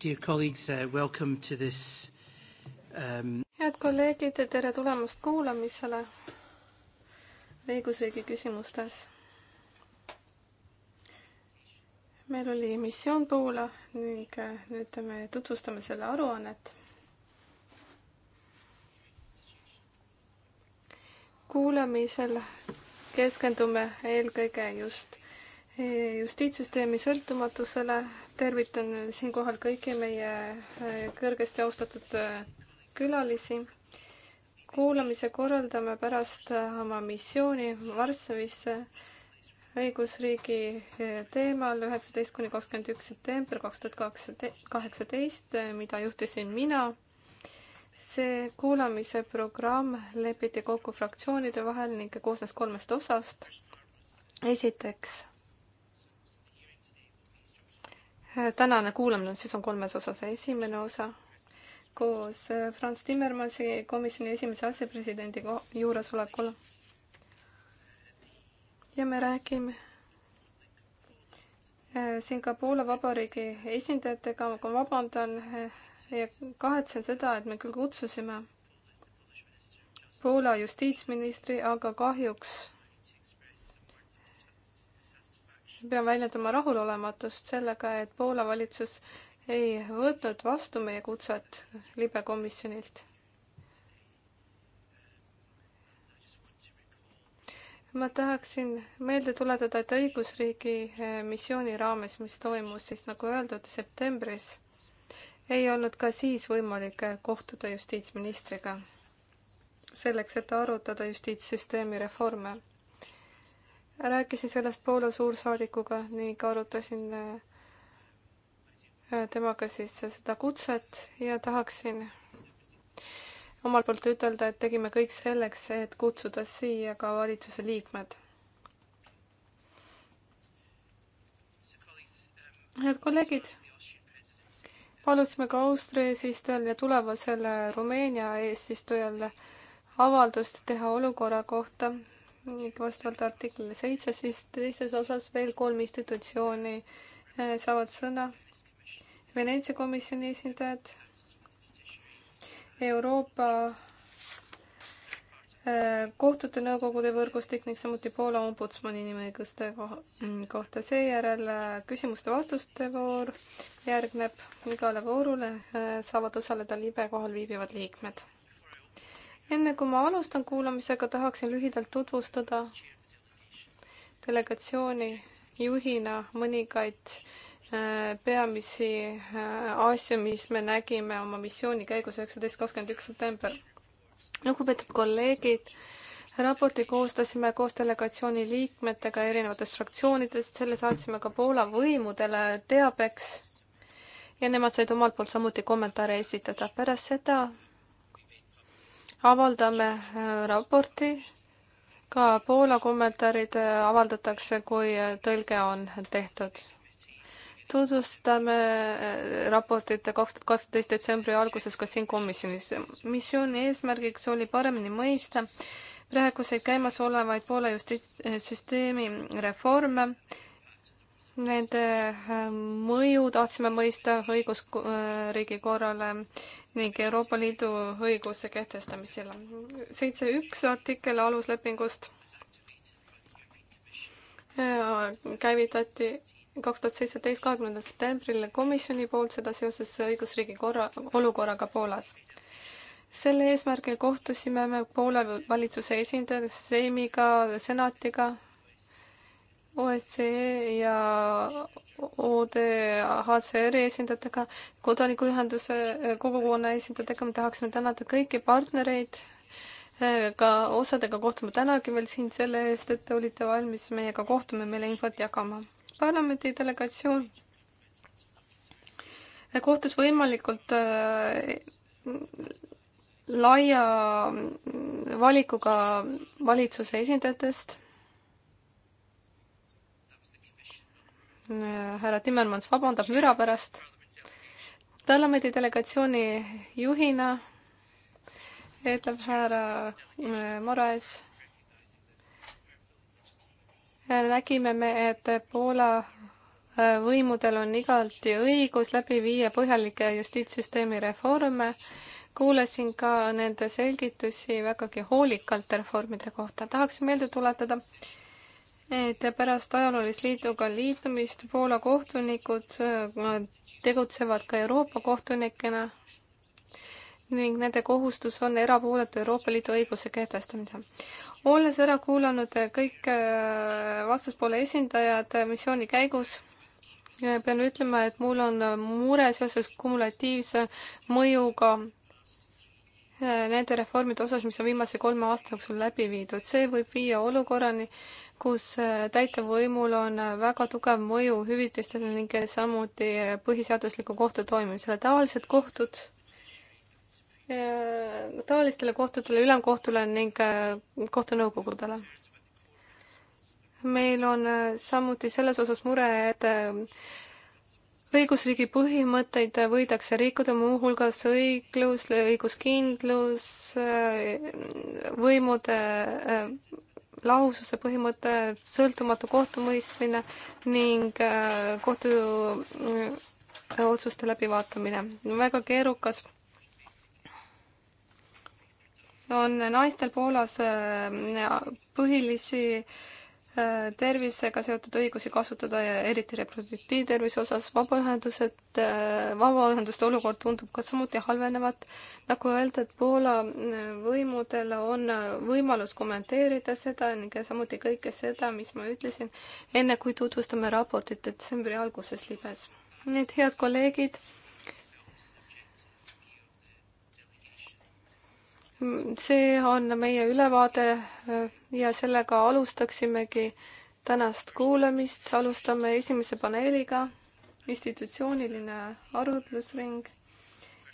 Dear colleagues, uh, welcome to this um... head kolleegid, tere tulemast kuulamisele õigusriigi küsimustes. meil oli missioon Poola ning äh, nüüd me tutvustame selle aruannet kuulamisel keskendume eelkõige just eh, justiitssüsteemi sõltumatusele, tervitan siinkohal kõiki meie äh, kõrgesti austatud äh, külalisi. kuulamise korraldame pärast äh, oma missiooni Varssavisse õigusriigi teemal üheksateist kuni kakskümmend üks september kaks tuhat kaheksateist, mida juhtisin mina. see kuulamise programm lepiti kokku fraktsioonide vahel ning koosnes kolmest osast. esiteks tänane kuulamine siis on kolmes osas, esimene osa koos äh, Franz Timmermansi komisjoni esimese asepresidendi juuresolekul. ja me räägime äh, Singapore Vabariigi esindajatega, ma vabandan äh, ja kahetsen seda, et me küll kutsusime Poola justiitsministri, aga kahjuks pean väljendama rahulolematust sellega, et Poola valitsus ei võtnud vastu meie kutset libekomisjonilt. ma tahaksin meelde tuletada, et õigusriigi eh, missiooni raames, mis toimus siis nagu öeldud septembris, ei olnud ka siis võimalik eh, kohtuda justiitsministriga selleks, et arutada justiitssüsteemi reforme rääkisin sellest Poola suursaadikuga ning arutasin äh, temaga siis seda kutset ja tahaksin omalt poolt ütelda, et tegime kõik selleks, et kutsuda siia ka valitsuse liikmed. head kolleegid, palusime ka Austria eesistujal ja tulevasel Rumeenia eesistujal avaldust teha olukorra kohta ning vastavalt artiklile seitse, siis teises osas veel kolm institutsiooni eh, saavad sõna. Veneetsia komisjoni esindajad, Euroopa eh, kohtute nõukogude võrgustik ning samuti Poola ombudsmani inimõiguste mm, kohta. seejärel eh, küsimuste-vastuste voor järgneb igale voorule, saavad osaleda libe kohal viibivad liikmed enne kui ma alustan kuulamisega, tahaksin lühidalt tutvustada delegatsiooni juhina mõningaid äh, peamisi äh, asju, mis me nägime oma missiooni käigus üheksateist, kakskümmend üks september. lugupeetud kolleegid, raporti koostasime koos delegatsiooni liikmetega erinevatest fraktsioonidest, selle saatsime ka Poola võimudele teabeks ja nemad said omalt poolt samuti kommentaare esitada. pärast seda avaldame äh, raporti, ka Poola kommentaarid äh, avaldatakse, kui äh, tõlge on tehtud tutvustame raportit kaks tuhat kaksteist detsembri alguses ka siin komisjonis. missiooni eesmärgiks oli paremini mõista praeguseid käimasolevaid Poola justiitssüsteemi reforme Nende äh, mõju tahtsime mõista õigusriigi äh, korrale ning Euroopa Liidu õiguse kehtestamisele. seitse üks artikkel aluslepingust äh, käivitati kaks tuhat seitseteist, kahekümnendal septembril komisjoni poolt, seda seoses õigusriigi korra, olukorraga Poolas. selle eesmärgil kohtusime me Poola valitsuse esindajate, Seimiga, senatiga OSCE ja ODHCR-i esindajatega, kodanikuühenduse eh, kogukonna esindajatega, me tahaksime tänada kõiki partnereid, eh, ka osadega kohtume tänagi veel siin selle eest, et te olite valmis meiega kohtuma ja meile infot jagama. parlamendi delegatsioon eh, kohtus võimalikult laia valikuga valitsuse esindajatest härra Timmermans vabandab müra pärast. parlamendi delegatsiooni juhina ütleb härra äh, Moraes. Äh, nägime me, et Poola äh, võimudel on igati õigus läbi viia põhjalikke justiitssüsteemi reforme. kuulasin ka nende selgitusi vägagi hoolikalt reformide kohta. tahaksin meelde tuletada, et pärast ajaloolist liiduga liitumist Poola kohtunikud äh, tegutsevad ka Euroopa kohtunikena ning nende kohustus on erapooletu Euroopa Liidu õiguse kehtestamine. olles ära kuulanud kõik äh, vastaspoole esindajad äh, missiooni käigus, pean ütlema, et mul on mure seoses kumulatiivse mõjuga nende reformide osas, mis on viimase kolme aasta jooksul läbi viidud. see võib viia olukorrani, kus äh, täitevvõimul on äh, väga tugev mõju hüvitistele ning äh, samuti põhiseadusliku kohtu toimimisele. tavalised kohtud, tavalistele kohtudele, ülemkohtule ning kohtunõukogudele. meil on samuti selles osas mure, et õigusriigi põhimõtteid võidakse rikkuda, muuhulgas õiglus, õiguskindlus, võimude laususe põhimõte, sõltumatu kohtumõistmine ning äh, kohtu äh, otsuste läbivaatamine. väga keerukas on naistel Poolas äh, põhilisi tervisega seotud õigusi kasutada ja eriti reproduktiivtervise osas vabaühendused, äh, vabaühenduste olukord tundub ka samuti halvenevat. nagu öeldud, Poola äh, võimudel on äh, võimalus kommenteerida seda ning samuti kõike seda, mis ma ütlesin, enne kui tutvustame raportit detsembri alguses libes. nii et head kolleegid see on meie ülevaade äh, ja sellega alustaksimegi tänast kuulamist. alustame esimese paneeliga, institutsiooniline arutlusring.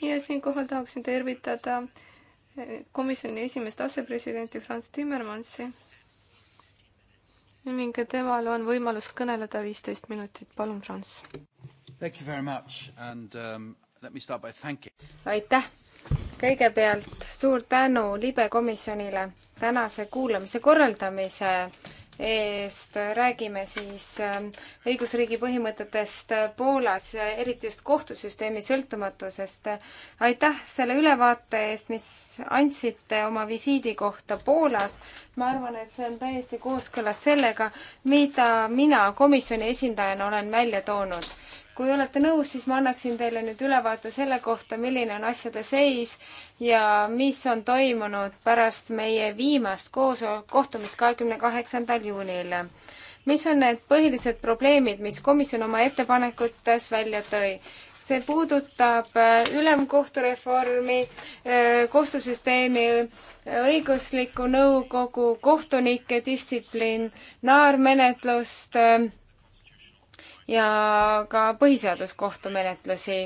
ja siinkohal tahaksin tervitada äh, komisjoni esimest asepresidenti Franz Timmermansi ning temal on võimalus kõneleda viisteist minutit. palun, Franz. Um, aitäh kõigepealt suur tänu libekomisjonile tänase kuulamise korraldamise eest. räägime siis äh, õigusriigi põhimõtetest Poolas, eriti just kohtusüsteemi sõltumatusest. aitäh selle ülevaate eest, mis andsite oma visiidi kohta Poolas. ma arvan, et see on täiesti kooskõlas sellega, mida mina komisjoni esindajana olen välja toonud kui olete nõus, siis ma annaksin teile nüüd ülevaate selle kohta, milline on asjade seis ja mis on toimunud pärast meie viimast koos-, kohtumist kahekümne kaheksandal juunil. mis on need põhilised probleemid, mis komisjon oma ettepanekutes välja tõi? see puudutab äh, ülemkohtu reformi, äh, kohtusüsteemi äh, õiguslikku nõukogu, kohtunike distsiplinaarmenetlust, ja ka põhiseaduskohtumenetlusi.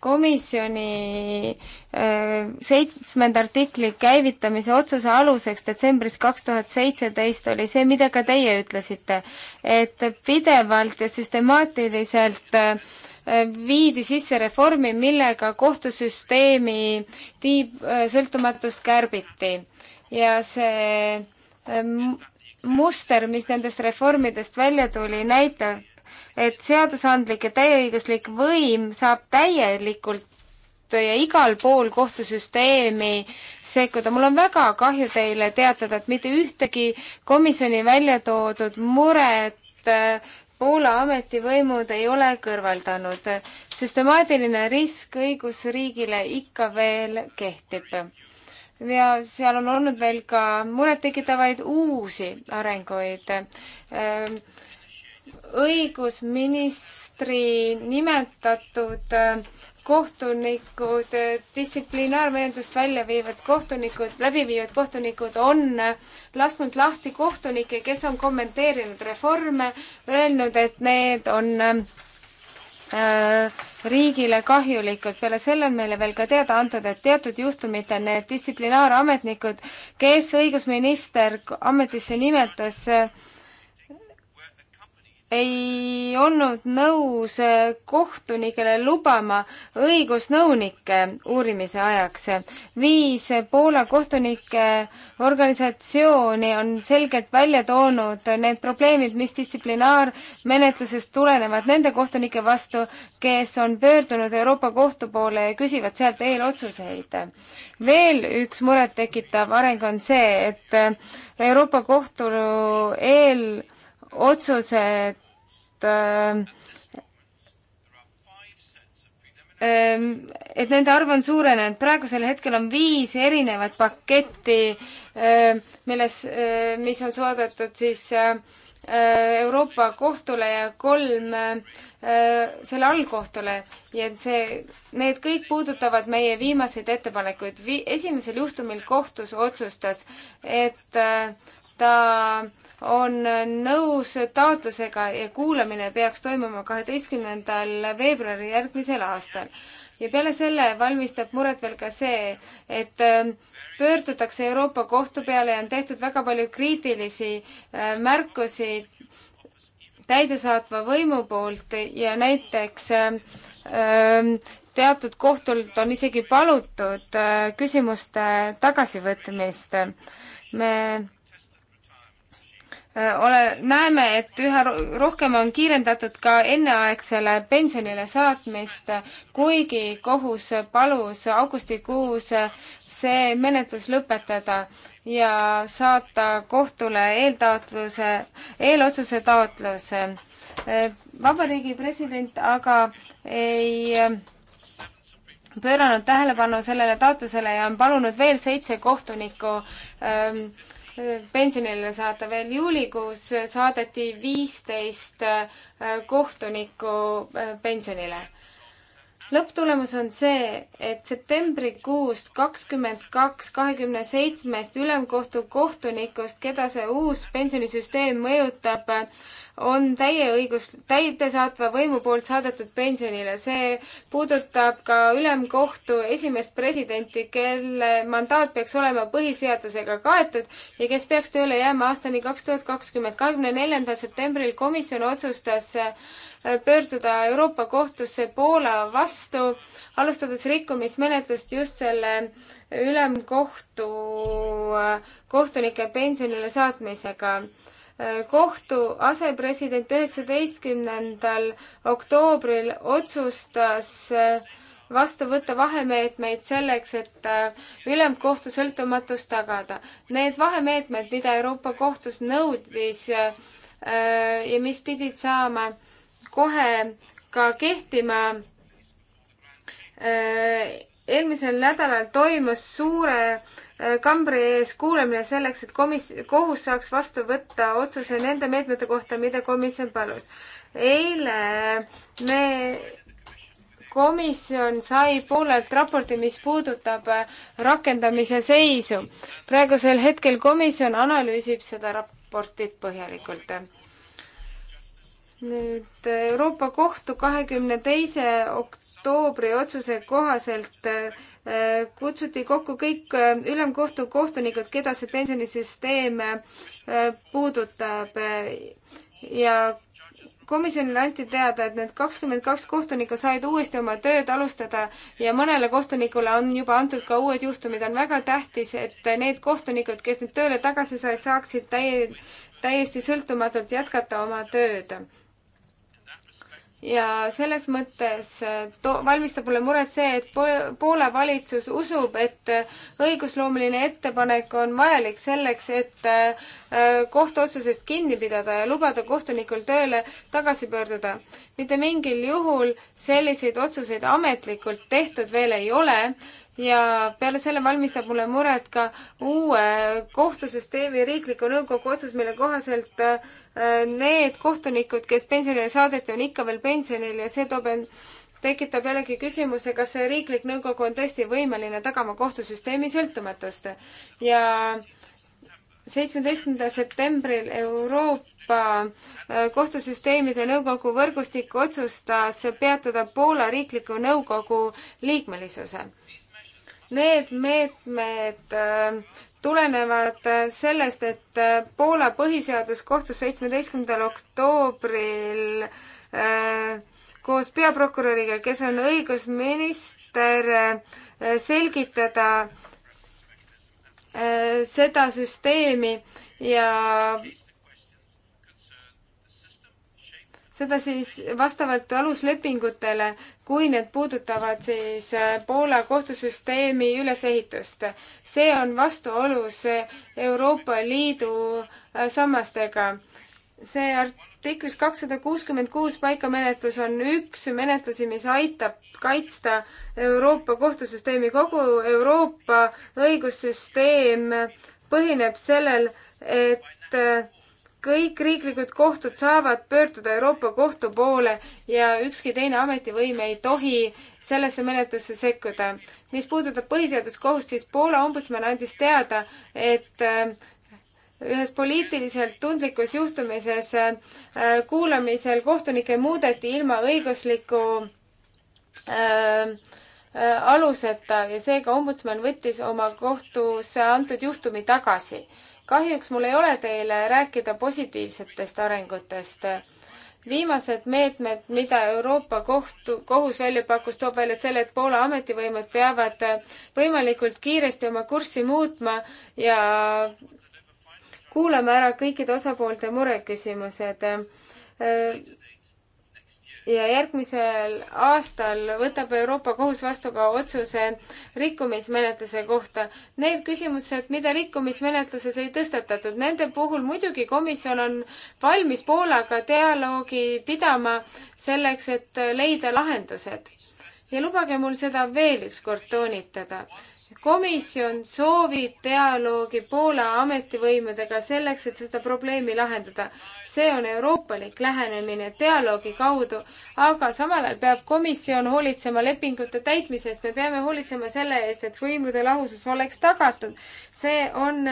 komisjoni äh, seitsmenda artikli käivitamise otsuse aluseks detsembris kaks tuhat seitseteist oli see, mida ka teie ütlesite, et pidevalt ja süstemaatiliselt äh, viidi sisse reformi, millega kohtusüsteemi tiib, äh, sõltumatust kärbiti ja see muster, mis nendest reformidest välja tuli, näitab, et seadusandlik ja täieõiguslik võim saab täielikult ja igal pool kohtusüsteemi sekkuda. mul on väga kahju teile teatada, et mitte ühtegi komisjoni välja toodud muret äh, Poola ametivõimud ei ole kõrvaldanud. süstemaatiline risk õigusriigile ikka veel kehtib. ja seal on olnud veel ka murettekitavaid uusi arenguid ähm, õigusministri nimetatud äh, kohtunikud, äh, distsiplinaarmenetlust välja viivad kohtunikud, läbi viivad kohtunikud on äh, lasknud lahti kohtunikke, kes on kommenteerinud reforme, öelnud, et need on riigile kahjulikud. peale selle on meile veel ka teada antud, et teatud juhtumitel need distsiplinaarametnikud, kes õigusminister ametisse nimetas, ei olnud nõus äh, kohtunikele lubama õigusnõunikke uurimise ajaks. viis Poola kohtunike organisatsiooni on selgelt välja toonud need probleemid, mis distsiplinaarmenetlusest tulenevad nende kohtunike vastu, kes on pöördunud Euroopa Kohtu poole ja küsivad sealt eelotsuseid. veel üks murettekitav areng on see, et Euroopa Kohtu eel otsused ähm, et nende arv on suurenenud, praegusel hetkel on viis erinevat paketti, ähm, milles, äh, mis on soodetud siis äh, Euroopa kohtule ja kolm äh, selle allkohtule ja see, need kõik puudutavad meie viimaseid ettepanekuid Vi,. esimesel juhtumil kohtus otsustas, et ta äh, on nõus taotlusega ja kuulamine peaks toimuma kaheteistkümnendal veebruaril järgmisel aastal. ja peale selle valmistab muret veel ka see, et ähm, pöördutakse Euroopa Kohtu peale ja on tehtud väga palju kriitilisi äh, märkusi täidesaatva võimu poolt ja näiteks ähm, ähm, teatud kohtult on isegi palutud äh, küsimuste tagasivõtmist. me Äh, ole, näeme, et üha rohkem on kiirendatud ka enneaegsele pensionile saatmist, kuigi kohus palus augustikuus see menetlus lõpetada ja saata kohtule eeltaotluse, eelotsuse taotluse. Äh, vabariigi president aga ei äh, pööranud tähelepanu sellele taotlusele ja on palunud veel seitse kohtunikku ähm, pensionile saata veel juulikuus, saadeti viisteist äh, kohtunikku äh, pensionile lõpptulemus on see, et septembrikuust kakskümmend kaks kahekümne seitsmest ülemkohtu kohtunikust, keda see uus pensionisüsteem mõjutab, on täieõigus, täidesaatva võimu poolt saadetud pensionile. see puudutab ka ülemkohtu esimest presidenti, kelle mandaat peaks olema põhiseadusega kaetud ja kes peaks tööle jääma aastani kaks tuhat kakskümmend. kahekümne neljandal septembril komisjon otsustas äh, pöörduda Euroopa Kohtusse Poola vastu, alustades rikkumismenetlust just selle ülemkohtu äh, kohtunike pensionile saatmisega kohtu asepresident üheksateistkümnendal oktoobril otsustas äh, vastu võtta vahemeetmeid selleks, et äh, ülemkohtu sõltumatus tagada. Need vahemeetmed, mida Euroopa Kohtus nõudis äh, ja mis pidid saama kohe ka kehtima, eelmisel nädalal toimus suure Äh, kambri ees kuulamine selleks, et komis-, kohus saaks vastu võtta otsuse nende meetmete kohta, mida komisjon palus. eile me komisjon sai poolelt raporti, mis puudutab äh, rakendamise seisu. praegusel hetkel komisjon analüüsib seda raportit põhjalikult. nüüd äh, Euroopa Kohtu kahekümne teise okt-, oktoobri otsuse kohaselt äh, kutsuti kokku kõik äh, ülemkohtu kohtunikud, keda see pensionisüsteem äh, puudutab ja komisjonile anti teada, et need kakskümmend kaks kohtunikku said uuesti oma tööd alustada ja mõnele kohtunikule on juba antud ka uued juhtumid. on väga tähtis, et need kohtunikud, kes nüüd tööle tagasi said, saaksid täie, täiesti sõltumatult jätkata oma tööd ja selles mõttes äh, to-, valmistab mulle muret see, et po-, Poola valitsus usub, et äh, õigusloomeline ettepanek on vajalik selleks, et äh, äh, kohtuotsusest kinni pidada ja lubada kohtunikul tööle tagasi pöörduda. mitte mingil juhul selliseid otsuseid ametlikult tehtud veel ei ole ja peale selle valmistab mulle muret ka uue kohtusüsteemi riikliku nõukogu otsus, mille kohaselt äh, need kohtunikud, kes pensionile saadeti, on ikka veel pensionil ja see toob end, tekitab jällegi küsimuse, kas see riiklik nõukogu on tõesti võimeline tagama kohtusüsteemi sõltumatust. ja seitsmeteistkümnendal septembril Euroopa äh, kohtusüsteemide nõukogu võrgustik otsustas peatada Poola riikliku nõukogu liikmelisuse need meetmed äh, tulenevad sellest, et Poola põhiseadus kohtus seitsmeteistkümnendal oktoobril äh, koos peaprokuröriga, kes on õigusminister äh,, selgitada äh, seda süsteemi ja seda siis vastavalt aluslepingutele, kui need puudutavad siis äh, Poola kohtusüsteemi ülesehitust. see on vastuolus äh, Euroopa Liidu äh, sammastega. see artiklis kakssada kuuskümmend kuus paikamenetlus on üks menetlusi, mis aitab kaitsta Euroopa kohtusüsteemi, kogu Euroopa õigussüsteem põhineb sellel, et kõik riiklikud kohtud saavad pöörduda Euroopa Kohtu poole ja ükski teine ametivõim ei tohi sellesse menetlusse sekkuda. mis puudutab põhiseaduskohust, siis Poola ombudsman andis teada, et äh, ühes poliitiliselt tundlikus juhtumises äh, kuulamisel kohtunikke muudeti ilma õigusliku äh, äh, aluseta ja seega ombudsman võttis oma kohtusse antud juhtumi tagasi kahjuks mul ei ole teile rääkida positiivsetest arengutest. viimased meetmed, mida Euroopa kohtu, kohus välja pakkus, toob välja selle, et Poola ametivõimed peavad võimalikult kiiresti oma kurssi muutma ja kuulame ära kõikide osapoolte mureküsimused ja järgmisel aastal võtab Euroopa Kohus vastu ka otsuse rikkumismenetluse kohta. Need küsimused, mida rikkumismenetluses ei tõstatatud, nende puhul muidugi komisjon on valmis Poolaga dialoogi pidama selleks, et leida lahendused ja lubage mul seda veel ükskord toonitada komisjon soovib dialoogi Poola ametivõimudega selleks, et seda probleemi lahendada. see on euroopalik lähenemine dialoogi kaudu, aga samal ajal peab komisjon hoolitsema lepingute täitmise eest, me peame hoolitsema selle eest, et võimude lahusus oleks tagatud. see on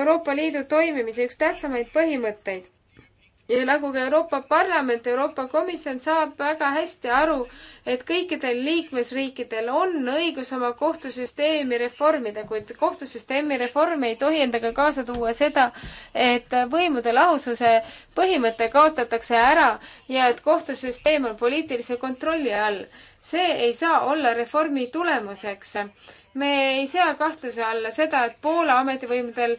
Euroopa Liidu toimimise üks tähtsamaid põhimõtteid ja nagu ka Euroopa Parlament, Euroopa Komisjon saab väga hästi aru, et kõikidel liikmesriikidel on õigus oma kohtusüsteemi reformida, kuid kohtusüsteemi reform ei tohi endaga kaasa tuua seda, et võimude lahususe põhimõte kaotatakse ära ja et kohtusüsteem on poliitilise kontrolli all. see ei saa olla reformi tulemuseks me ei sea kahtluse alla seda, et Poola ametivõimudel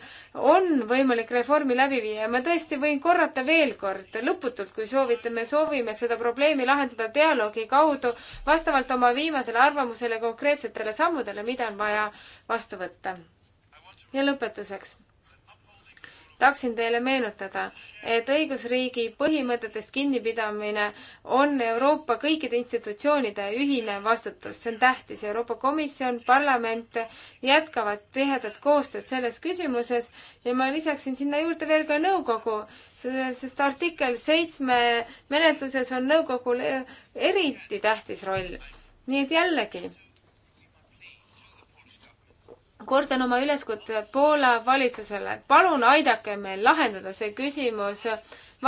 on võimalik reformi läbi viia. ma tõesti võin korrata veel kord lõputult, kui soovite, me soovime seda probleemi lahendada dialoogi kaudu vastavalt oma viimasele arvamusele konkreetsetele sammudele, mida on vaja vastu võtta. ja lõpetuseks tahaksin teile meenutada, et õigusriigi põhimõtetest kinnipidamine on Euroopa kõikide institutsioonide ühine vastutus, see on tähtis. Euroopa Komisjon, parlament jätkavad tihedat koostööd selles küsimuses ja ma lisaksin sinna juurde veel ka nõukogu, sest artikkel seitsme menetluses on nõukogul eriti tähtis roll. nii et jällegi kordan oma üleskutse Poola valitsusele, palun aidake meil lahendada see küsimus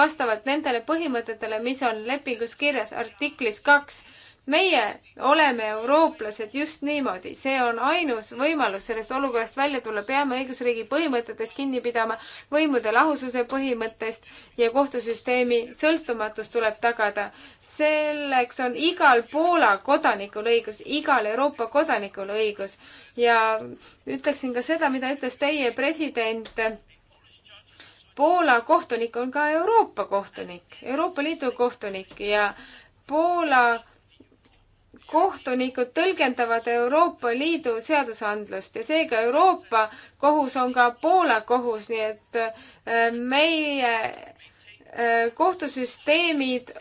vastavalt nendele põhimõtetele, mis on lepingus kirjas artiklis kaks meie oleme eurooplased just niimoodi, see on ainus võimalus sellest olukorrast välja tulla, peame õigusriigi põhimõtetest kinni pidama, võimude lahususe põhimõttest ja kohtusüsteemi sõltumatus tuleb tagada. selleks on igal Poola kodanikul õigus, igal Euroopa kodanikul õigus ja ütleksin ka seda, mida ütles teie president Poola kohtunik on ka Euroopa kohtunik, Euroopa Liidu kohtunik ja Poola kohtunikud tõlgendavad Euroopa Liidu seadusandlust ja seega Euroopa kohus on ka Poola kohus, nii et äh, meie äh, kohtusüsteemid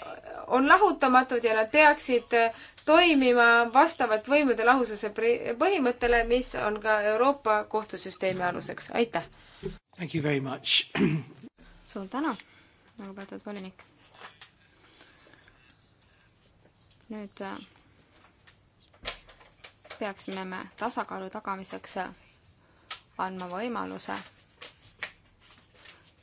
on lahutamatud ja nad peaksid äh, toimima vastavalt võimude lahususe põhimõttele, mis on ka Euroopa kohtusüsteemi aluseks. aitäh! suur tänu, lugupeetud volinik! nüüd peaksime me tasakaalu tagamiseks andma võimaluse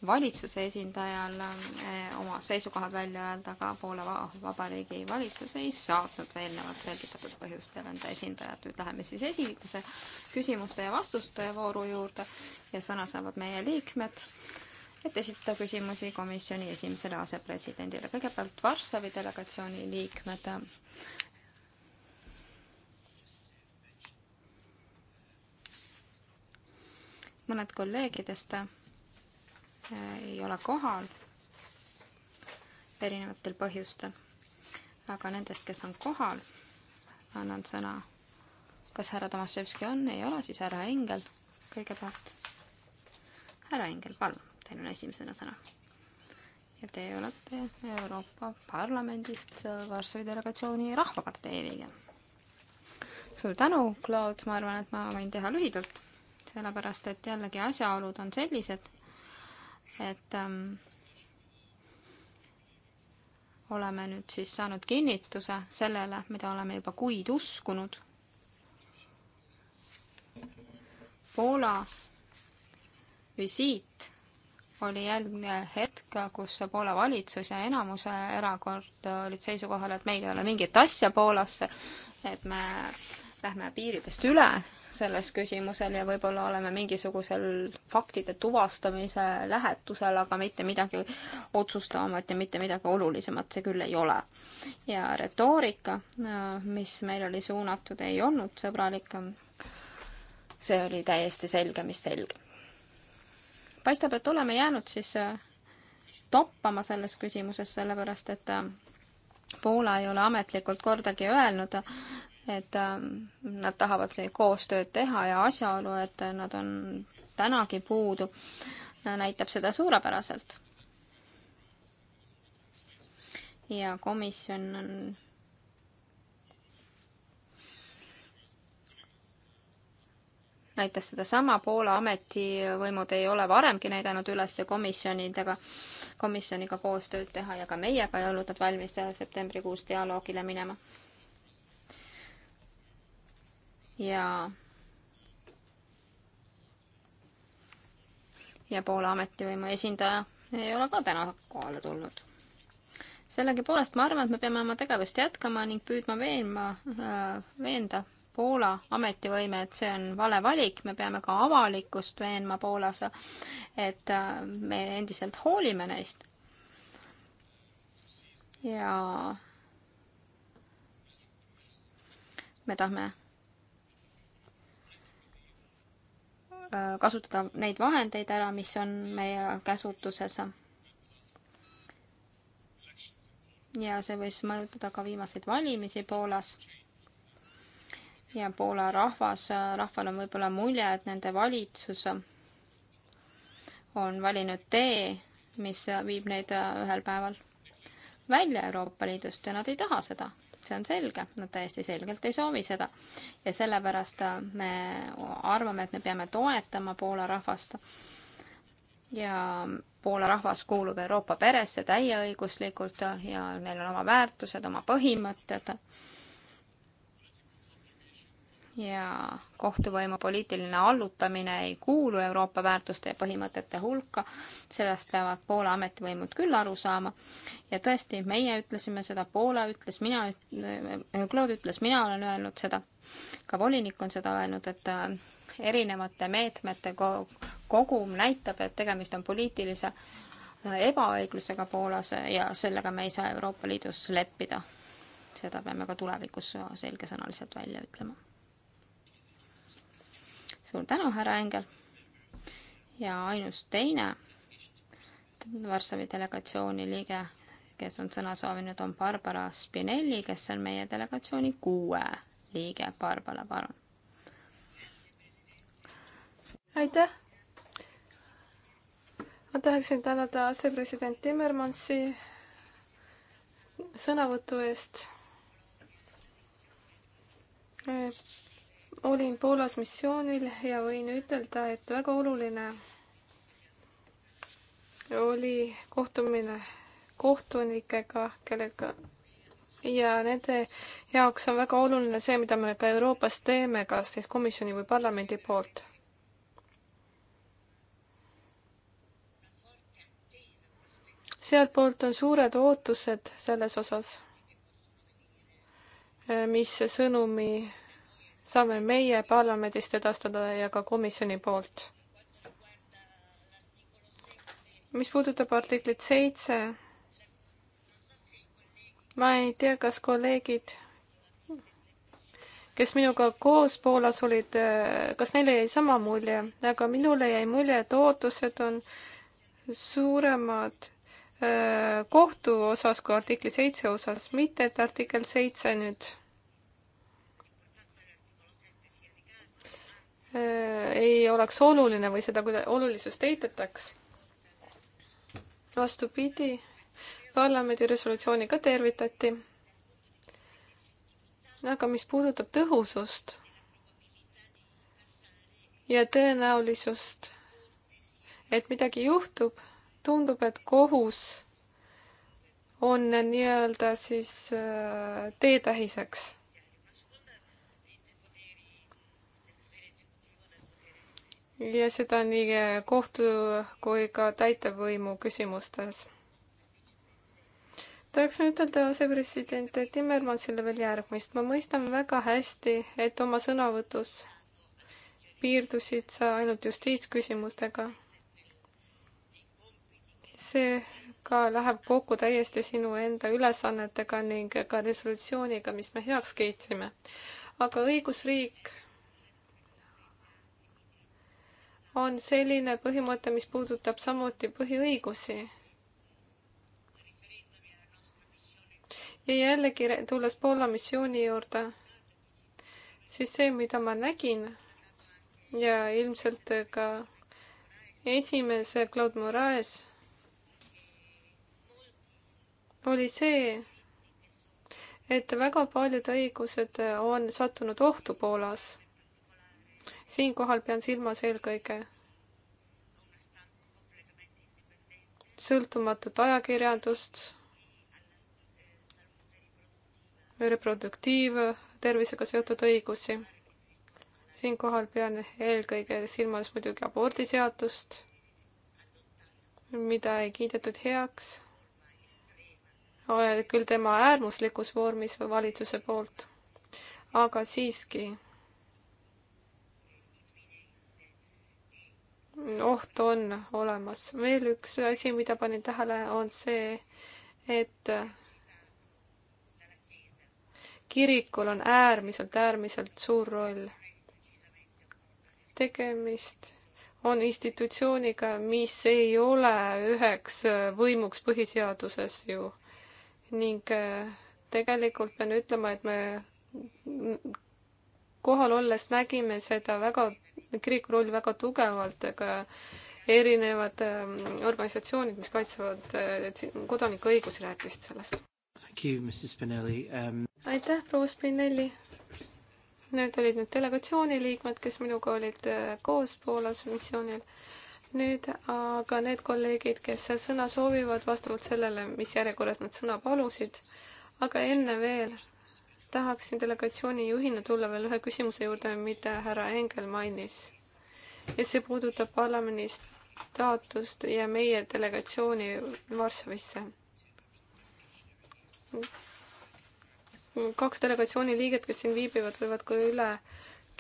valitsuse esindajal eh, oma seisukohad välja öelda, aga Poola Vabariigi valitsus ei saatnud eelnevalt selgitatud põhjustel enda esindajat. nüüd läheme siis esimese küsimuste ja vastuste vooru juurde ja sõna saavad meie liikmed, et esitada küsimusi komisjoni esimesele asepresidendile. kõigepealt Varssavi delegatsiooni liikmed mõned kolleegidest äh, ei ole kohal erinevatel põhjustel, aga nendest, kes on kohal, annan sõna. kas härra Tomaševski on, ei ole, siis härra Engel kõigepealt. härra Engel, palun, teil on esimesena sõna. ja te olete Euroopa Parlamendist Varssavi delegatsiooni Rahvapartei liige. suur tänu, Claude, ma arvan, et ma võin teha lühidalt sellepärast et jällegi asjaolud on sellised, et ähm, oleme nüüd siis saanud kinnituse sellele, mida oleme juba kuid uskunud. Poola visiit oli järgmine hetk, kus Poola valitsus ja enamuse erakond olid seisukohal, et meil ei ole mingit asja Poolasse, et me lähme piiridest üle selles küsimusel ja võib-olla oleme mingisugusel faktide tuvastamise lähetusel, aga mitte midagi otsustavamat ja mitte midagi olulisemat see küll ei ole. ja retoorika, mis meil oli suunatud, ei olnud sõbralik. see oli täiesti selge, mis selge. paistab, et oleme jäänud siis äh, toppama selles küsimuses, sellepärast et äh, Poola ei ole ametlikult kordagi öelnud, et ähm, nad tahavad siin koostööd teha ja asjaolu, et nad on tänagi puudu, äh, näitab seda suurepäraselt. ja komisjon on näitas sedasama, Poola ametivõimud ei ole varemgi näidanud üles komisjonidega, komisjoniga koostööd teha ja ka meiega ei olnud nad valmis septembrikuus dialoogile minema ja ja Poola ametivõimu esindaja ei ole ka täna kohale tulnud. sellegipoolest ma arvan, et me peame oma tegevust jätkama ning püüdma veenma, äh, veenda Poola ametivõime, et see on vale valik, me peame ka avalikkust veenma Poolas, et äh, me endiselt hoolime neist. ja me tahame Äh, kasutada neid vahendeid ära, mis on meie käsutuses. ja see võis mõjutada ka viimaseid valimisi Poolas. ja Poola rahvas, rahval on võib-olla mulje, et nende valitsus on valinud tee, mis viib neid äh, ühel päeval välja Euroopa Liidust ja nad ei taha seda see on selge, nad täiesti selgelt ei soovi seda. ja sellepärast äh, me arvame, et me peame toetama Poola rahvast ja Poola rahvas kuulub Euroopa peresse täieõiguslikult äh, ja neil on oma väärtused, oma põhimõtted ja kohtuvõimu poliitiline allutamine ei kuulu Euroopa väärtuste ja põhimõtete hulka, sellest peavad Poola ametivõimud küll aru saama. ja tõesti, meie ütlesime seda, Poola ütles, mina, Claude ütles, mina olen öelnud seda, ka volinik on seda öelnud, et äh, erinevate meetmete kogum näitab, et tegemist on poliitilise äh, ebaõiglusega Poolas ja sellega me ei saa Euroopa Liidus leppida. seda peame ka tulevikus selgesõnaliselt välja ütlema suur tänu, härra Engel. ja ainus teine Varssavi delegatsiooni liige, kes on sõna soovinud, on Barbara Spinelli, kes on meie delegatsiooni kuue liige. Barbara, palun. aitäh. ma tahaksin tänada asepresident Timmermansi sõnavõtu eest olin Poolas missioonil ja võin ütelda, et väga oluline oli kohtumine kohtunikega, kellega ja nende jaoks on väga oluline see, mida me ka Euroopas teeme, kas siis komisjoni või parlamendi poolt. sealtpoolt on suured ootused selles osas, mis sõnumi saame meie parlamendist edastada ja ka komisjoni poolt. mis puudutab artiklit seitse, ma ei tea, kas kolleegid, kes minuga koos Poolas olid, kas neile jäi sama mulje, aga minule jäi mulje, et ootused on suuremad äh, kohtu osas kui artikli seitse osas, mitte et artikkel seitse nüüd Äh, ei oleks oluline või seda olulisust eitataks. vastupidi, parlamendi resolutsiooni ka tervitati. aga mis puudutab tõhusust ja tõenäolisust, et midagi juhtub, tundub, et kohus on nii-öelda siis äh, teetähiseks ja seda nii eh, kohtu kui ka täitevvõimu küsimustes. tahaksin ütelda asepresident Timmermansile veel järgmist. ma mõistan väga hästi, et oma sõnavõtus piirdusid sa ainult justiitsküsimustega. see ka läheb kokku täiesti sinu enda ülesannetega ning ka resolutsiooniga, mis me heaks kiitsime. aga õigusriik on selline põhimõte, mis puudutab samuti põhiõigusi. ja jällegi tulles Poola missiooni juurde, siis see, mida ma nägin ja ilmselt ka esimees Claude Moraes oli see, et väga paljud õigused on sattunud ohtu Poolas siinkohal pean silmas eelkõige sõltumatut ajakirjandust, reproduktiivtervisega seotud õigusi. siinkohal pean eelkõige silmas muidugi abordiseadust, mida ei kiidetud heaks, küll tema äärmuslikus vormis valitsuse poolt, aga siiski oht on olemas. veel üks asi, mida panin tähele, on see, et kirikul on äärmiselt, äärmiselt suur roll. tegemist on institutsiooniga, mis ei ole üheks võimuks põhiseaduses ju. ning äh, tegelikult pean ütlema, et me kohal olles nägime seda väga, kiriku rolli väga tugevalt, aga erinevad ähm, organisatsioonid, mis kaitsevad äh, kodanike õigusi, rääkisid sellest. Um... aitäh, proua Spinelli. Need olid nüüd delegatsiooni liikmed, kes minuga olid äh, koos Poolas missioonil nüüd aga need kolleegid, kes sõna soovivad vastavalt sellele, mis järjekorras nad sõna palusid. aga enne veel tahaksin delegatsiooni juhina tulla veel ühe küsimuse juurde, mida härra Engel mainis. ja see puudutab parlamendi staatust ja meie delegatsiooni Varssavisse kaks delegatsiooni liiget, kes siin viibivad, võivad ka üle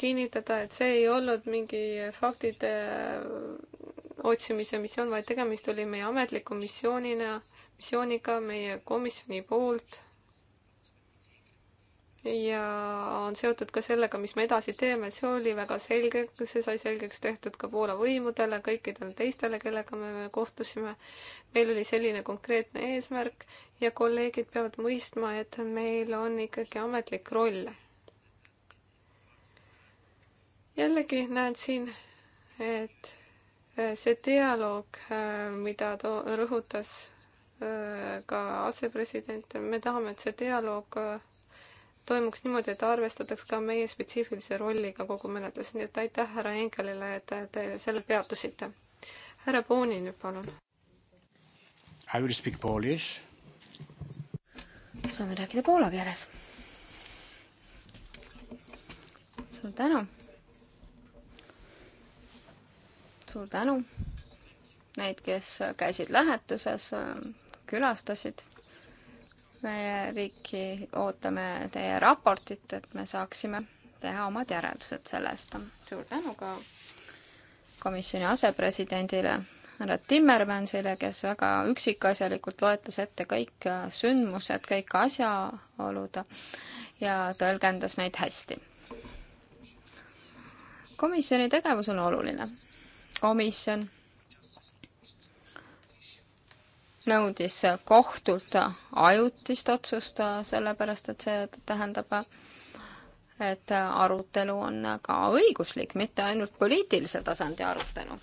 kinnitada, et see ei olnud mingi faktide äh, otsimise missioon, vaid tegemist oli meie ametliku missioonina, missiooniga meie komisjoni poolt ja on seotud ka sellega, mis me edasi teeme, see oli väga selge, see sai selgeks tehtud ka Poola võimudele, kõikidele teistele, kellega me kohtusime. meil oli selline konkreetne eesmärk ja kolleegid peavad mõistma, et meil on ikkagi ametlik roll. jällegi näen siin, et eh, see dialoog, eh, mida too rõhutas eh, ka asepresident, me tahame, et see dialoog toimuks niimoodi, et arvestataks ka meie spetsiifilise rolliga kogu menetluses, nii et aitäh härra Engelile, et te sellel peatusite. härra Pooni nüüd palun. I will speak polish. saame rääkida poola keeles. suur tänu. suur tänu neid, kes käisid lähetuses, külastasid meie riiki ootame teie raportit, et me saaksime teha omad järeldused sellest. suur tänu ka komisjoni asepresidendile härra Timmermansile, kes väga üksikasjalikult loetles ette kõik sündmused, kõik asjaolud ja tõlgendas neid hästi. komisjoni tegevus on oluline. komisjon nõudis kohtult ajutist otsust, sellepärast et see tähendab, et arutelu on ka õiguslik, mitte ainult poliitilise tasandi arutelu.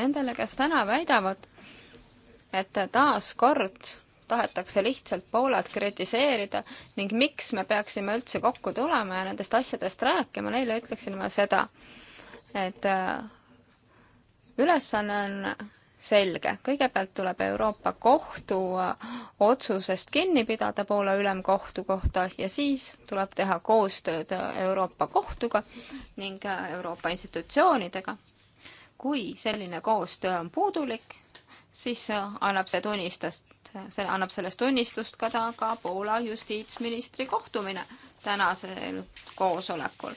Nendele, kes täna väidavad, et taaskord tahetakse lihtsalt Poolat kritiseerida ning miks me peaksime üldse kokku tulema ja nendest asjadest rääkima, neile ütleksin ma seda, et äh, ülesanne on selge. kõigepealt tuleb Euroopa Kohtu otsusest kinni pidada Poola ülemkohtu kohta ja siis tuleb teha koostööd Euroopa Kohtuga ning Euroopa institutsioonidega. kui selline koostöö on puudulik, siis annab see tunnistust, see annab sellest tunnistust ka ta ka Poola justiitsministri kohtumine tänasel koosolekul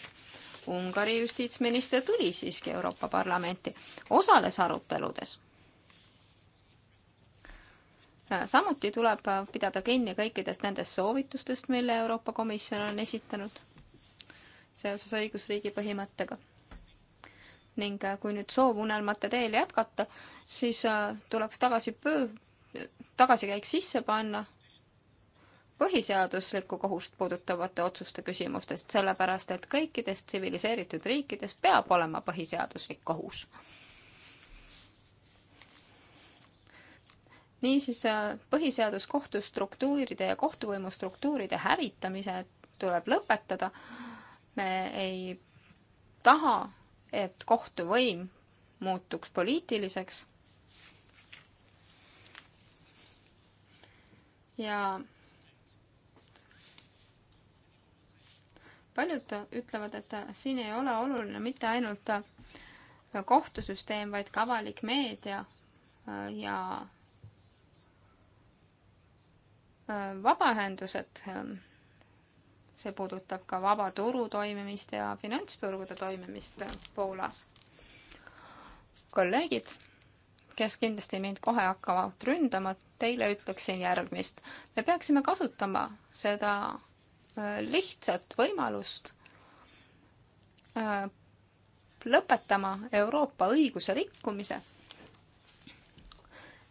Ungari justiitsminister tuli siiski Euroopa Parlamenti, osales aruteludes samuti tuleb pidada kinni kõikidest nendest soovitustest, mille Euroopa Komisjon on esitanud seoses õigusriigi põhimõttega. ning äh, kui nüüd soov unelmate teel jätkata, siis äh, tuleks tagasi pöö-, tagasikäik sisse panna põhiseaduslikku kohust puudutavate otsuste küsimustest, sellepärast et kõikides tsiviliseeritud riikides peab olema põhiseaduslik kohus niisiis, äh, põhiseaduskohtu struktuuride ja kohtuvõimu struktuuride hävitamise tuleb lõpetada. me ei taha, et kohtuvõim muutuks poliitiliseks. ja paljud ütlevad, et siin ei ole oluline mitte ainult kohtusüsteem, vaid ka avalik meedia äh, ja vabaühendused, ehm, see puudutab ka vaba turu toimimist ja finantsturgude toimimist Poolas. kolleegid, kes kindlasti mind kohe hakkavad ründama, teile ütleksin järgmist. me peaksime kasutama seda äh, lihtsat võimalust äh, lõpetama Euroopa õiguse rikkumise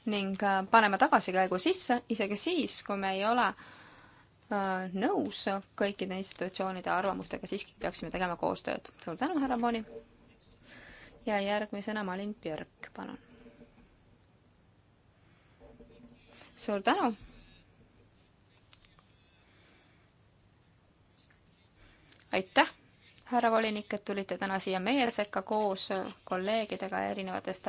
ning äh, panema tagasikäigu sisse, isegi siis, kui me ei ole äh, nõus kõikide institutsioonide arvamustega, siiski peaksime tegema koostööd. suur tänu, härra Mooni! ja järgmisena Malin Björk, palun. suur tänu. aitäh, härra volinik, et tulite täna siia meie sekka koos kolleegidega erinevatest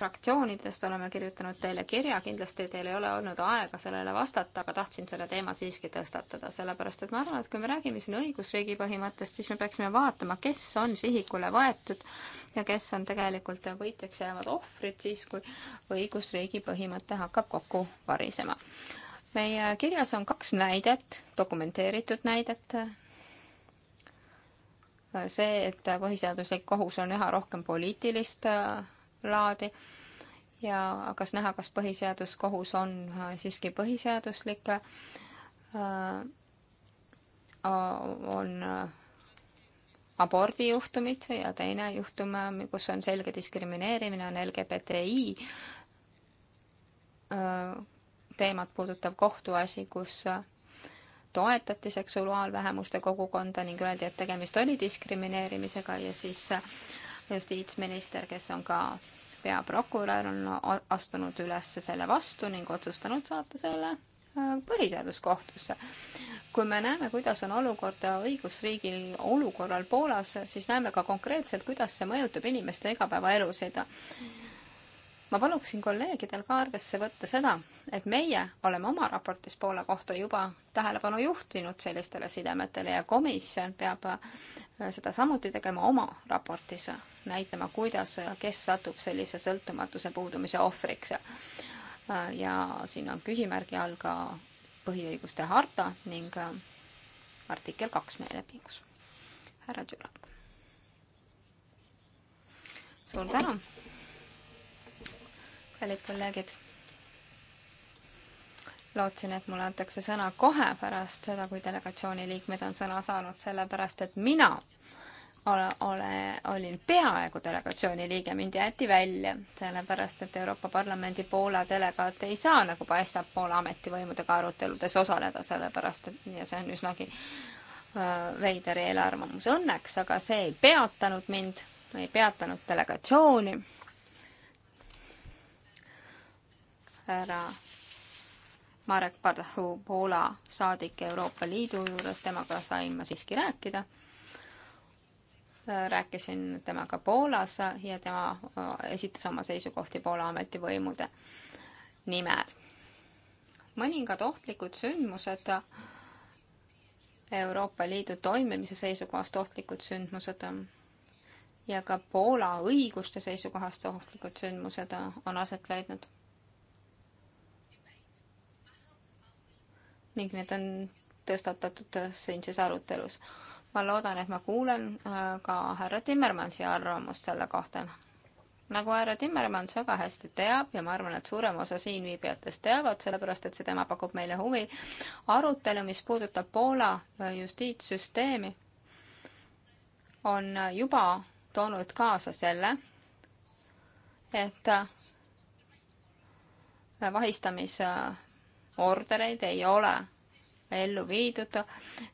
fraktsioonidest oleme kirjutanud teile kirja, kindlasti teil ei ole olnud aega sellele vastata, aga tahtsin selle teema siiski tõstatada, sellepärast et ma arvan, et kui me räägime siin õigusriigi põhimõttest, siis me peaksime vaatama, kes on sihikule võetud ja kes on tegelikult võitjaks jäävad ohvrid siis, kui õigusriigi põhimõte hakkab kokku varisema. meie kirjas on kaks näidet, dokumenteeritud näidet, see, et põhiseaduslik kohus on üha rohkem poliitilist laadi ja kas näha, kas põhiseaduskohus on äh, siiski põhiseaduslik, äh, on äh, abordijuhtumid ja teine juhtum, kus on selge diskrimineerimine, on LGBTI teemat puudutav kohtuasi, kus toetati seksuaalvähemuste kogukonda ning öeldi, et tegemist oli diskrimineerimisega ja siis justiitsminister, kes on ka peaprokurör, on astunud üles selle vastu ning otsustanud saata selle äh, põhiseaduskohtusse. kui me näeme, kuidas on olukord õigusriigil olukorral Poolas, siis näeme ka konkreetselt, kuidas see mõjutab inimeste igapäevaelusid ma paluksin kolleegidel ka arvesse võtta seda, et meie oleme oma raportis Poola kohta juba tähelepanu juhtinud sellistele sidemetele ja komisjon peab äh, seda samuti tegema oma raportis, näitama, kuidas, äh, kes satub sellise sõltumatuse puudumise ohvriks. Äh, ja siin on küsimärgi all ka põhiõiguste harta ning artikkel kaks meie lepingus. härra Tüürak. suur tänu kallid kolleegid. lootsin, et mulle antakse sõna kohe pärast seda, kui delegatsiooni liikmed on sõna saanud, sellepärast et mina ole, ole, olin peaaegu delegatsiooni liige, mind jäeti välja, sellepärast et Euroopa Parlamendi Poola delegaat ei saa, nagu paistab, Poola ametivõimudega aruteludes osaleda, sellepärast et ja see on üsnagi äh, veider eelarvamus õnneks, aga see ei peatanud mind, ei peatanud delegatsiooni härra Marek Pardahu, Poola saadik Euroopa Liidu juures, temaga sain ma siiski rääkida. rääkisin temaga Poolas ja tema äh, esitas oma seisukohti Poola ametivõimude nimel. mõningad ohtlikud sündmused Euroopa Liidu toimimise seisukohast ohtlikud sündmused ja ka Poola õiguste seisukohast ohtlikud sündmused on aset leidnud ning need on tõstatatud siinses arutelus. ma loodan, et ma kuulen äh, ka härra Timmermansi arvamust selle kohta. nagu härra Timmermans väga hästi teab ja ma arvan, et suurem osa siinviibijatest teavad, sellepärast et see tema pakub meile huvi, arutelu, mis puudutab Poola äh, justiitssüsteemi, on äh, juba toonud kaasa selle, et vahistamismenetlus ordereid ei ole ellu viidud,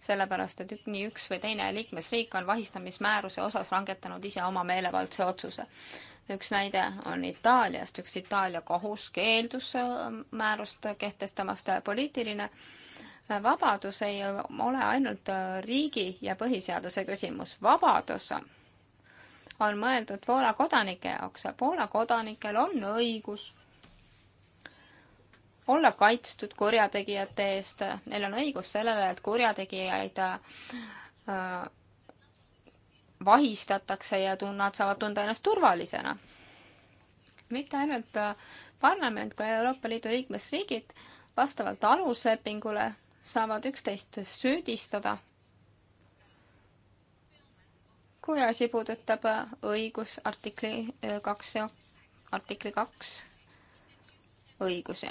sellepärast et nii üks või teine liikmesriik on vahistamismääruse osas langetanud ise oma meelevaldse otsuse. üks näide on Itaaliast, üks Itaalia kohus keeldus äh, määrust kehtestamast, poliitiline vabadus ei ole ainult äh, riigi ja põhiseaduse küsimus, vabadus on mõeldud Poola kodanike jaoks ja Poola kodanikel on õigus olla kaitstud kurjategijate eest, neil on õigus sellele, et kurjategijaid äh, vahistatakse ja tun-, nad saavad tunda ennast turvalisena. mitte ainult äh, parlament, ka Euroopa Liidu liikmesriigid vastavalt aluslepingule saavad üksteist süüdistada, kui asi puudutab äh, õigusartikli kaks ja artikli kaks õigusi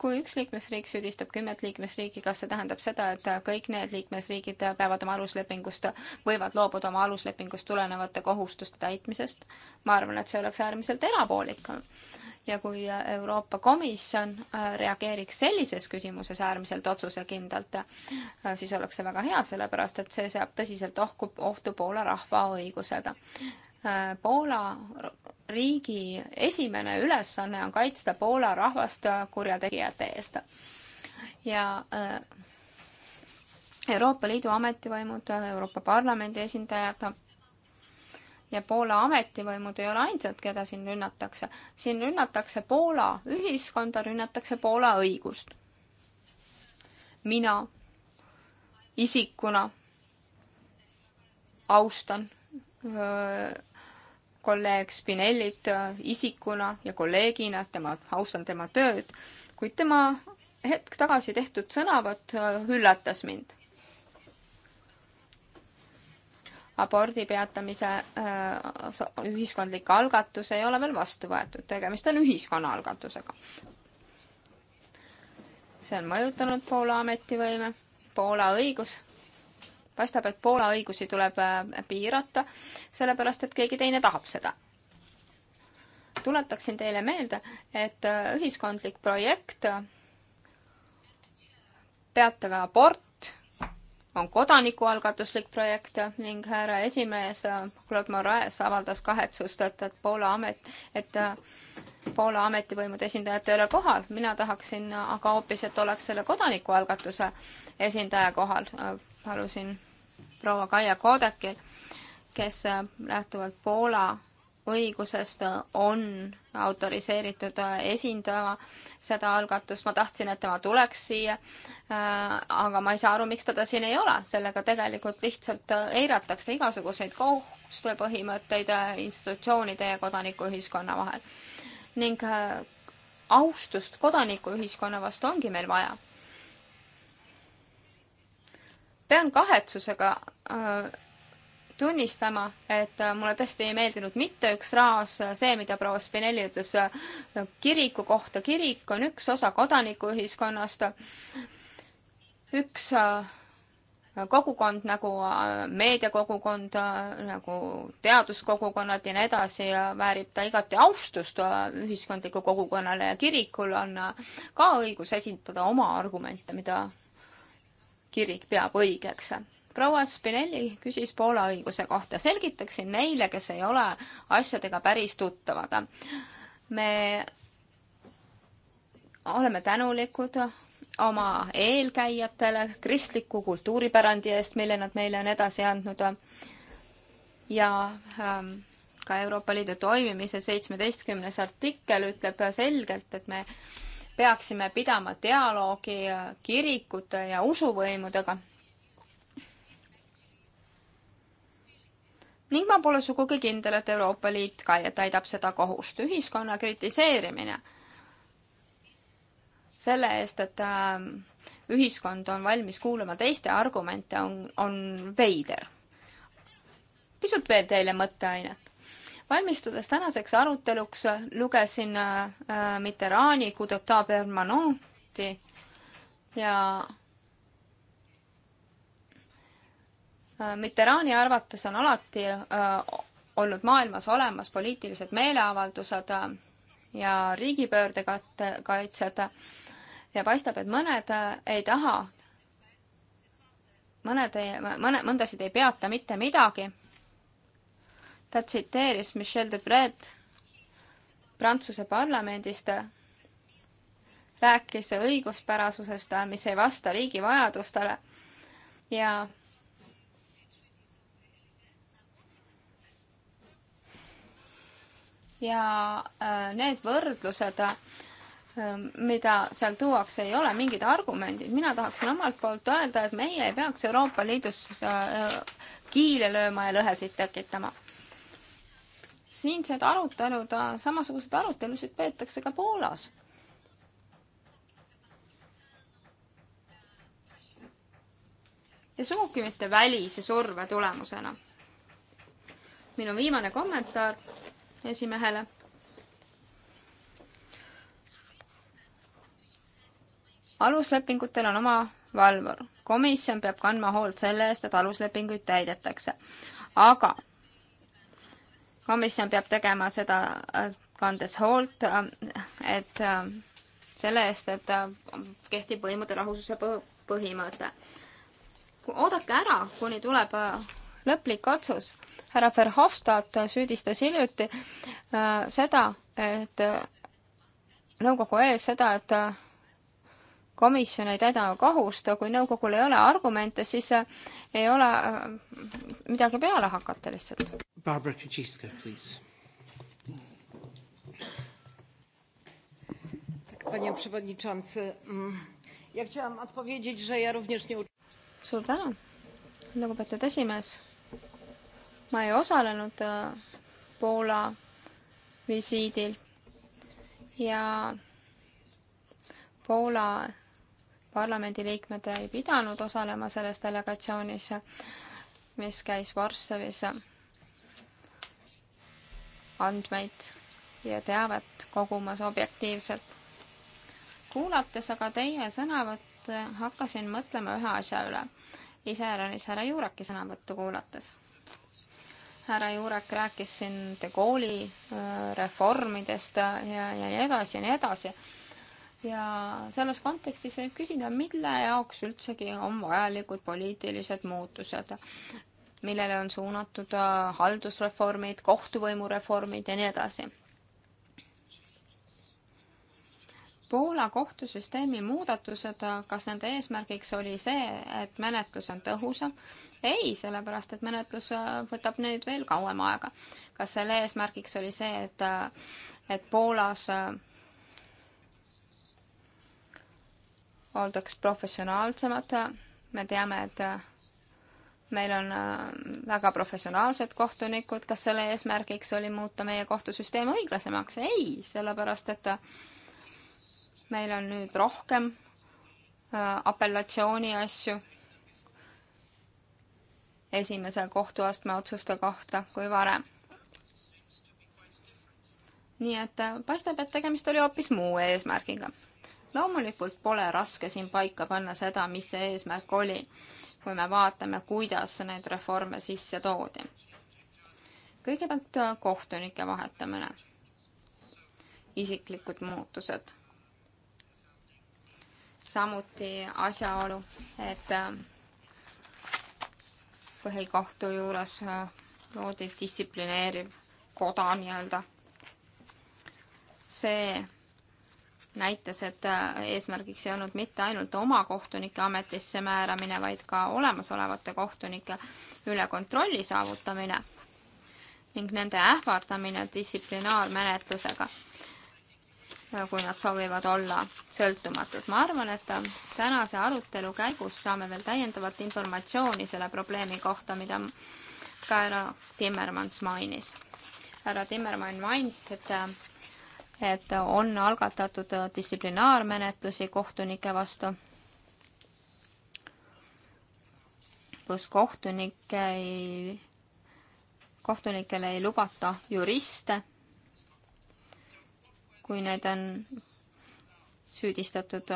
kui üks liikmesriik süüdistab kümmet liikmesriiki, kas see tähendab seda, et kõik need liikmesriigid peavad oma aluslepingust, võivad loobuda oma aluslepingust tulenevate kohustuste täitmisest? ma arvan, et see oleks äärmiselt erapoolik. ja kui Euroopa Komisjon äh, reageeriks sellises küsimuses äärmiselt otsusekindlalt, äh, siis oleks see väga hea, sellepärast et see seab tõsiselt ohku, ohtu Poola rahva õigused. Äh, Poola riigi esimene ülesanne on kaitsta Poola rahvast kurjategijate eest. ja äh, Euroopa Liidu ametivõimud, Euroopa Parlamendi esindajad ja Poola ametivõimud ei ole ainsad, keda siin rünnatakse. siin rünnatakse Poola ühiskonda, rünnatakse Poola õigust. mina isikuna austan Äh, kolleeg Spinellit äh, isikuna ja kolleegina, tema, austan tema tööd, kuid tema hetk tagasi tehtud sõnavõtt äh, üllatas mind. abordi peatamise ühiskondlik algatus ei ole veel vastu võetud, tegemist on ühiskonna algatusega. see on mõjutanud Poola ametivõime, Poola õigus paistab, et Poola õigusi tuleb äh, piirata, sellepärast et keegi teine tahab seda. tuletaksin teile meelde, et äh, ühiskondlik projekt peatage abort on kodanikualgatuslik projekt ning härra esimees äh, Claude Moraes avaldas kahetsust, et, et Poola amet, et Poola ametivõimude esindajad ei ole kohal. mina tahaksin aga hoopis, et oleks selle kodanikualgatuse esindaja kohal. palusin proua Kaia Kodakil, kes äh, lähtuvalt Poola õigusest äh, on autoriseeritud äh, esindama seda algatust, ma tahtsin, et tema tuleks siia, aga ma ei saa aru, miks teda siin ei ole, sellega tegelikult lihtsalt eiratakse igasuguseid koostööpõhimõtteid institutsioonide ja kodanikuühiskonna vahel. ning austust kodanikuühiskonna vastu ongi meil vaja pean kahetsusega äh, tunnistama, et äh, mulle tõesti ei meeldinud mitte üks raas, äh, see, mida proua Spinelli ütles kiriku kohta. kirik on üks osa kodanikuühiskonnast, üks kogukond nagu meediakogukond, nagu teaduskogukonnad ja nii edasi ja väärib ta igati austust ühiskondliku kogukonnale ja kirikul on ka õigus esitada oma argumente, mida kirik peab õigeks. proua Spinelli küsis Poola õiguse kohta. selgitaksin neile, kes ei ole asjadega päris tuttavad. me oleme tänulikud oma eelkäijatele kristliku kultuuripärandi eest, mille nad meile on edasi andnud ja ähm, ka Euroopa Liidu toimimise seitsmeteistkümnes artikkel ütleb selgelt, et me peaksime pidama dialoogi kirikute ja usuvõimudega. ning ma pole sugugi kindel, et Euroopa Liit ka täidab seda kohust. ühiskonna kritiseerimine selle eest, et ähm, ühiskond on valmis kuulama teiste argumente, on, on veider. pisut veel teile mõtteainet valmistudes tänaseks aruteluks, lugesin äh, äh Mitterrandi Kudota Permanenti ja äh, Mitterrandi arvates on alati äh, olnud maailmas olemas poliitilised meeleavaldused äh, ja riigipöördekaitsjad ja paistab, et mõned äh, ei taha mõned ei, mõne, mõndasid ei peata mitte midagi ta tsiteeris Michel Debret Prantsuse parlamendist, rääkis õiguspärasusest, mis ei vasta riigi vajadustele ja ja äh, need võrdlused, äh, mida seal tuuakse, ei ole mingid argumendid. mina tahaksin omalt poolt öelda, et meie ei peaks Euroopa Liidus äh, kiile lööma ja lõhesid tekitama siinsed arutelud, samasuguseid arutelusid peetakse ka Poolas. ja sugugi mitte välise surve tulemusena. minu viimane kommentaar esimehele aluslepingutel on oma valvur. komisjon peab kandma hoolt selle eest, et aluslepinguid täidetakse. aga komisjon peab tegema seda, äh, kandes hoolt, äh, et äh, selle eest, et kehtib võimude lahususe põhimõte. oodake ära, kuni tuleb lõplik otsus. härra Verhofstadt süüdistas hiljuti seda, et nõukogu ees seda, et komisjon ei täida kohust, kui nõukogul ei ole argumente, siis äh, ei ole äh, midagi peale hakata lihtsalt. Barbara Kudžiska, please. Panie przewodniczący, mm, ja chciałam odpowiedzieć, że ja również nie suur tänu, lugupeetud esimees. ma ei osalenud äh, Poola visiidil ja Poola parlamendiliikmed ei pidanud osalema selles delegatsioonis, mis käis Varssavis andmeid ja teavet kogumas objektiivselt. kuulates aga teie sõnavõtte, hakkasin mõtlema ühe asja üle, iseäranis härra Juureki sõnavõttu kuulates. härra Juurek rääkis siin De Gaulle'i äh, reformidest ja, ja nii edasi ja nii edasi ja selles kontekstis võib küsida, mille jaoks üldsegi on vajalikud poliitilised muutused, millele on suunatud äh, haldusreformid, kohtuvõimu reformid ja nii edasi. Poola kohtusüsteemi muudatused, kas nende eesmärgiks oli see, et menetlus on tõhusam? ei, sellepärast et menetlus äh, võtab nüüd veel kauem aega. kas selle eesmärgiks oli see, et, äh, et Poolas äh, oldaks professionaalsemad. me teame, et meil on äh, väga professionaalsed kohtunikud, kas selle eesmärgiks oli muuta meie kohtusüsteem õiglasemaks? ei, sellepärast et meil on nüüd rohkem äh, apellatsiooni asju esimese kohtuastme otsuste kohta kui varem. nii et äh, paistab, et tegemist oli hoopis muu eesmärgiga loomulikult pole raske siin paika panna seda, mis see eesmärk oli, kui me vaatame, kuidas neid reforme sisse toodi. kõigepealt äh, kohtunike vahetamine, isiklikud muutused, samuti asjaolu, et äh, põhikohtu juures äh, loodi distsiplineeriv koda nii-öelda. see näitas, et äh, eesmärgiks ei olnud mitte ainult oma kohtunike ametisse määramine, vaid ka olemasolevate kohtunike üle kontrolli saavutamine ning nende ähvardamine distsiplinaarmenetlusega, äh, kui nad soovivad olla sõltumatud. ma arvan, et äh, tänase arutelu käigus saame veel täiendavat informatsiooni selle probleemi kohta, mida ka härra Timmermans mainis. härra Timmermann mainis, et et on algatatud distsiplinaarmenetlusi kohtunike vastu, kus kohtunike ei, kohtunikele ei lubata juriste, kui need on süüdistatud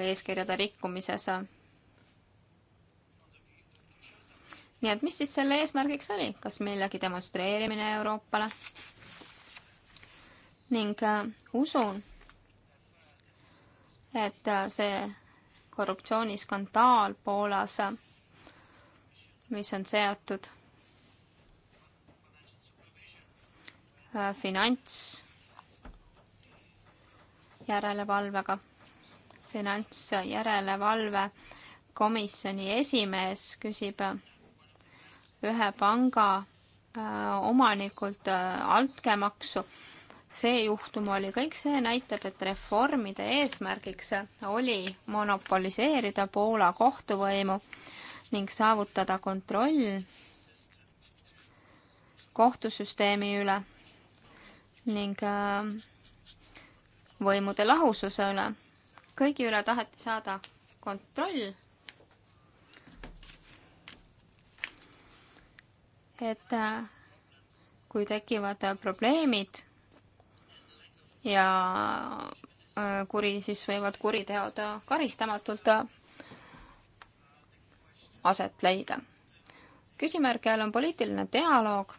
eeskirjade rikkumises. nii et mis siis selle eesmärgiks oli, kas millegi demonstreerimine Euroopale? ning äh, usun, et äh, see korruptsiooniskandaal Poolas, äh, mis on seotud finantsjärelevalvega, finantsjärelevalve komisjoni esimees küsib ühe panga omanikult altkäemaksu see juhtum oli, kõik see näitab, et reformide eesmärgiks oli monopoliseerida Poola kohtuvõimu ning saavutada kontroll kohtusüsteemi üle ning äh, võimude lahususe üle. kõigi üle taheti saada kontroll, et äh, kui tekivad probleemid ja äh, kuri, siis võivad kuriteod karistamatult aset leida. küsimärgi all on poliitiline dialoog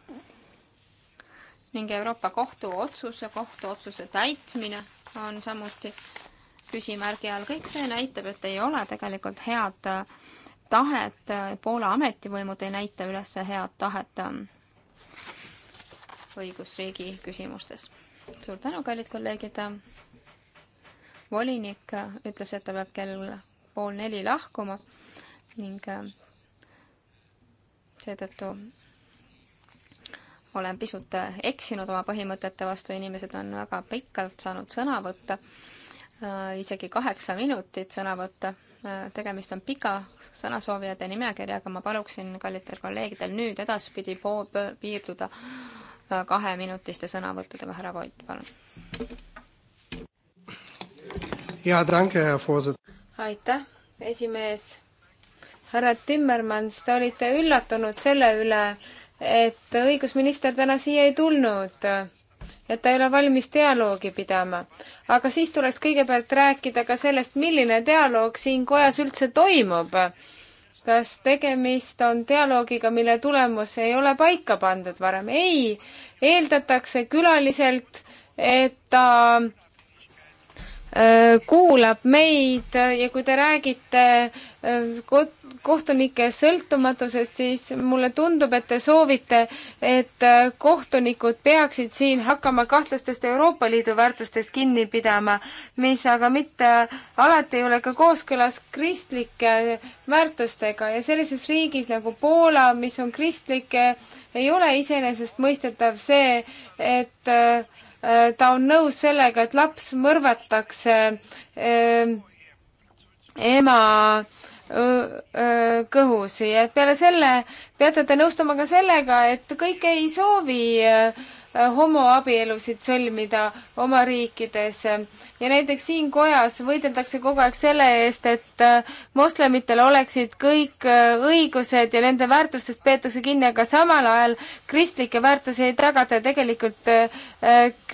ning Euroopa Kohtu otsus ja kohtuotsuse täitmine on samuti küsimärgi all. kõik see näitab, et ei ole tegelikult head tahet, Poola ametivõimud ei näita üles head tahet õigusriigi küsimustes suur tänu, kallid kolleegid. volinik ütles, et ta peab kell pool neli lahkuma ning äh, seetõttu olen pisut äh, eksinud oma põhimõtete vastu, inimesed on väga pikalt saanud sõna võtta, äh, isegi kaheksa minutit sõna võtta. tegemist on pika sõnasoovijate nimekirjaga, ma paluksin kallitel kolleegidel nüüd edaspidi piirduda kaheminutiste sõnavõttudega, härra Voit, palun. jaa, tänke, härra Fooset. aitäh, esimees. härra Timmermans, te olite üllatunud selle üle, et õigusminister täna siia ei tulnud et ta ei ole valmis dialoogi pidama. aga siis tuleks kõigepealt rääkida ka sellest, milline dialoog siin kojas üldse toimub kas tegemist on dialoogiga, mille tulemus ei ole paika pandud varem? ei, eeldatakse külaliselt, et ta äh, Äh, kuulab meid ja kui te räägite äh, kohtunike sõltumatusest, siis mulle tundub, et te soovite, et äh, kohtunikud peaksid siin hakkama kahtlastest Euroopa Liidu väärtustest kinni pidama, mis aga mitte alati ei ole ka kooskõlas kristlike väärtustega ja sellises riigis nagu Poola, mis on kristlik, ei ole iseenesestmõistetav see, et äh, Äh, ta on nõus sellega, et laps mõrvatakse äh, ema äh, kõhus ja peale selle peate te nõustuma ka sellega, et kõik ei soovi Äh, homoabielusid sõlmida oma riikides. ja näiteks siin kojas võideldakse kogu aeg selle eest, et äh, moslemitel oleksid kõik äh, õigused ja nende väärtustest peetakse kinni, aga samal ajal kristlikke väärtusi ei tagata ja tegelikult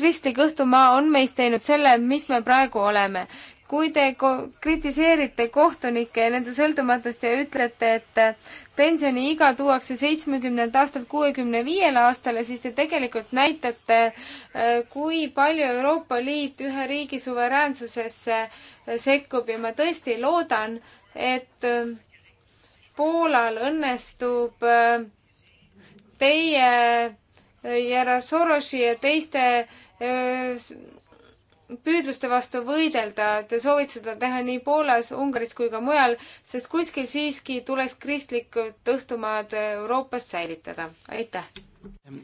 kristlik õhtumaa on meist teinud selle, mis me praegu oleme kui te ko-, kritiseerite kohtunikke ja nende sõltumatust ja ütlete, et pensioniiga tuuakse seitsmekümnendalt aastalt kuuekümne viiele aastale, siis te tegelikult näitate, äh, kui palju Euroopa Liit ühe riigi suveräänsusesse äh, sekkub ja ma tõesti loodan, et äh, Poolal õnnestub teie, härra Sorosi ja teiste püüdluste vastu võidelda, te soovite seda teha nii Poolas, Ungaris kui ka mujal, sest kuskil siiski tuleks kristlikud õhtumaad Euroopas säilitada. aitäh! Um,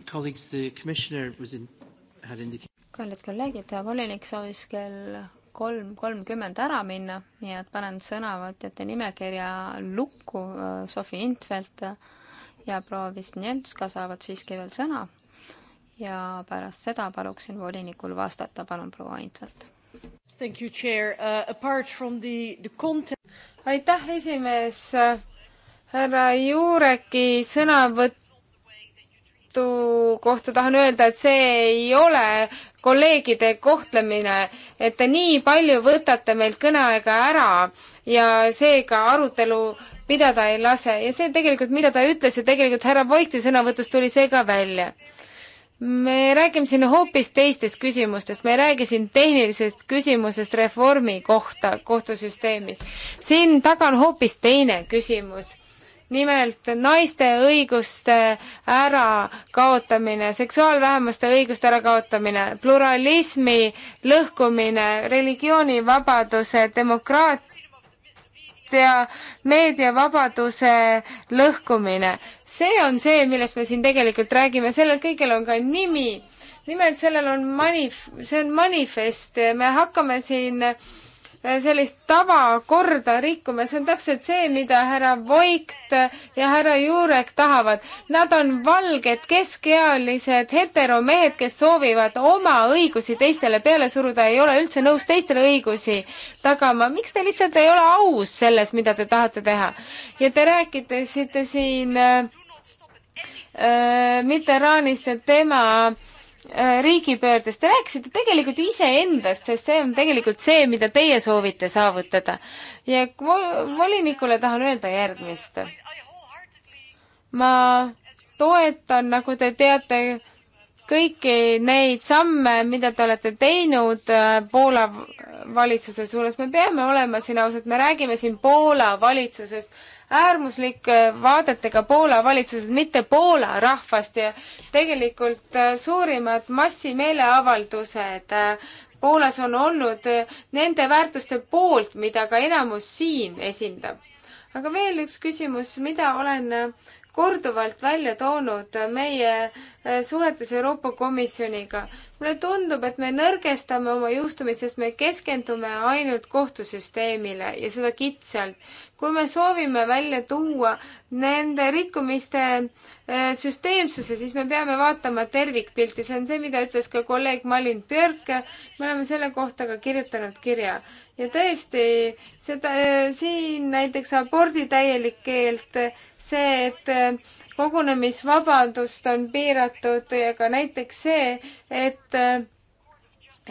kallid kolleegid, volinik soovis kell kolm kolmkümmend ära minna, nii et panen sõnavõtjate nimekirja lukku, äh, Sofi Intvelt ja proua Vistnjenska saavad siiski veel sõna ja pärast seda paluksin volinikul vastata, palun proua Intvelt. Thank you, chair uh,. Apart from the, the content. aitäh, esimees. härra Juureki sõnavõttu kohta tahan öelda, et see ei ole kolleegide kohtlemine, et te nii palju võtate meilt kõneaega ära ja seega arutelu pidada ei lase ja see tegelikult, mida ta ütles ja tegelikult härra Voikti sõnavõtust tuli see ka välja me räägime siin hoopis teistest küsimustest, me ei räägi siin tehnilisest küsimusest reformi kohta kohtusüsteemis. siin taga on hoopis teine küsimus. nimelt naiste õiguste ärakaotamine, seksuaalvähemuste õiguste ärakaotamine, pluralismi lõhkumine, religioonivabaduse, demokraatia ja meediavabaduse lõhkumine. see on see, millest me siin tegelikult räägime, sellel kõigel on ka nimi. nimelt sellel on manif-, see on manifest, me hakkame siin äh, Äh, sellist tavakorda rikkuma, see on täpselt see, mida härra Voigt ja härra Juurek tahavad. Nad on valged keskealised heteromehed, kes soovivad oma õigusi teistele peale suruda, ei ole üldse nõus teistele õigusi tagama. miks te lihtsalt ei ole aus selles, mida te tahate teha? ja te rääkisite siin äh, äh Mitterrandist, et tema äh, Äh, riigipöördest, te rääkisite tegelikult iseendast, sest see on tegelikult see, mida teie soovite saavutada. ja volinikule tahan öelda järgmist. ma toetan, nagu te teate, kõiki neid samme, mida te olete teinud äh, Poola valitsuse suunas, me peame olema siin ausad, me räägime siin Poola valitsusest äärmuslike äh, vaadetega Poola valitsused, mitte Poola rahvast ja tegelikult äh, suurimad massimeeleavaldused äh, Poolas on olnud nende väärtuste poolt, mida ka enamus siin esindab. aga veel üks küsimus, mida olen korduvalt välja toonud meie äh, suhetes Euroopa Komisjoniga. mulle tundub, et me nõrgestame oma juhtumit, sest me keskendume ainult kohtusüsteemile ja seda kitsalt. kui me soovime välja tuua nende rikkumiste äh, süsteemsuse, siis me peame vaatama tervikpilti, see on see, mida ütles ka kolleeg Malin Björk, me oleme selle kohta ka kirjutanud kirja ja tõesti, seda eh, siin näiteks abordi täielik keeld, see, et eh, kogunemisvabadust on piiratud ja ka näiteks see, et eh,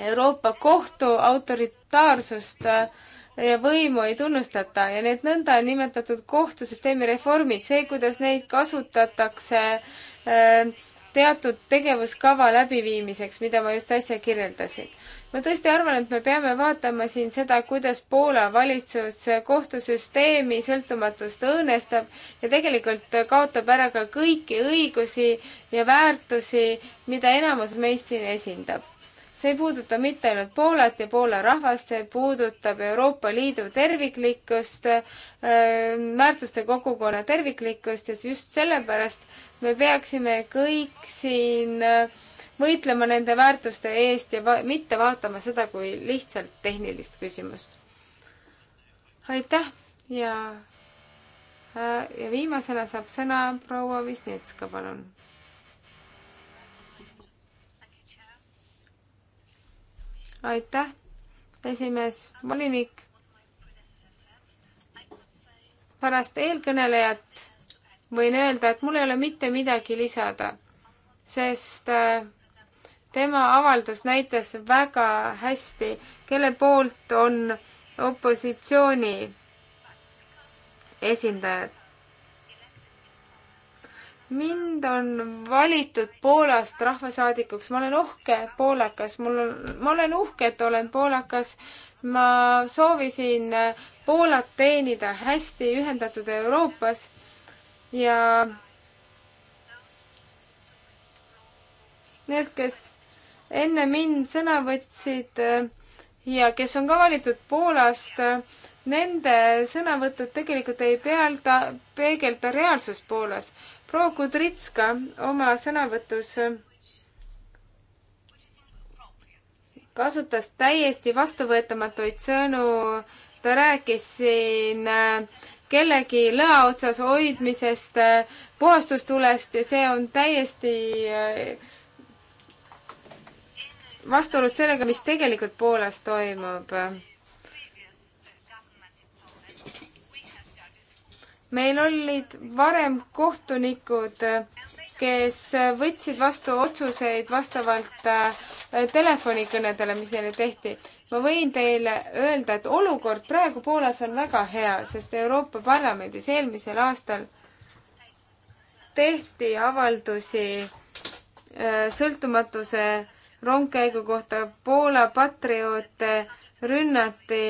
Euroopa Kohtu autoritaarsust ja võimu ei tunnustata ja need nõndanimetatud kohtusüsteemi reformid, see, kuidas neid kasutatakse teatud tegevuskava läbiviimiseks, mida ma just äsja kirjeldasin ma tõesti arvan, et me peame vaatama siin seda, kuidas Poola valitsus kohtusüsteemi sõltumatust õõnestab ja tegelikult kaotab ära ka kõiki õigusi ja väärtusi, mida enamus meist siin esindab. see ei puuduta mitte ainult Poolat ja Poola rahvast, see puudutab Euroopa Liidu terviklikkust, väärtuste kogukonna terviklikkust ja just sellepärast me peaksime kõik siin äh, võitlema nende väärtuste eest ja va mitte vaatama seda kui lihtsalt tehnilist küsimust. aitäh ja, äh, ja viimasena saab sõna proua Visnetska, palun. aitäh, esimees, volinik. pärast eelkõnelejat võin öelda, et mul ei ole mitte midagi lisada, sest äh, tema avaldus näitas väga hästi, kelle poolt on opositsiooni esindajad. mind on valitud Poolast rahvasaadikuks, ma olen uhke poolakas, mul on, ma olen uhke, et olen poolakas. ma soovisin Poolat teenida hästi ühendatud Euroopas ja need, kes enne mind sõna võtsid äh, ja kes on ka valitud Poolast, äh, nende sõnavõtud tegelikult ei pealda, peegelda reaalsust Poolas. proua Kudritska oma sõnavõtus äh, kasutas täiesti vastuvõetamatuid sõnu. ta rääkis siin kellegi lõa otsas hoidmisest, puhastustulest ja see on täiesti äh, vastuolus sellega, mis tegelikult Poolas toimub. meil olid varem kohtunikud, kes võtsid vastu otsuseid vastavalt äh, telefonikõnedele, mis neile tehti. ma võin teile öelda, et olukord praegu Poolas on väga hea, sest Euroopa Parlamendis eelmisel aastal tehti avaldusi äh, sõltumatuse rongkäigu kohta Poola patrioote rünnati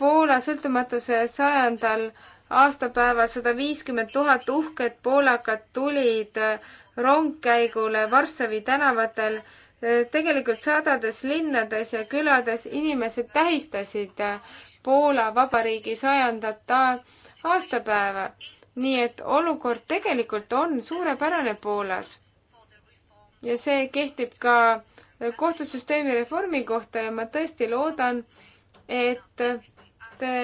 Poola sõltumatuse sajandal aastapäeval sada viiskümmend tuhat uhket poolakat tulid rongkäigule Varssavi tänavatel. tegelikult sadades linnades ja külades inimesed tähistasid Poola Vabariigi sajandat aastapäeva. nii et olukord tegelikult on suurepärane Poolas ja see kehtib ka kohtusüsteemi reformi kohta ja ma tõesti loodan, et te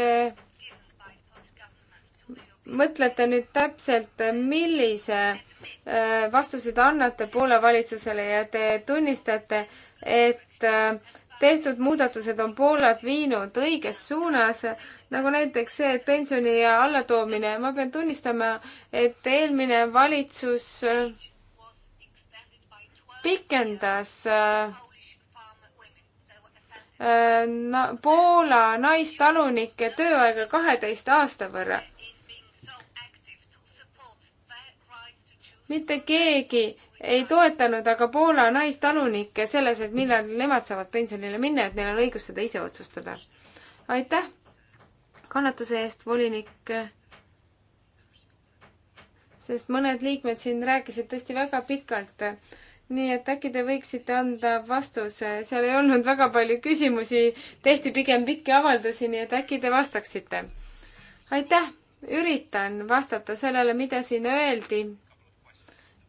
mõtlete nüüd täpselt, millise äh, vastuse te annate Poola valitsusele ja te tunnistate, et äh, tehtud muudatused on Poolat viinud õiges suunas, nagu näiteks see, et pensioniea allatoomine. ma pean tunnistama, et eelmine valitsus äh, pikendas äh, na-, Poola naistalunike tööaega kaheteist aasta võrra. mitte keegi ei toetanud aga Poola naistalunikke selles, et millal nemad saavad pensionile minna, et neil on õigus seda ise otsustada. aitäh kannatuse eest, volinik. sest mõned liikmed siin rääkisid tõesti väga pikalt nii et äkki te võiksite anda vastuse, seal ei olnud väga palju küsimusi, tehti pigem pikki avaldusi, nii et äkki te vastaksite. aitäh, üritan vastata sellele, mida siin öeldi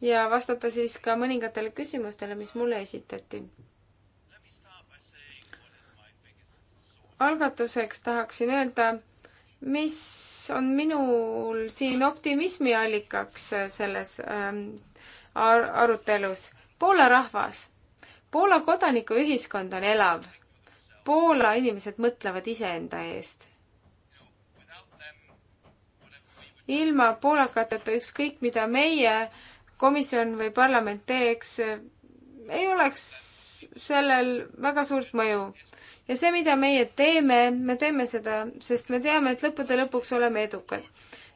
ja vastata siis ka mõningatele küsimustele, mis mulle esitati. algatuseks tahaksin öelda, mis on minul siin optimismi allikaks selles ähm, ar arutelus. Poola rahvas, Poola kodanikuühiskond on elav. Poola inimesed mõtlevad iseenda eest. ilma poolakateta ükskõik, mida meie komisjon või parlament teeks, ei oleks sellel väga suurt mõju. ja see, mida meie teeme, me teeme seda, sest me teame, et lõppude lõpuks oleme edukad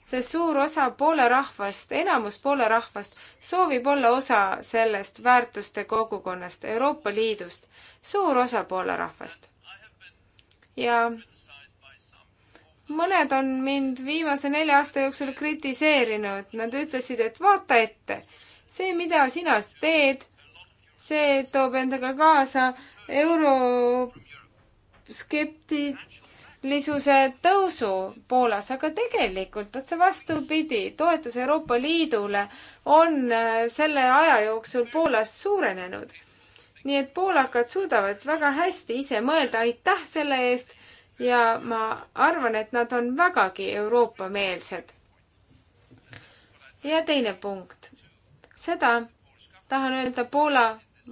sest suur osa Poola rahvast, enamus Poola rahvast soovib olla osa sellest väärtuste kogukonnast, Euroopa Liidust. suur osa Poola rahvast. ja mõned on mind viimase nelja aasta jooksul kritiseerinud, nad ütlesid, et vaata ette, see, mida sina teed, see toob endaga kaasa euroskepti-, lisuse tõusu Poolas, aga tegelikult otse vastupidi, toetus Euroopa Liidule on äh, selle aja jooksul Poolas suurenenud. nii et poolakad suudavad väga hästi ise mõelda, aitäh selle eest ja ma arvan, et nad on vägagi Euroopa-meelsed. ja teine punkt. seda tahan öelda Poola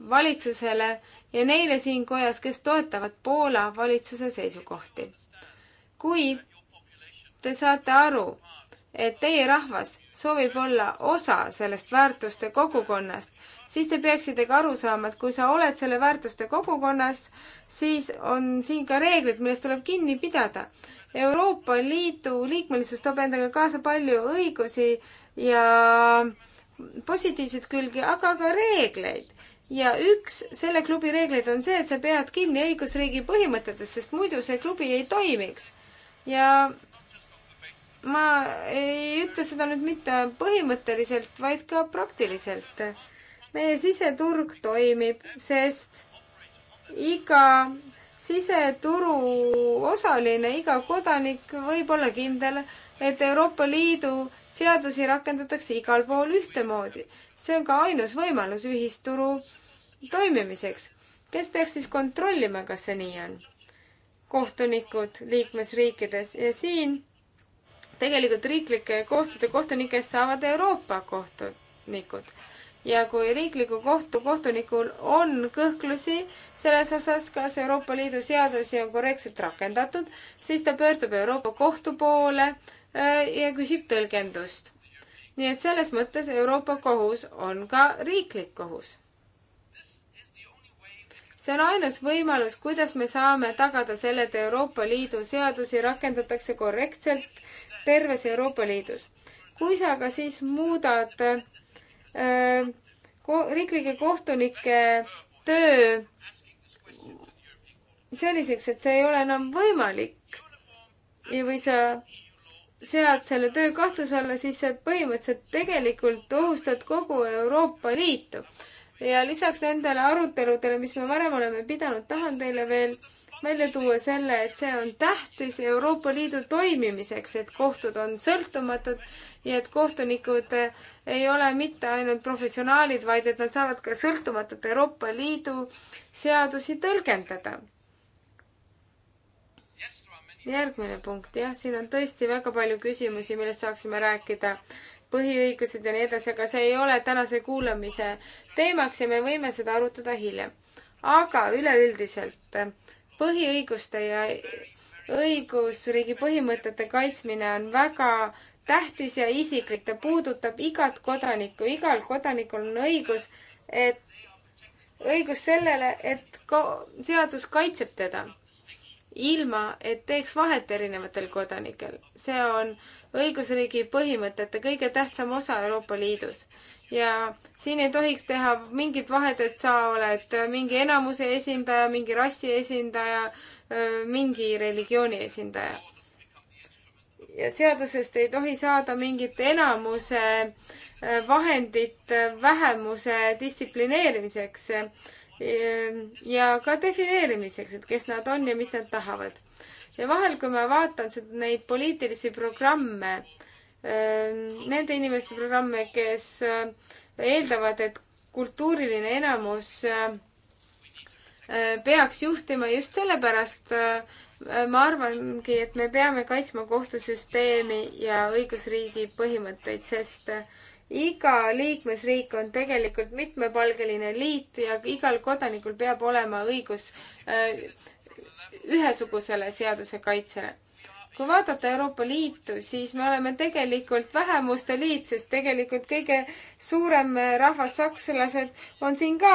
valitsusele ja neile siin kojas, kes toetavad Poola valitsuse seisukohti kui te saate aru, et teie rahvas soovib olla osa sellest väärtuste kogukonnast, siis te peaksite ka aru saama, et kui sa oled selle väärtuste kogukonnas, siis on siin ka reeglid, millest tuleb kinni pidada. Euroopa Liidu liikmelisus toob endaga kaasa palju õigusi ja positiivseid külgi, aga ka reegleid ja üks selle klubi reegleid on see, et sa pead kinni õigusriigi põhimõtetest, sest muidu see klubi ei toimiks ja ma ei ütle seda nüüd mitte põhimõtteliselt, vaid ka praktiliselt. meie siseturg toimib, sest iga siseturu osaline, iga kodanik võib olla kindel, et Euroopa Liidu seadusi rakendatakse igal pool ühtemoodi. see on ka ainus võimalus ühisturu toimimiseks. kes peaks siis kontrollima, kas see nii on? kohtunikud liikmesriikides ja siin tegelikult riiklike kohtade kohtunikest saavad Euroopa kohtunikud. ja kui riikliku kohtu kohtunikul on kõhklusi selles osas, kas Euroopa Liidu seadusi on korrektselt rakendatud, siis ta pöördub Euroopa Kohtu poole äh, ja küsib tõlgendust. nii et selles mõttes Euroopa Kohus on ka riiklik kohus see on ainus võimalus, kuidas me saame tagada selle, et Euroopa Liidu seadusi rakendatakse korrektselt terves Euroopa Liidus. kui sa aga siis muudad äh, ko riiklike kohtunike töö selliseks, et see ei ole enam võimalik ja või sa sead selle töö kahtluse alla, siis sa põhimõtteliselt tegelikult ohustad kogu Euroopa Liitu ja lisaks nendele aruteludele, mis me varem oleme pidanud, tahan teile veel välja tuua selle, et see on tähtis Euroopa Liidu toimimiseks, et kohtud on sõltumatud ja et kohtunikud ei ole mitte ainult professionaalid, vaid et nad saavad ka sõltumatult Euroopa Liidu seadusi tõlgendada. järgmine punkt, jah, siin on tõesti väga palju küsimusi, millest saaksime rääkida põhiõigused ja nii edasi, aga see ei ole tänase kuulamise teemaks ja me võime seda arutada hiljem. aga üleüldiselt äh, põhiõiguste ja õigusriigi põhimõtete kaitsmine on väga tähtis ja isiklik, ta puudutab igat kodanikku, igal kodanikul on õigus, et, õigus sellele, et ko-, seadus kaitseb teda ilma, et teeks vahet erinevatel kodanikel. see on äh, õigusriigi põhimõtete kõige tähtsam osa Euroopa Liidus. ja siin ei tohiks teha mingit vahet, et sa oled mingi enamuse esindaja, mingi rassi esindaja, mingi religiooni esindaja. ja seadusest ei tohi saada mingit enamuse vahendit vähemuse distsiplineerimiseks ja ka defineerimiseks, et kes nad on ja mis nad tahavad ja vahel, kui ma vaatan seda, neid poliitilisi programme, ähm, nende inimeste programme, kes äh, eeldavad, et kultuuriline enamus äh, äh, peaks juhtima just sellepärast, ma arvangi, et me peame kaitsma kohtusüsteemi ja õigusriigi põhimõtteid, sest iga liikmesriik on tegelikult mitmepalgeline liit ja igal kodanikul peab olema õigus ühesugusele seaduse kaitsele. kui vaadata Euroopa Liitu, siis me oleme tegelikult vähemuste liit, sest tegelikult kõige suurem rahvas, sakslased, on siin ka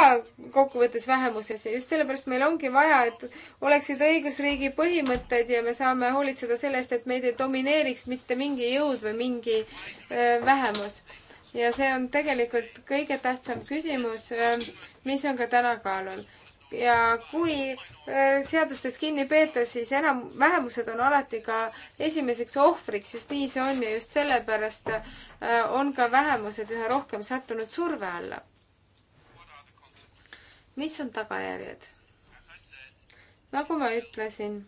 kokkuvõttes vähemuses ja just sellepärast meil ongi vaja, et oleksid õigusriigi põhimõtted ja me saame hoolitseda selle eest, et meid ei domineeriks mitte mingi jõud või mingi vähemus ja see on tegelikult kõige tähtsam küsimus, mis on ka täna kaalul ja kui äh, seadustest kinni peeta, siis enam, vähemused on alati ka esimeseks ohvriks, just nii see on ja just sellepärast äh, on ka vähemused üha rohkem sattunud surve alla. mis on tagajärjed? nagu ma ütlesin,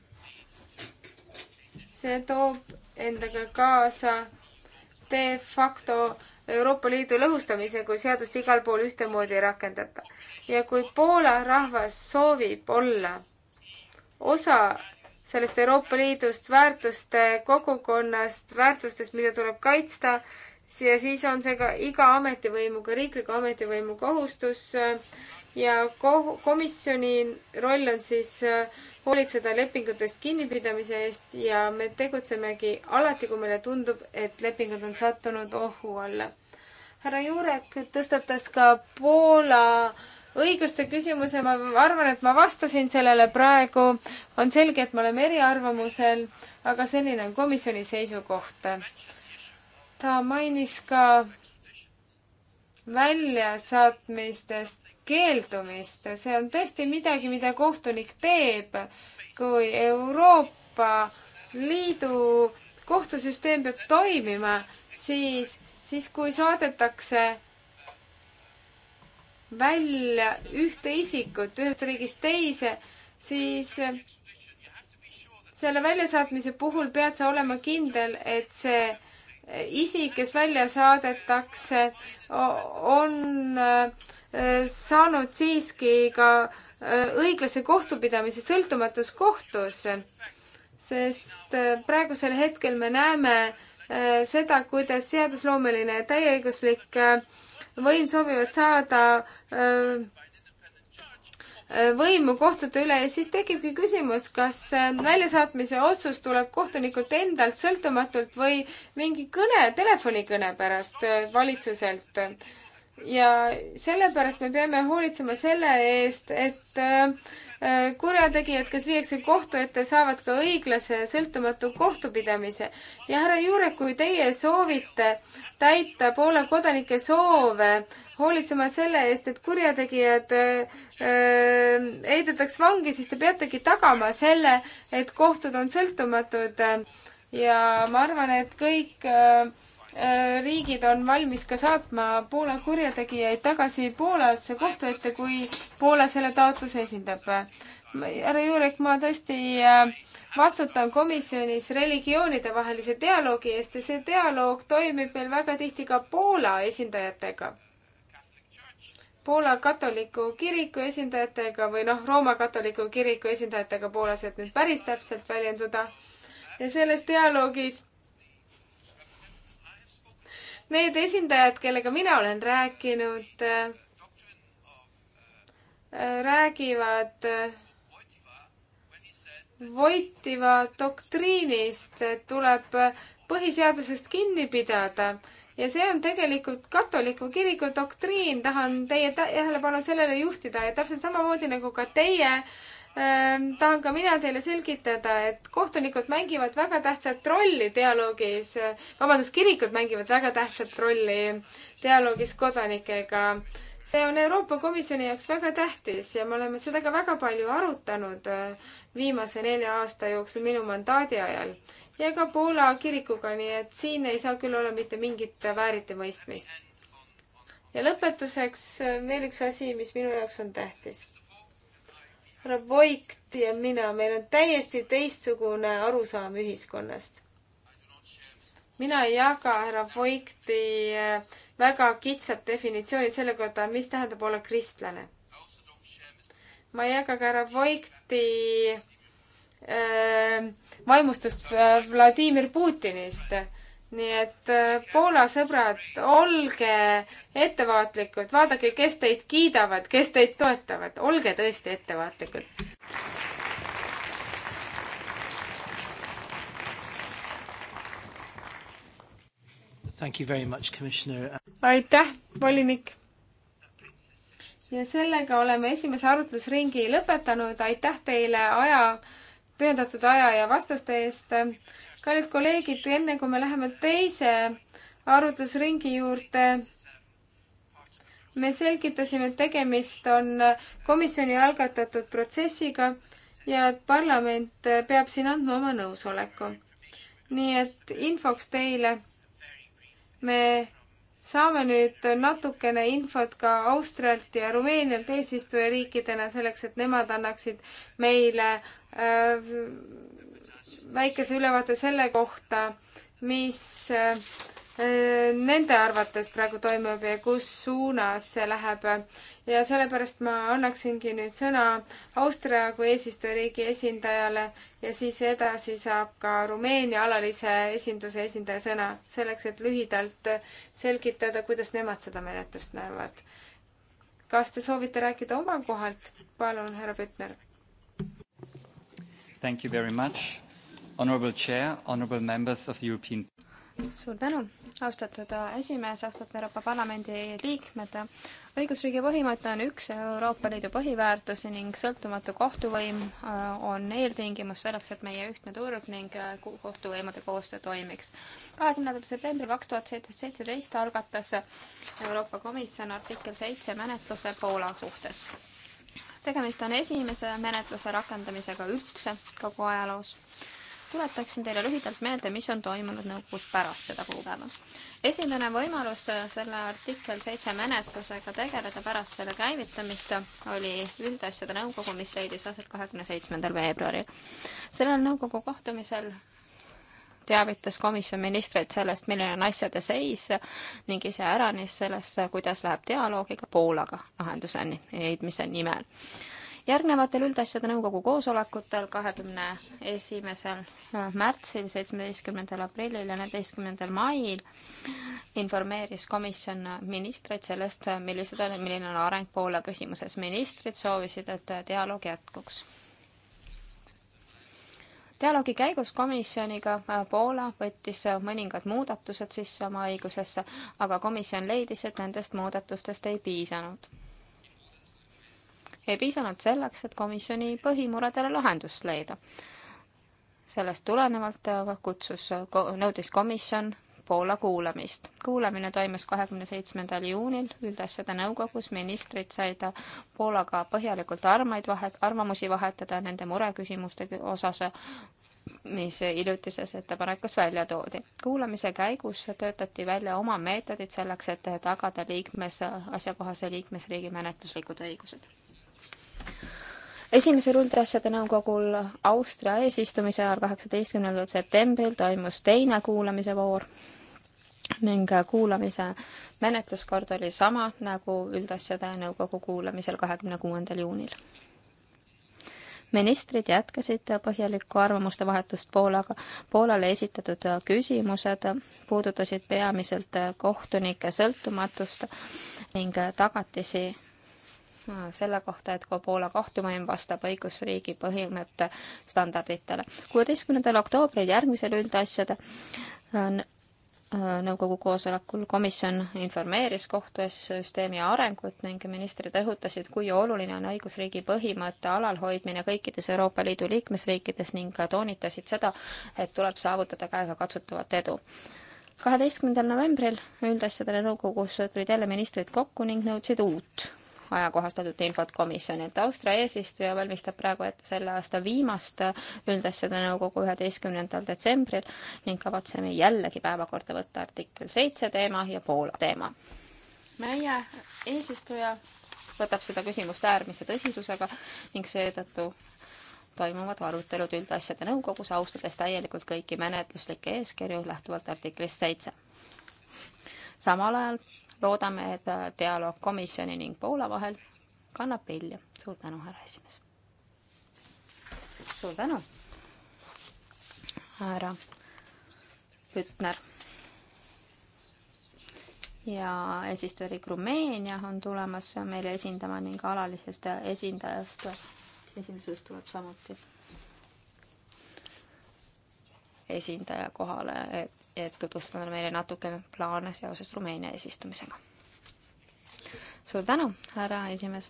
see toob endaga kaasa de facto Euroopa Liidu lõhustamise, kui seadust igal pool ühtemoodi ei rakendata. ja kui Poola rahvas soovib olla osa sellest Euroopa Liidust väärtuste kogukonnast, väärtustest, mida tuleb kaitsta, ja siis on see ka iga ametivõimuga, riikliku ametivõimu kohustus ja ko-, komisjoni roll on siis äh, hoolitseda lepingutest kinnipidamise eest ja me tegutsemegi alati, kui meile tundub, et lepingud on sattunud ohu alla. härra Jurek tõstatas ka Poola õiguste küsimuse, ma arvan, et ma vastasin sellele praegu. on selge, et me oleme eriarvamusel, aga selline on komisjoni seisukoht. ta mainis ka väljasaatmistest keeldumist, see on tõesti midagi, mida kohtunik teeb, kui Euroopa Liidu kohtusüsteem peab toimima, siis, siis kui saadetakse välja ühte isikut ühest riigist teise, siis selle väljasaatmise puhul pead sa olema kindel, et see isik, kes välja saadetakse, on äh, saanud siiski ka äh, õiglase kohtupidamise sõltumatus kohtus. sest äh, praegusel hetkel me näeme seda, kuidas seadusloomeline ja täieõiguslik võim soovivad saada Äh, võimu kohtute üle ja siis tekibki küsimus, kas äh, väljasaatmise otsus tuleb kohtunikult endalt sõltumatult või mingi kõne, telefonikõne pärast äh, valitsuselt. ja sellepärast me peame hoolitsema selle eest, et Äh, kurjategijad, kes viiakse kohtu ette, saavad ka õiglase ja sõltumatu kohtupidamise. ja härra Juurek, kui teie soovite täita Poola kodanike soove, hoolitsema selle eest, et kurjategijad äh, äh, heidetaks vangi, siis te peategi tagama selle, et kohtud on sõltumatud. ja ma arvan, et kõik öö, Äh, riigid on valmis ka saatma Poola kurjategijaid tagasi Poolasse kohtu ette, kui Poola selle taotluse esindab. härra Jurek, ma tõesti äh, vastutan komisjonis religioonide vahelise dialoogi eest ja see dialoog toimib meil väga tihti ka Poola esindajatega. Poola katoliku kiriku esindajatega või noh, Rooma katoliku kiriku esindajatega Poolas, et nüüd päris täpselt väljenduda. ja selles dialoogis Need esindajad, kellega mina olen rääkinud, äh, räägivad äh, Voitiva doktriinist, et tuleb põhiseadusest kinni pidada ja see on tegelikult katoliku kiriku doktriin, tahan teie tähelepanu sellele juhtida ja täpselt samamoodi nagu ka teie äh, Ehm, tahan ka mina teile selgitada, et kohtunikud mängivad väga tähtsat rolli dialoogis, vabandust, kirikud mängivad väga tähtsat rolli dialoogis kodanikega. see on Euroopa Komisjoni jaoks väga tähtis ja me oleme seda ka väga palju arutanud eh, viimase nelja aasta jooksul minu mandaadi ajal ja ka Poola kirikuga, nii et siin ei saa küll olla mitte mingit vääritimõistmist. ja lõpetuseks eh, veel üks asi, mis minu jaoks on tähtis härra Voigt ja mina, meil on täiesti teistsugune arusaam ühiskonnast. mina ei jaga härra Voigti eh, väga kitsat definitsiooni selle kohta, mis tähendab olla kristlane. ma ei jaga ka härra Voigti äh, vaimustust eh, Vladimir Putinist nii et äh, Poola sõbrad, olge ettevaatlikud, vaadake, kes teid kiidavad, kes teid toetavad, olge tõesti ettevaatlikud. aitäh, volinik. ja sellega oleme esimese arutlusringi lõpetanud, aitäh teile aja, pühendatud aja ja vastuste eest kallid kolleegid, enne kui me läheme teise arutlusringi juurde, me selgitasime, et tegemist on komisjoni algatatud protsessiga ja et parlament peab siin andma oma nõusoleku. nii et infoks teile, me saame nüüd natukene infot ka Austrialt ja Rumeenialt eesistujariikidena selleks, et nemad annaksid meile äh, väikese ülevaate selle kohta, mis äh, nende arvates praegu toimub ja kus suunas see läheb. ja sellepärast ma annaksingi nüüd sõna Austria kui eesistujariigi esindajale ja siis edasi saab ka Rumeenia alalise esinduse esindaja sõna, selleks et lühidalt selgitada, kuidas nemad seda menetlust näevad. kas te soovite rääkida oma kohalt? palun, härra Pütner. Thank you very much Honourable Chair, Honourable Members of the European suur tänu, austatud esimees, austatud Euroopa Parlamendi liikmed. õigusriigi põhimõte on üks Euroopa Liidu põhiväärtusi ning sõltumatu kohtuvõim äh, on eeltingimus selleks, et meie ühtne turg ning äh, kohtuvõimude koostöö toimiks. kahekümnendal septembril kaks tuhat seitseteist algatas Euroopa Komisjon artikkel seitse menetluse Poola suhtes. tegemist on esimese menetluse rakendamisega üldse kogu ajaloos tuletaksin teile lühidalt meelde, mis on toimunud nõukogus pärast seda kuupäeva. esimene võimalus selle artikkel seitse menetlusega tegeleda pärast selle käivitamist oli üldasjade nõukogu, mis leidis aset kahekümne seitsmendal veebruaril. sellel nõukogu kohtumisel teavitas komisjon ministreid sellest, milline on asjade seis ning iseäranis sellest, kuidas läheb dialoogiga Poolaga lahenduse leidmise nimel järgnevatel üldasjade nõukogu koosolekutel, kahekümne esimesel äh, märtsil, seitsmeteistkümnendal aprillil ja neljateistkümnendal mail informeeris komisjon ministreid sellest, millised on, milline on areng Poola küsimuses. ministrid soovisid, et dialoog jätkuks. dialoogi käigus komisjoniga äh, Poola võttis äh, mõningad muudatused sisse oma õigusesse, aga komisjon leidis, et nendest muudatustest ei piisanud ei piisanud selleks, et komisjoni põhimuredele lahendust leida. sellest tulenevalt aga kutsus, nõudis komisjon Poola kuulamist. kuulamine toimus kahekümne seitsmendal juunil üldasjade nõukogus, ministrid said Poolaga põhjalikult armaid vahet, arvamusi vahetada nende mureküsimuste osas, mis hiljutises ettepanekus välja toodi. kuulamise käigus töötati välja oma meetodid selleks, et tagada liikmes, asjakohase liikmesriigi menetluslikud õigused esimesel üldasjade nõukogul Austria eesistumise ajal, kaheksateistkümnendal septembril toimus teine kuulamise voor ning kuulamise menetluskord oli sama nagu üldasjade nõukogu kuulamisel kahekümne kuuendal juunil. ministrid jätkasid põhjalikku arvamuste vahetust Poolaga. Poolale esitatud küsimused puudutasid peamiselt kohtunike sõltumatust ning tagatisi Mm, selle kohta, et Kobola kohtumaim vastab õigusriigi põhimõtte standarditele. kuueteistkümnendal oktoobril järgmisel üldasjade äh, nõukogu koosolekul komisjon informeeris kohtusüsteemi arengut ning ministrid rõhutasid, kui oluline on õigusriigi põhimõtte alalhoidmine kõikides Euroopa Liidu liikmesriikides ning toonitasid seda, et tuleb saavutada käegakatsutavat edu. kaheteistkümnendal novembril üldasjadele nõukogus tulid jälle ministrid kokku ning nõudsid uut ajakohastatud infot komisjonilt. Austria eesistuja valmistab praegu ette selle aasta viimast üldasjade nõukogu üheteistkümnendal detsembril ning kavatseme jällegi päevakorda võtta artikkel seitse teema ja Poola teema. meie eesistuja võtab seda küsimust äärmise tõsisusega ning seetõttu toimuvad arutelud üldasjade nõukogus, austades täielikult kõiki menetluslikke eeskirju lähtuvalt artiklist seitse. samal ajal loodame, et äh, dialoog komisjoni ning Poola vahel kannab vilja. suur tänu, härra esimees. suur tänu, härra Pütner. ja eesistujariik Rumeenia on tulemas meile esindama ning alalisest esindajast, esindusest tuleb samuti esindaja kohale, et et tutvustada meile natuke plaane seoses Rumeenia eesistumisega. suur tänu, härra esimees.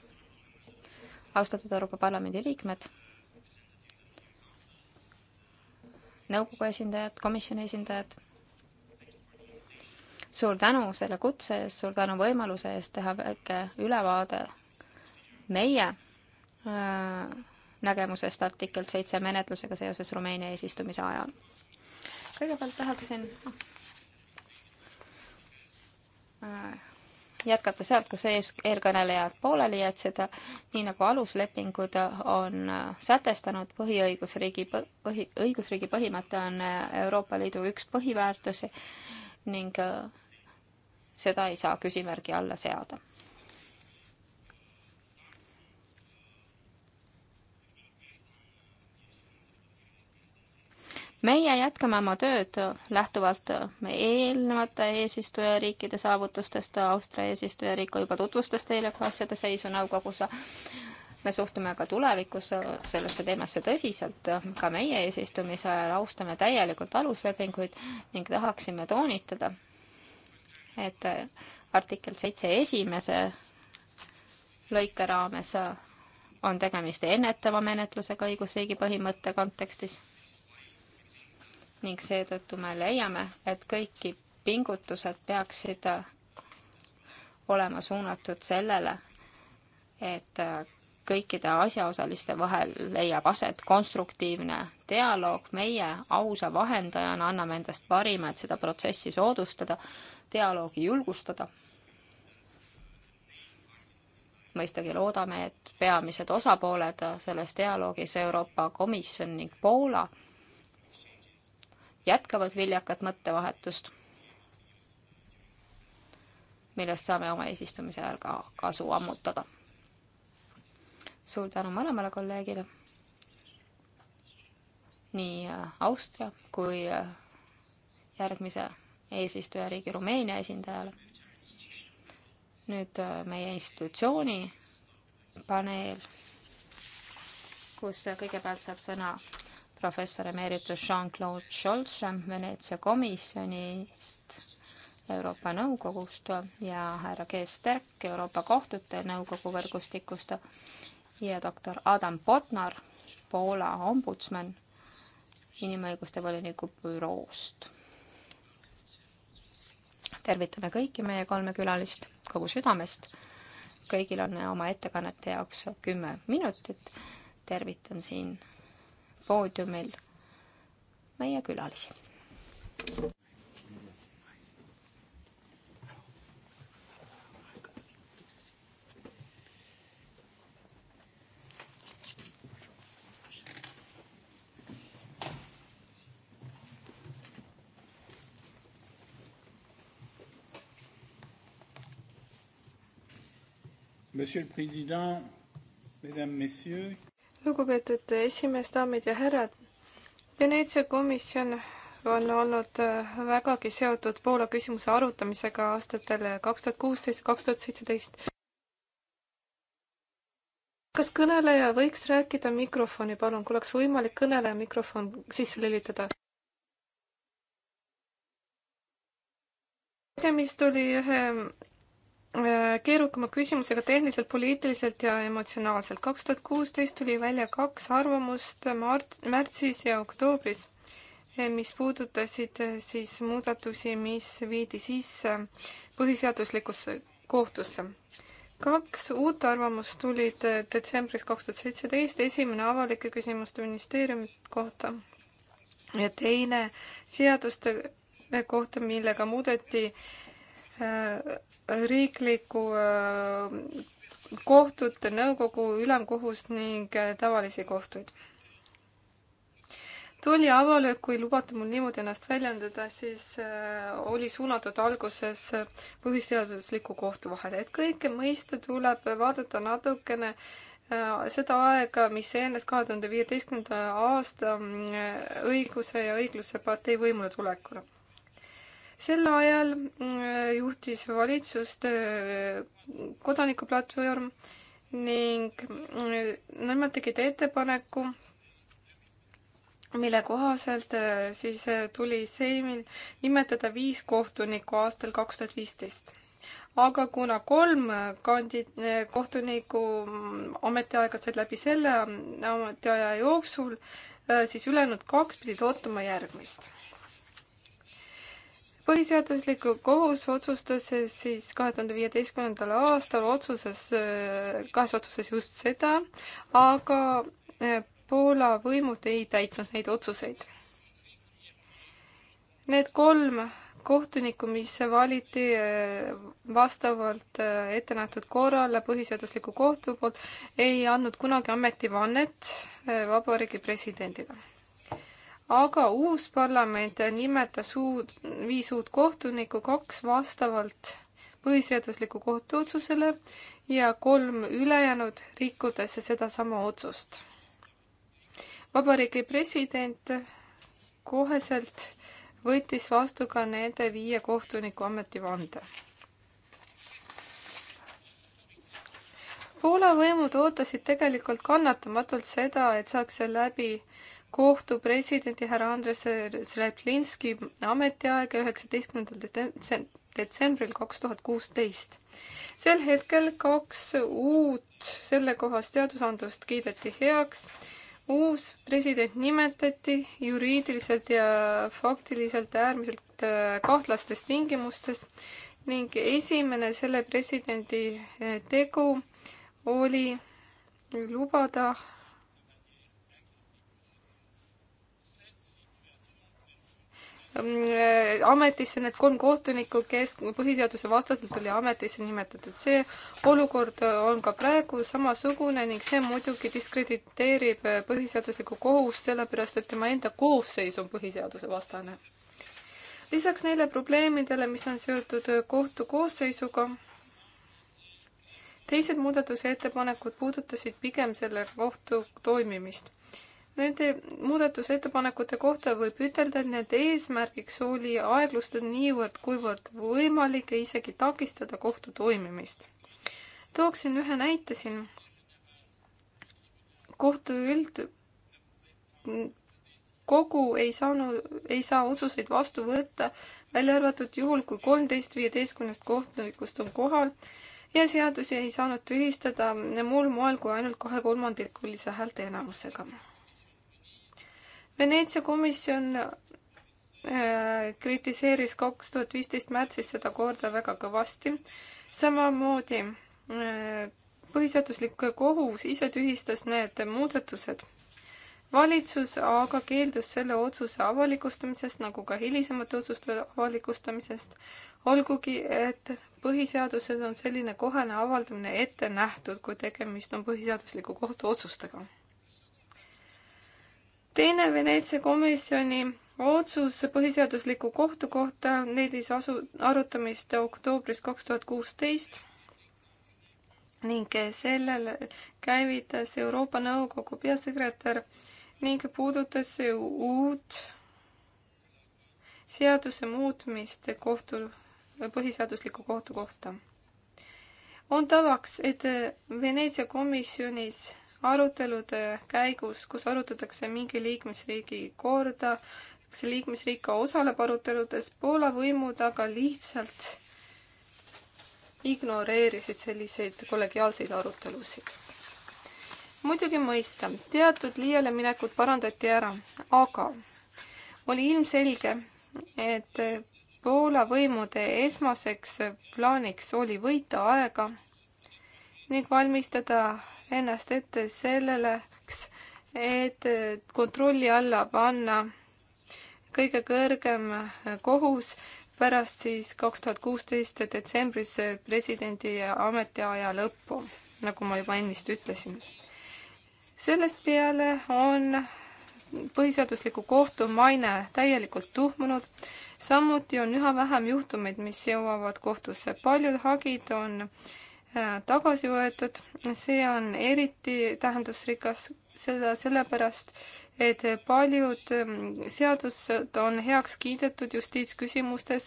austatud Euroopa Parlamendi liikmed, nõukogu esindajad, komisjoni esindajad suur tänu selle kutse eest, suur tänu võimaluse eest teha väike ülevaade meie äh, nägemusest artikkel seitse menetlusega seoses Rumeenia eesistumise ajal kõigepealt tahaksin äh, jätkata sealt, kus ees, eelkõnelejad pooleli jätsid, nii nagu aluslepingud on äh, sätestanud, põhiõigusriigi, põhi, õigusriigi põhimõte on äh, Euroopa Liidu üks põhiväärtusi ning seda ei saa küsimärgi alla seada meie jätkame oma tööd lähtuvalt meie eelnevate eesistujariikide saavutustest, Austria eesistujariik juba tutvustas teile asjade seisu nõukogus. me suhtume ka tulevikus sellesse teemasse tõsiselt, ka meie eesistumise ajal austame täielikult aluslepinguid ning tahaksime toonitada, et artikkel seitse esimese lõike raames on tegemist ennetava menetlusega õigusriigi põhimõtte kontekstis ning seetõttu me leiame, et kõiki pingutused peaksid äh, olema suunatud sellele, et äh, kõikide asjaosaliste vahel leiab aset konstruktiivne dialoog, meie ausa vahendajana anname endast parima, et seda protsessi soodustada, dialoogi julgustada. mõistagi loodame, et peamised osapooled selles dialoogis Euroopa Komisjon ning Poola jätkavad viljakat mõttevahetust, millest saame oma eesistumise ajal ka kasu ammutada. suur tänu mõlemale kolleegile, nii äh, Austria kui äh, järgmise eesistujariigi Rumeenia esindajale. nüüd äh, meie institutsiooni paneel, kus kõigepealt saab sõna professor emeritus Jean-Claude Scholz Veneetsia komisjonist, Euroopa Nõukogust ja härra Kees Terk Euroopa Kohtute Nõukogu võrgustikust ja doktor Adam Botnar, Poola ombudsman inimõiguste voliniku büroost. tervitame kõiki meie kolme külalist kogu südamest. kõigil on oma ettekannete jaoks kümme minutit. tervitan siin poodiumil meie külalisi. Monsieur le Président, Mesdames, Messieurs, lugupeetud esimees, daamid ja härrad. Veneetsia komisjon on olnud äh, vägagi seotud Poola küsimuse arutamisega aastatel äh, kaks tuhat kuusteist ja kaks tuhat seitseteist. kas kõneleja võiks rääkida mikrofoni, palun, kui oleks võimalik kõneleja mikrofon sisse lülitada? tegemist oli ühe Äh, keerukama küsimusega tehniliselt, poliitiliselt ja emotsionaalselt. kaks tuhat kuusteist tuli välja kaks arvamust mart-, märtsis ja oktoobris, äh, mis puudutasid äh, siis muudatusi, mis viidi sisse põhiseaduslikusse kohtusse. kaks uut arvamust tulid detsembris kaks tuhat seitseteist, esimene avalike küsimuste ministeeriumi kohta ja teine seaduste kohta, millega muudeti riikliku äh, kohtute nõukogu, ülemkohust ning äh, tavalisi kohtuid. tolli avalöök, kui lubate mul niimoodi ennast väljendada, siis äh, oli suunatud alguses põhiseadusliku kohtu vahele, et kõike mõista tuleb vaadata natukene seda aega, mis eelnes kahe tuhande viieteistkümnenda aasta mm, õiguse ja õigluse partei võimule tulekule sel ajal mm, juhtis valitsust äh, kodanikuplatvorm ning mm, nemad tegid ettepaneku, mille kohaselt äh, siis äh, tuli Seimil nimetada viis kohtunikku aastal kaks tuhat viisteist aga kuna kolm kandi-, kohtuniku mm, ametiaega said läbi selle ametiaja jooksul, siis ülejäänud kaks pidid ootama järgmist põhiseaduslik kohus otsustas siis kahe tuhande viieteistkümnendal aastal otsuses, äh, kahes otsuses just seda, aga äh, Poola võimud ei täitnud neid otsuseid. Need kolm kohtunikku, mis valiti äh, vastavalt ettenähtud korrale põhiseadusliku kohtu poolt, ei andnud kunagi ametivannet vabariigi presidendile aga uus parlament nimetas uut, viis uut kohtunikku, kaks vastavalt põhiseadusliku kohtu otsusele ja kolm ülejäänud rikkudes sedasama otsust. vabariigi president koheselt võttis vastu ka nende viie kohtuniku ametivande. Poola võimud ootasid tegelikult kannatamatult seda, et saaks läbi kohtu presidendi härra Andres Sretlinski ametiaega üheksateistkümnendal detsembril kaks tuhat kuusteist. sel hetkel kaks uut sellekohast seadusandlust kiideti heaks. uus president nimetati juriidiliselt ja faktiliselt äärmiselt äh, kahtlastes tingimustes ning esimene selle presidendi äh, tegu oli lubada Ehm, äh, ametisse, need kolm kohtunikku, kes põhiseaduse vastaselt oli ametisse nimetatud. see olukord äh, on ka praegu samasugune ning see muidugi diskrediteerib äh, põhiseaduslikku kohust, sellepärast et tema enda koosseis on põhiseaduse vastane. lisaks neile probleemidele, mis on seotud kohtu koosseisuga, teised muudatusettepanekud puudutasid pigem selle kohtu toimimist Nende muudatusettepanekute kohta võib ütelda, et nende eesmärgiks oli aeglustada niivõrd, kuivõrd võimalik ja isegi takistada kohtu toimimist. tooksin ühe näite siin. kohtu üldkogu ei saanud, ei saa otsuseid vastu võtta, välja arvatud juhul, kui kolmteist viieteistkümnest kohtunikust on kohal ja seadusi ei saanud tühistada muul moel kui ainult kahekolmandikulise häälteenamusega Veneetsia komisjon äh, kritiseeris kaks tuhat viisteist märtsis seda korda väga kõvasti. samamoodi äh, põhiseaduslik kohus ise tühistas need muudatused. valitsus aga keeldus selle otsuse avalikustamisest, nagu ka hilisemate otsuste avalikustamisest, olgugi et põhiseaduses on selline kohene avaldamine ette nähtud, kui tegemist on põhiseadusliku kohtu otsustega teine Veneetsia komisjoni otsus põhiseadusliku kohtu kohta leidis asu, arutamist oktoobris kaks tuhat kuusteist ning sellele käivitas Euroopa Nõukogu peasekretär ning puudutas uut seaduse muutmist kohtu, põhiseadusliku kohtu kohta. on tavaks, et Veneetsia komisjonis arutelude käigus, kus arutatakse mingi liikmesriigi korda, see liikmesriik ka osaleb aruteludes, Poola võimud aga lihtsalt ignoreerisid selliseid kollegiaalseid arutelusid. muidugi mõista, teatud liiale minekut parandati ära, aga oli ilmselge, et Poola võimude esmaseks plaaniks oli võita aega ning valmistada ennast ette selleks, et kontrolli alla panna kõige kõrgem kohus pärast siis kaks tuhat kuusteist detsembris presidendi ametiaja lõppu, nagu ma juba ennist ütlesin. sellest peale on põhiseadusliku kohtu maine täielikult tuhmunud, samuti on üha vähem juhtumeid, mis jõuavad kohtusse, paljud hagid on äh, Äh, tagasi võetud. see on eriti tähendusrikas, seda sellepärast, et paljud ähm, seadused on heaks kiidetud justiitsküsimustes,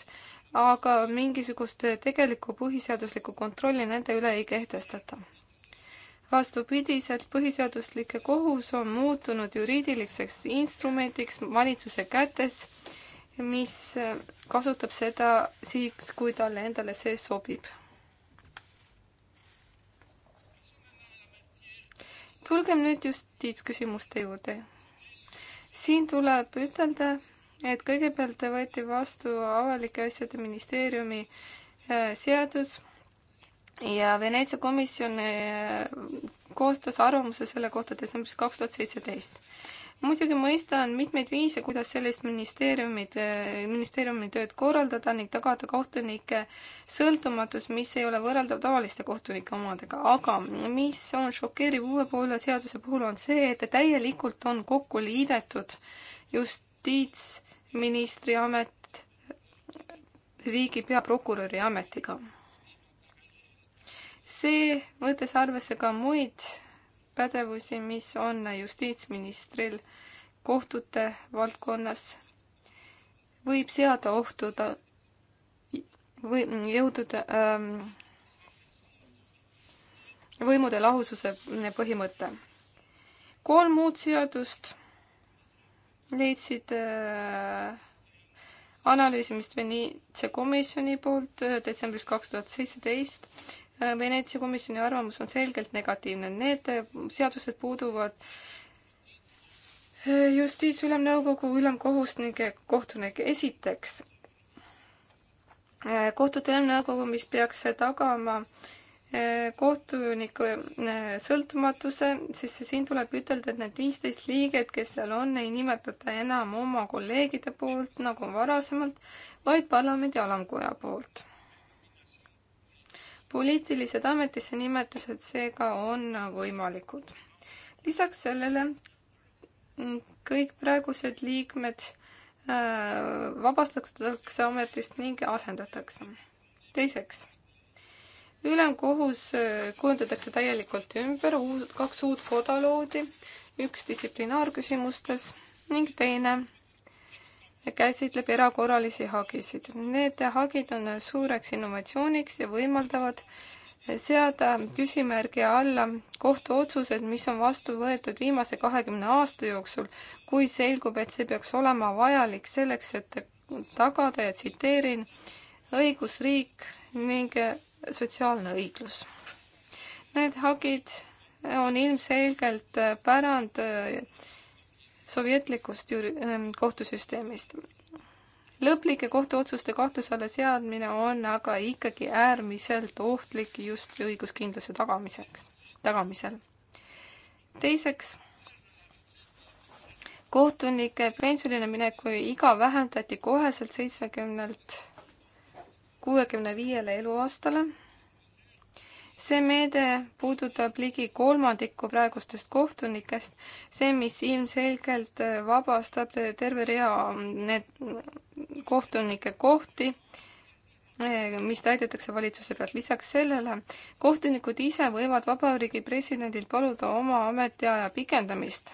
aga mingisugust tegelikku põhiseaduslikku kontrolli nende üle ei kehtestata. vastupidiselt, põhiseaduslik kohus on muutunud juriidiliseks instrumendiks valitsuse kätes, mis äh, kasutab seda siis, kui talle endale see sobib tulgem nüüd justiitsküsimuste juurde. siin tuleb ütelda, et kõigepealt võeti vastu avalike asjade ministeeriumi äh, seadus ja Veneetsia komisjon äh, koostas arvamuse selle kohta detsembris kaks tuhat seitseteist muidugi mõista on mitmeid viise, kuidas sellist ministeeriumid, ministeeriumi tööd korraldada ning tagada kohtunike sõltumatus, mis ei ole võrreldav tavaliste kohtunike omadega, aga mis on šokeeriv uue poole seaduse puhul, on see, et täielikult on kokku liidetud justiitsministri amet riigi peaprokuröri ametiga. see, võttes arvesse ka muid pädevusi, mis on justiitsministril kohtute valdkonnas, võib seada ohtu ta või jõudude ähm, võimude lahususe põhimõte. kolm muud seadust leidsid äh, analüüsimist Venitsia komisjoni poolt äh, detsembris kaks tuhat seitseteist Äh, Veneetsia komisjoni arvamus on selgelt negatiivne, need äh, seadused puuduvad äh, justiitsülemnõukogu ülemkohust ning kohtunik. esiteks, kohtute ülemnõukogu, mis peaks tagama kohtuniku sõltumatuse, siis siin tuleb ütelda, et need viisteist liiget, kes seal on, ei nimetata enam oma kolleegide poolt, nagu varasemalt, vaid parlamendi alamkoja poolt poliitilised ametisse nimetused seega on võimalikud. lisaks sellele mm, kõik praegused liikmed äh, vabastatakse ametist ning asendatakse. teiseks, ülemkohus äh, kujundatakse täielikult ümber, uus, kaks uut koda loodi, üks distsiplinaarküsimustes ning teine käsitleb erakorralisi hagisid. Need hagid on suureks innovatsiooniks ja võimaldavad seada küsimärgi alla kohtuotsused, mis on vastu võetud viimase kahekümne aasta jooksul, kui selgub, et see peaks olema vajalik selleks, et tagada ja tsiteerin, õigusriik ning sotsiaalne õiglus. Need hagid on ilmselgelt pärand sovjetlikust ähm, kohtusüsteemist. lõplike kohtuotsuste kahtluse alla seadmine on aga ikkagi äärmiselt ohtlik just õiguskindluse tagamiseks, tagamisel. teiseks, kohtunike pensionile mineku iga vähendati koheselt seitsmekümnelt kuuekümne viiele eluaastale see meede puudutab ligi kolmandikku praegustest kohtunikest, see, mis ilmselgelt vabastab terve rea need kohtunike kohti, mis täidetakse valitsuse pealt. lisaks sellele kohtunikud ise võivad Vabariigi Presidendilt paluda oma ametiaja pikendamist.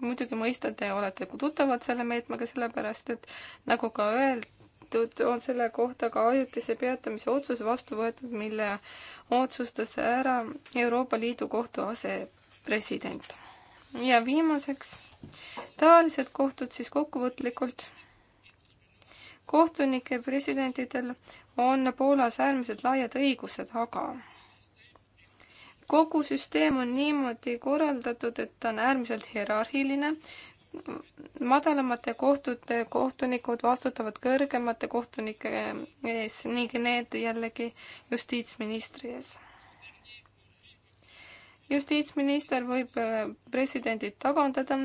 muidugi mõista, te olete tuttavad selle meetmega, sellepärast et nagu ka öeldud, võetud, on selle kohta ka ajutise peatamise otsus vastu võetud, mille otsustas ära Euroopa Liidu kohtu asepresident. ja viimaseks, tavalised kohtud siis kokkuvõtlikult. kohtunike presidentidel on Poolas äärmiselt laiad õigused, aga kogu süsteem on niimoodi korraldatud, et ta on äärmiselt hierarhiline, madalamate kohtute kohtunikud vastutavad kõrgemate kohtunike ees ning need jällegi justiitsministri ees. justiitsminister võib äh, presidendit tagandada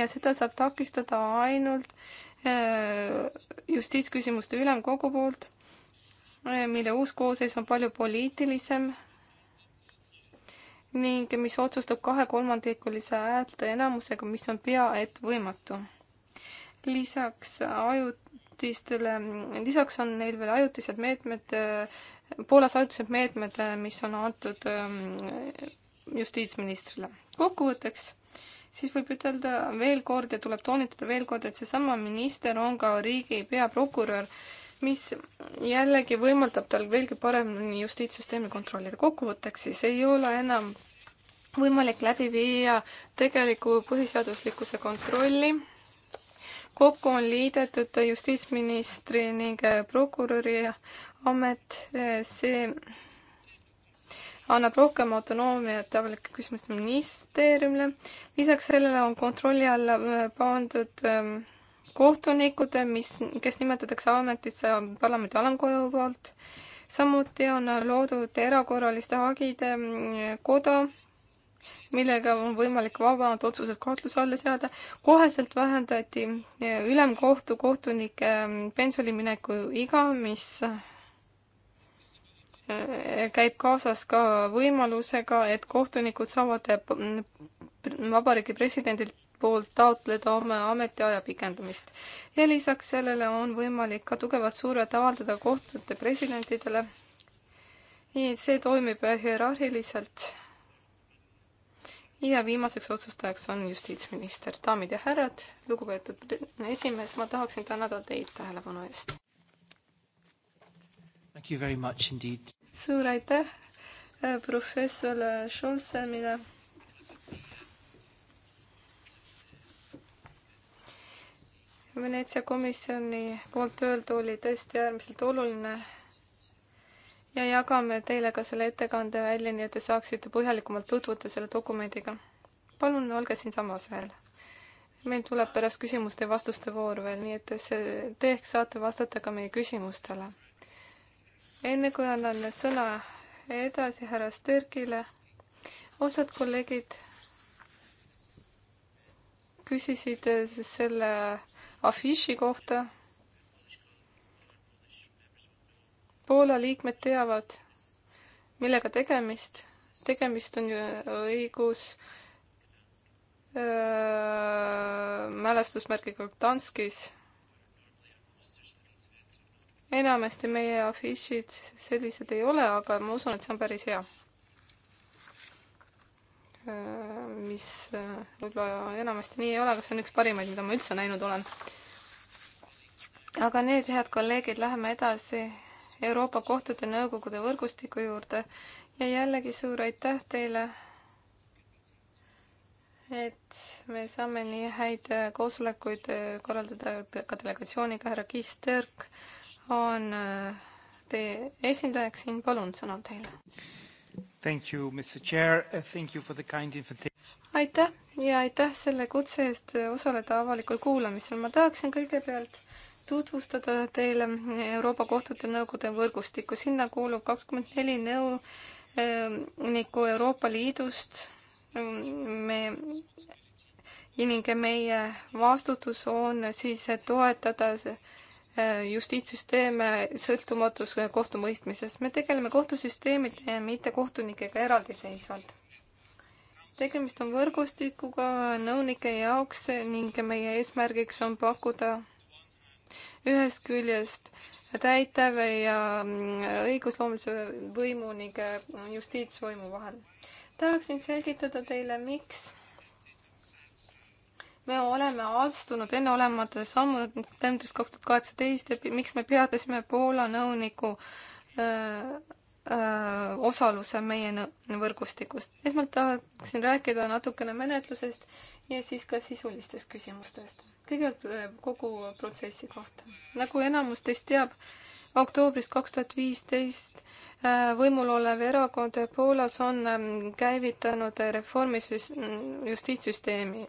ja seda saab takistada ainult äh, justiitsküsimuste ülemkogu poolt, äh, mille uus koosseis on palju poliitilisem ning mis otsustab kahekolmandikulise häälte enamusega, mis on pea et võimatu. lisaks ajutistele, lisaks on neil veel ajutised meetmed, Poolas ajutised meetmed, mis on antud ähm, justiitsministrile. kokkuvõtteks siis võib ütelda veel kord ja tuleb toonitada veel kord, et seesama minister on ka riigi peaprokurör mis jällegi võimaldab tal veelgi paremini justiitssüsteemi kontrollida. kokkuvõtteks siis ei ole enam võimalik läbi viia tegeliku põhiseaduslikkuse kontrolli. kokku on liidetud justiitsministri ning prokuröri amet, see annab rohkem autonoomiat avalike küsimuste ministeeriumile. lisaks sellele on kontrolli alla pandud ähm, kohtunikud, mis, kes nimetatakse ametisse parlamendi alamkoja poolt. samuti on loodud erakorraliste hagide mm, koda, millega on võimalik vabad otsused kahtluse alla seada. koheselt vähendati e, ülemkohtu kohtunike mm, pensionimineku iga, mis e, käib kaasas ka võimalusega, et kohtunikud saavad e, vabariigi presidendilt poolt taotleda oma ametiaja pikendamist. ja lisaks sellele on võimalik ka tugevat survet avaldada kohtute presidentidele. nii et see toimib hierarhiliselt. ja viimaseks otsustajaks on justiitsminister. daamid ja härrad, lugupeetud esimees, ma tahaksin tänada teid tähelepanu eest. suur aitäh professor Scholzenile Veneetsia komisjoni poolt öeldu oli tõesti äärmiselt oluline ja jagame teile ka selle ettekande välja, nii et te saaksite põhjalikumalt tutvuda selle dokumendiga. palun olge siinsamas veel. meil tuleb pärast küsimuste ja vastuste voor veel, nii et see, te ehk saate vastata ka meie küsimustele. enne kui annan sõna edasi härra Sterkile, osad kolleegid küsisid selle afiši kohta. Poola liikmed teavad, millega tegemist, tegemist on ju õigus öö, mälestusmärgiga Danskis. enamasti meie afišid sellised ei ole, aga ma usun, et see on päris hea Äh, mis äh, võib-olla enamasti nii ei ole, aga see on üks parimaid, mida ma üldse näinud olen. aga nüüd, head kolleegid, läheme edasi Euroopa Kohtute Nõukogude võrgustiku juurde ja jällegi suur aitäh teile, et me saame nii häid äh, koosolekuid korraldada ka delegatsiooniga, härra Kiis Tõrk on teie esindajaks siin, palun, sõna on teile Thank you, Mr Chair, uh, thank you for the kind invitation. aitäh ja aitäh selle kutse eest osaleda avalikul kuulamisel. ma tahaksin kõigepealt tutvustada teile Euroopa Kohtute Nõukogude võrgustikku. sinna kuulub kakskümmend neli nõuniku Euroopa Liidust. me ning meie vastutus on siis toetada justiitssüsteeme sõltumatus kohtumõistmises. me tegeleme kohtusüsteemide ja mitte kohtunikega eraldiseisvalt. tegemist on võrgustikuga nõunike jaoks ning meie eesmärgiks on pakkuda ühest küljest täitev ja õigusloomelise võimu ning justiitsvõimu vahel. tahaksin selgitada teile, miks me oleme astunud enneolematu sammu septembris kaks tuhat kaheksateist ja miks me peatasime Poola nõuniku öö, öö, osaluse meie võrgustikust. esmalt tahaksin rääkida natukene menetlusest ja siis ka sisulistest küsimustest. kõigepealt kogu protsessi kohta. nagu enamus teist teab, oktoobrist kaks tuhat viisteist võimul olev erakond Poolas on käivitanud reformi justiitssüsteemi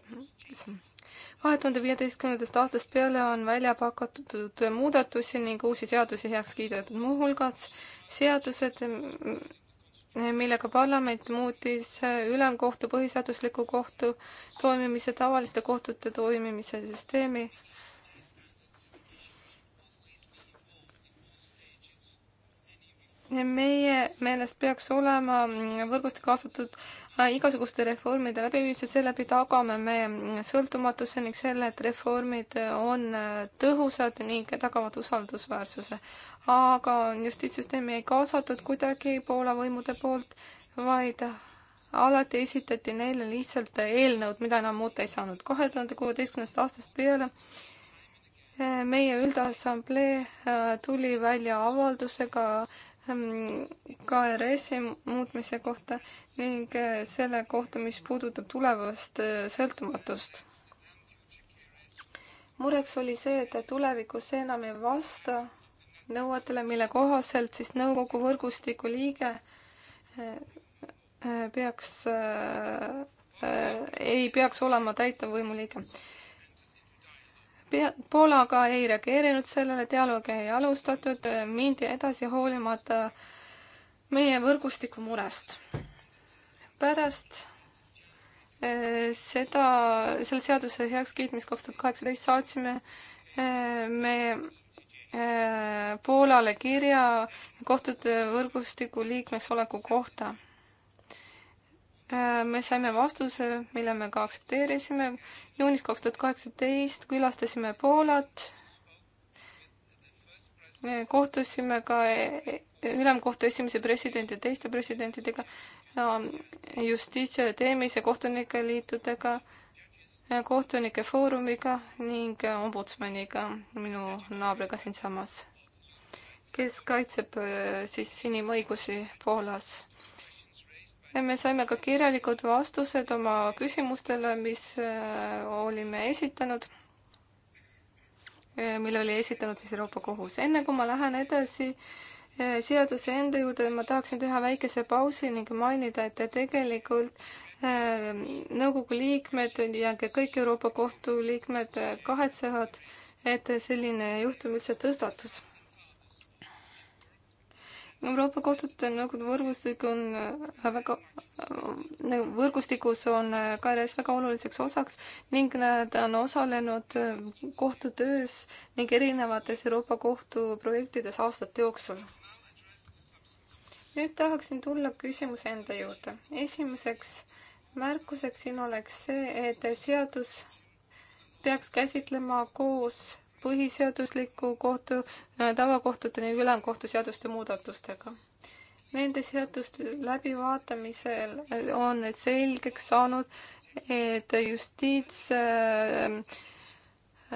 kahe tuhande viieteistkümnendast aastast peale on välja pakutud muudatusi ning uusi seadusi heaks kiidetud, muuhulgas seadused, millega parlament muutis ülemkohtu, põhiseadusliku kohtu toimimise, tavaliste kohtute toimimise süsteemi meie meelest peaks olema võrgusti kaasatud äh, igasuguste reformide läbiviimisel, seeläbi tagame me sõltumatuse ning selle, et reformid on äh, tõhusad ning tagavad usaldusväärsuse. aga justiitssüsteemi ei kaasatud kuidagi Poola võimude poolt, vaid alati esitati neile lihtsalt eelnõud, mida enam muuta ei saanud. kahe tuhande kuueteistkümnendast aastast peale äh, meie üldassamblee tuli välja avaldusega äh, Ähm, KRS-i muutmise kohta ning äh, selle kohta, mis puudutab tulevast äh, sõltumatust. mureks oli see, et tulevikus see enam ei vasta nõuetele, mille kohaselt siis nõukogu võrgustiku liige äh, peaks äh,, ei peaks olema täitevvõimu liige. Poola aga ei reageerinud sellele, dialoogi ei alustatud, mindi edasi hoolimata meie võrgustiku murest. pärast eh, seda, selle seaduse heakskiitmist kaks tuhat kaheksateist saatsime eh, me eh, Poolale kirja kohtute võrgustiku liikmeks oleku kohta Äh, me saime vastuse, mille me ka aktsepteerisime. juunis kaks tuhat kaheksateist külastasime Poolat. kohtusime ka e, ülemkohtu esimese presidendi ja teiste presidentidega, ähm, justiits- ja teemis- ja kohtunike liitudega, äh, kohtunike foorumiga ning äh, ombudsmaniga, minu naabriga siinsamas, kes kaitseb siis inimõigusi Poolas me saime ka kirjalikud vastused oma küsimustele, mis äh, olime esitanud, äh, mille oli esitanud siis Euroopa Kohus. enne kui ma lähen edasi äh, seaduse enda juurde, ma tahaksin teha väikese pausi ning mainida, et tegelikult nõukogu liikmed ja kõik Euroopa Kohtu liikmed kahetsevad, et selline juhtum üldse tõstatus Euroopa kohtute nõukogu võrgustik on äh, väga, äh, võrgustikus on äh, KRS väga oluliseks osaks ning nad on osalenud kohtutöös ning erinevates Euroopa Kohtu projektides aastate jooksul. nüüd tahaksin tulla küsimuse enda juurde. esimeseks märkuseks siin oleks see, et seadus peaks käsitlema koos põhiseadusliku kohtu, äh, tavakohtute ning ülemkohtu seaduste muudatustega. Nende seaduste läbivaatamisel on selgeks saanud, et justiits äh,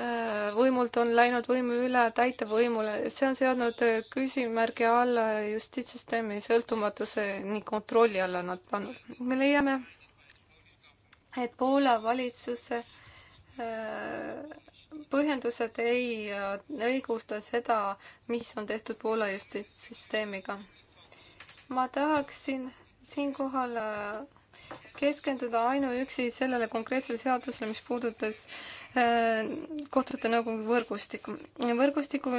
äh võimult on läinud võimu üle täitevvõimule, see on seadnud küsimärgi alla justiitssüsteemi sõltumatuse ning kontrolli alla nad pannud. me leiame, et Poola valitsuse äh, põhjendused ei õigusta äh, seda, mis on tehtud Poola justiitssüsteemiga. ma tahaksin siinkohal äh, keskenduda ainuüksi sellele konkreetsele seadusele, mis puudutas äh, kohtute nõukogu võrgustikku. võrgustiku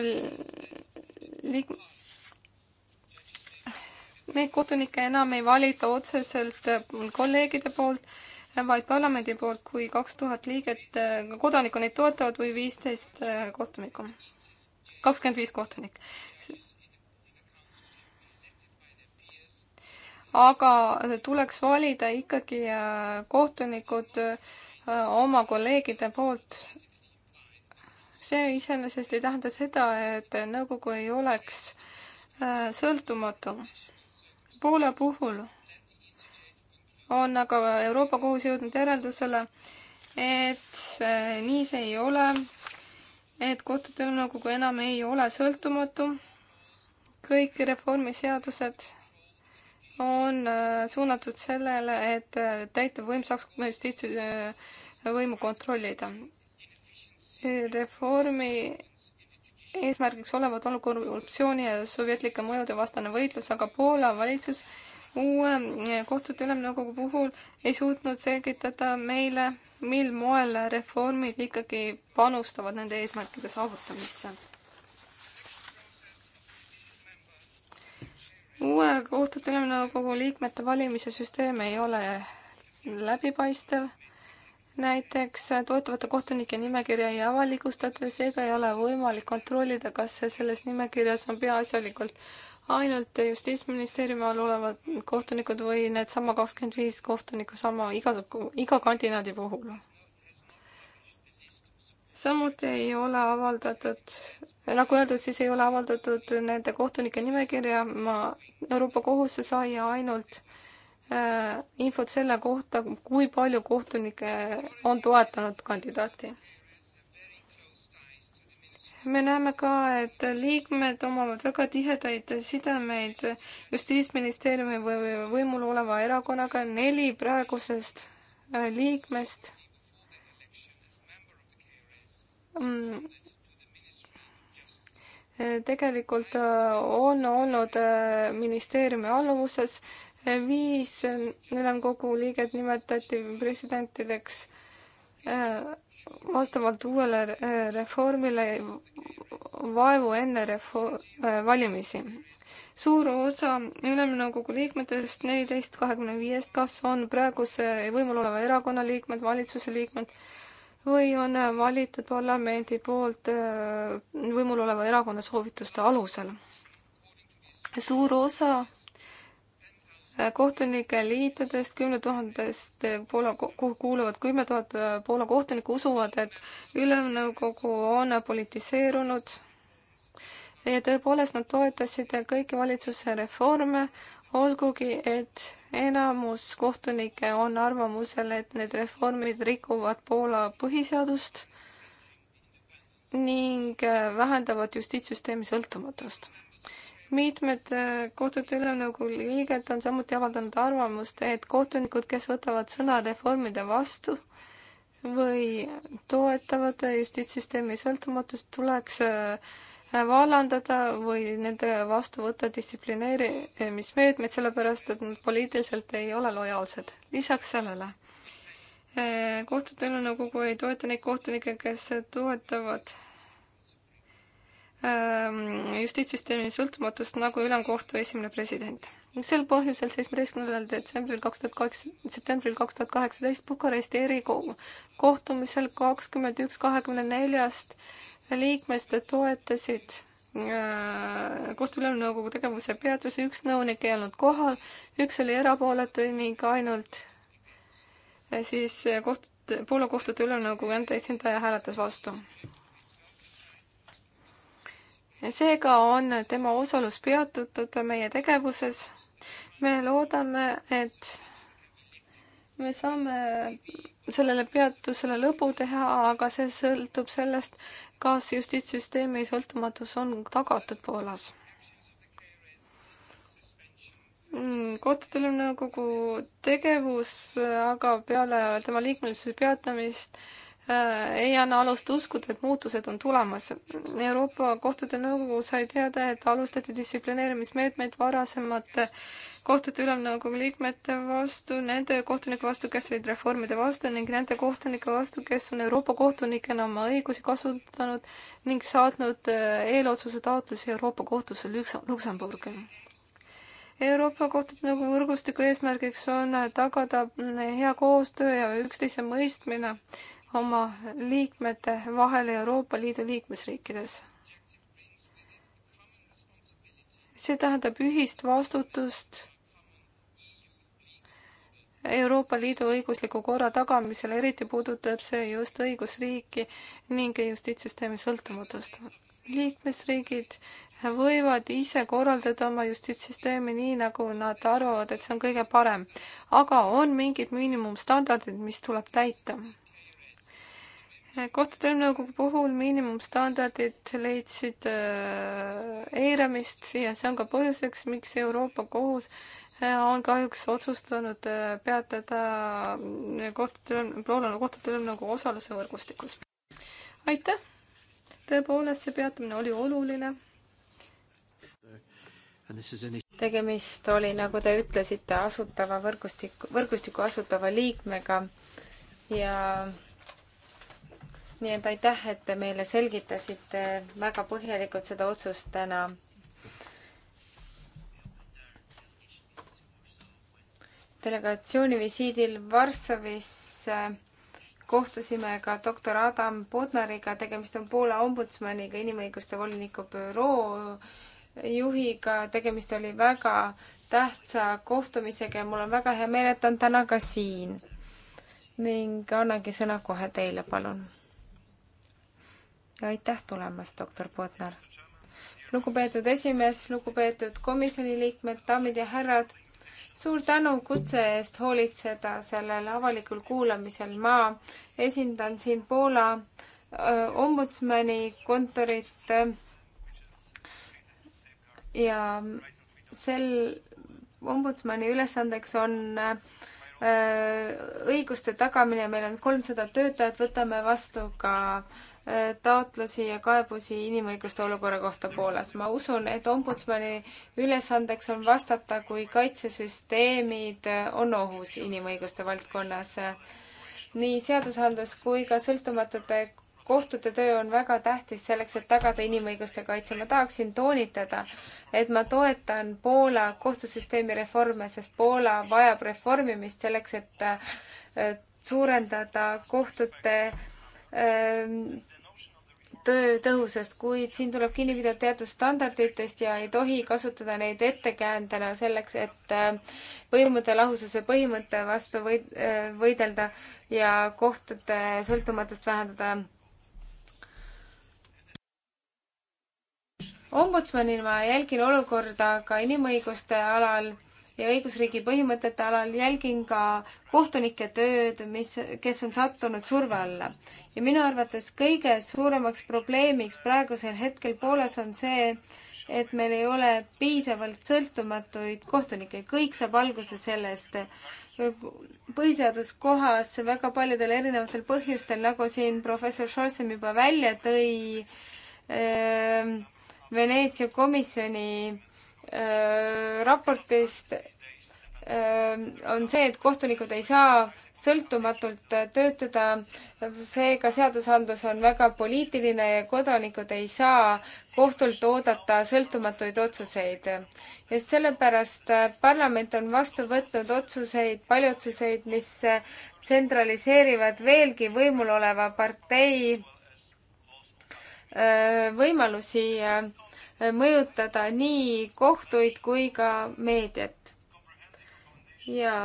liik-, neid kohtunikke enam ei valita otseselt kolleegide poolt vaid parlamendi poolt, kui kaks tuhat liiget, äh, kodanikku neid toetavad või viisteist äh, kohtunikku. kakskümmend viis kohtunik. aga tuleks valida ikkagi äh, kohtunikud oma kolleegide poolt. see iseenesest ei tähenda seda, et nõukogu ei oleks sõltumatu. Poola puhul on aga Euroopa Kohus jõudnud järeldusele, et äh, nii see ei ole, et kohtute ülemnõukogu enam ei ole sõltumatu. kõik reformiseadused on äh, suunatud sellele, et äh, täitevvõim saaks justiitsvõimu kontrollida. reformi eesmärgiks olevat olnud korruptsiooni ja sovjetlike mõjude vastane võitlus, aga Poola valitsus uue eh, kohtute ülemnõukogu puhul ei suutnud selgitada meile, mil moel reformid ikkagi panustavad nende eesmärkide saavutamisse. uue kohtute ülemnõukogu liikmete valimise süsteem ei ole läbipaistev. näiteks toetavate kohtunike nimekirja ei avalikustata, seega ei ole võimalik kontrollida, kas selles nimekirjas on peaasjalikult ainult Justiitsministeeriumi all olevad kohtunikud või needsama kakskümmend viis kohtunikku sama iga, iga kandidaadi puhul. samuti ei ole avaldatud, nagu öeldud, siis ei ole avaldatud nende kohtunike nimekirja, ma Euroopa Kohusse sai ainult äh, infot selle kohta, kui palju kohtunikke on toetanud kandidaati me näeme ka, et liikmed omavad väga tihedaid sidemeid justiitsministeeriumi või võimul oleva erakonnaga, neli praegusest äh, liikmest mm, tegelikult äh, on olnud äh, ministeeriumi alluvuses, viis ülemkogu liiget nimetati presidentideks vastavalt uuele äh, reformile vaevu enne refo-, äh, valimisi. suur osa Ülemnõukogu liikmetest, neliteist kahekümne viiest, kas on praeguse võimul oleva erakonna liikmed, valitsuse liikmed või on äh, valitud parlamendi poolt võimul oleva erakonna soovituste alusel. suur osa Äh, kohtunike liitudest, kümne tuhandest äh, Poola, kuhu kuuluvad kümme tuhat äh, Poola kohtunikku, usuvad, et ülemnõukogu on politiseerunud. ja tõepoolest nad toetasid kõiki valitsuse reforme, olgugi et enamus kohtunikke on arvamusel, et need reformid rikuvad Poola põhiseadust ning vähendavad justiitssüsteemi sõltumatust mitmed äh, kohtute ülemnõukogu liiget on samuti avaldanud arvamust, et kohtunikud, kes võtavad sõna reformide vastu või toetavad justiitssüsteemi sõltumatust, tuleks äh, vallandada või nende vastu võtta distsiplineerimismeetmed, sellepärast et nad poliitiliselt ei ole lojaalsed. lisaks sellele, äh, kohtute ülemnõukogu ei toeta neid kohtunikke, kes toetavad Ähm, justiitssüsteemi sõltumatust nagu ülemkohtu esimene president. sel põhjusel seitsmeteistkümnendal detsembril kaks tuhat kaheksa, septembril kaks tuhat kaheksateist Bukaresti erikohtumisel kakskümmend üks kahekümne neljast liikmest toetasid äh, kohtu ülemnõukogu tegevuse peatuse, üks nõunik ei olnud kohal, üks oli erapooletu ning ainult äh, siis äh, koht, Poola kohtute ülemnõukogu enda esindaja hääletas vastu seega on tema osalus peatatud meie tegevuses. me loodame, et me saame sellele peatusele lõbu teha, aga see sõltub sellest, kas justiitssüsteemi sõltumatus on tagatud Poolas. Mm, kohtute ülemnõukogu nagu tegevus aga peale tema liikmelisuse peatamist äh, Äh, ei anna alust uskuda, et muutused on tulemas. Euroopa Kohtute Nõukogu sai teada, et alustati distsiplineerimismeetmeid varasemate kohtute ülemnõukogu liikmete vastu, nende kohtunike vastu, kes olid reformide vastu ning nende kohtunike vastu, kes on Euroopa kohtunikena oma õigusi kasutanud ning saatnud äh, eelotsuse taotlusi Euroopa kohtusse Luksemburgi. Euroopa Kohtute Nõukogu võrgustiku eesmärgiks on tagada mm, hea koostöö ja üksteise mõistmine oma liikmete vahel Euroopa Liidu liikmesriikides. see tähendab ühist vastutust Euroopa Liidu õigusliku korra tagamisel, eriti puudutab see just õigusriiki ning justiitssüsteemi sõltumatust. liikmesriigid võivad ise korraldada oma justiitssüsteemi nii, nagu nad arvavad, et see on kõige parem. aga on mingid miinimumstandardid, mis tuleb täita kohtade ülemnõukogu puhul miinimumstandardid leidsid äh, eiramist ja see on ka põhjuseks, miks Euroopa Kohus äh, on kahjuks otsustanud äh, peatada kohtade, Poolana kohtade ülemnõukogu osaluse võrgustikus. aitäh! tõepoolest, see peatamine oli oluline tegemist oli, nagu te ütlesite, asutava võrgustiku, võrgustiku asutava liikmega ja nii et aitäh, et te meile selgitasite väga põhjalikult seda otsust täna. delegatsiooni visiidil Varssavisse äh, kohtusime ka doktor Adam Bodnariga, tegemist on Poola ombudsmaniga, inimõiguste voliniku büroo juhiga, tegemist oli väga tähtsa kohtumisega ja mul on väga hea meel, et ta on täna ka siin. ning annangi sõna kohe teile, palun ja aitäh tulemast, doktor Bodnar. lugupeetud esimees, lugupeetud komisjoni liikmed, daamid ja härrad, suur tänu kutse eest hoolitseda sellel avalikul kuulamisel. ma esindan siin Poola ombudsmani kontorit ja sel ombudsmani ülesandeks on õiguste tagamine, meil on kolmsada töötajat, võtame vastu ka äh, taotlusi ja kaebusi inimõiguste olukorra kohta Poolas. ma usun, et ombudsmani ülesandeks on vastata, kui kaitsesüsteemid on ohus inimõiguste valdkonnas. nii seadusandlus kui ka sõltumatute kohtute töö on väga tähtis selleks, et tagada inimõiguste kaitse. ma tahaksin toonitada, et ma toetan Poola kohtusüsteemi reforme, sest Poola vajab reformimist selleks, et suurendada kohtute Ehm, töö tõhusust, kuid siin tuleb kinni pidada teatud standarditest ja ei tohi kasutada neid ettekäändena selleks, et äh, võimude lahususe põhimõtte vastu või, äh, võidelda ja kohtute sõltumatust vähendada. ombudsmanina ma jälgin olukorda ka inimõiguste alal ja õigusriigi põhimõtete alal jälgin ka kohtunike tööd, mis, kes on sattunud surve alla. ja minu arvates kõige suuremaks probleemiks praegusel hetkel Poolas on see, et meil ei ole piisavalt sõltumatuid kohtunikke, kõik saab alguse sellest põhiseaduskohas väga paljudel erinevatel põhjustel, nagu siin professor Scholzem juba välja tõi, ehm, Veneetsia komisjoni Äh, raportist äh, on see, et kohtunikud ei saa sõltumatult äh, töötada, seega seadusandlus on väga poliitiline ja kodanikud ei saa kohtult oodata sõltumatuid otsuseid. just sellepärast parlament on vastu võtnud otsuseid, palju otsuseid, mis tsentraliseerivad veelgi võimul oleva partei võimalusi mõjutada nii kohtuid kui ka meediat. ja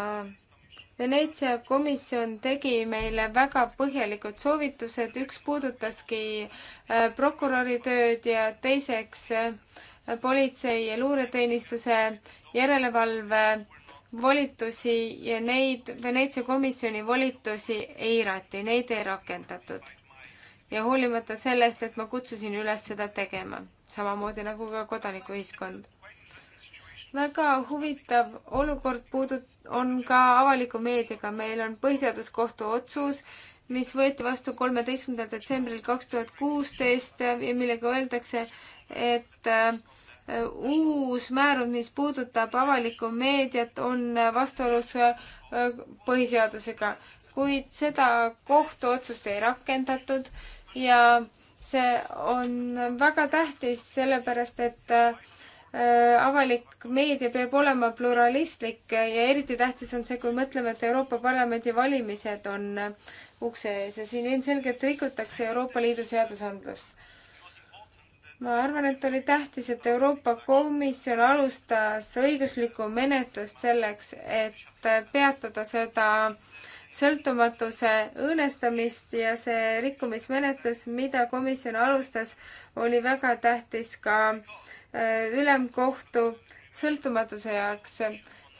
Veneetsia komisjon tegi meile väga põhjalikud soovitused, üks puudutaski äh, prokuröri tööd ja teiseks äh, politsei ja luureteenistuse järelevalve volitusi ja neid Veneetsia komisjoni volitusi eirati, neid ei rakendatud. ja hoolimata sellest, et ma kutsusin üles seda tegema samamoodi nagu ka kodanikuühiskond. väga huvitav olukord puudut-, on ka avaliku meediaga, meil on põhiseaduskohtu otsus, mis võeti vastu kolmeteistkümnendal detsembril kaks tuhat kuusteist ja millega öeldakse, et äh, uus määrus, mis puudutab avalikku meediat, on vastuolus äh, põhiseadusega, kuid seda kohtuotsust ei rakendatud ja see on väga tähtis, sellepärast et äh, avalik meedia peab olema pluralistlik ja eriti tähtis on see, kui mõtleme, et Euroopa Parlamendi valimised on ukse ees ja siin ilmselgelt rikutakse Euroopa Liidu seadusandlust. ma arvan, et oli tähtis, et Euroopa Komisjon alustas õiguslikku menetlust selleks, et peatada seda äh, sõltumatuse õõnestamist ja see rikkumismenetlus, mida komisjon alustas, oli väga tähtis ka äh, ülemkohtu sõltumatuse jaoks.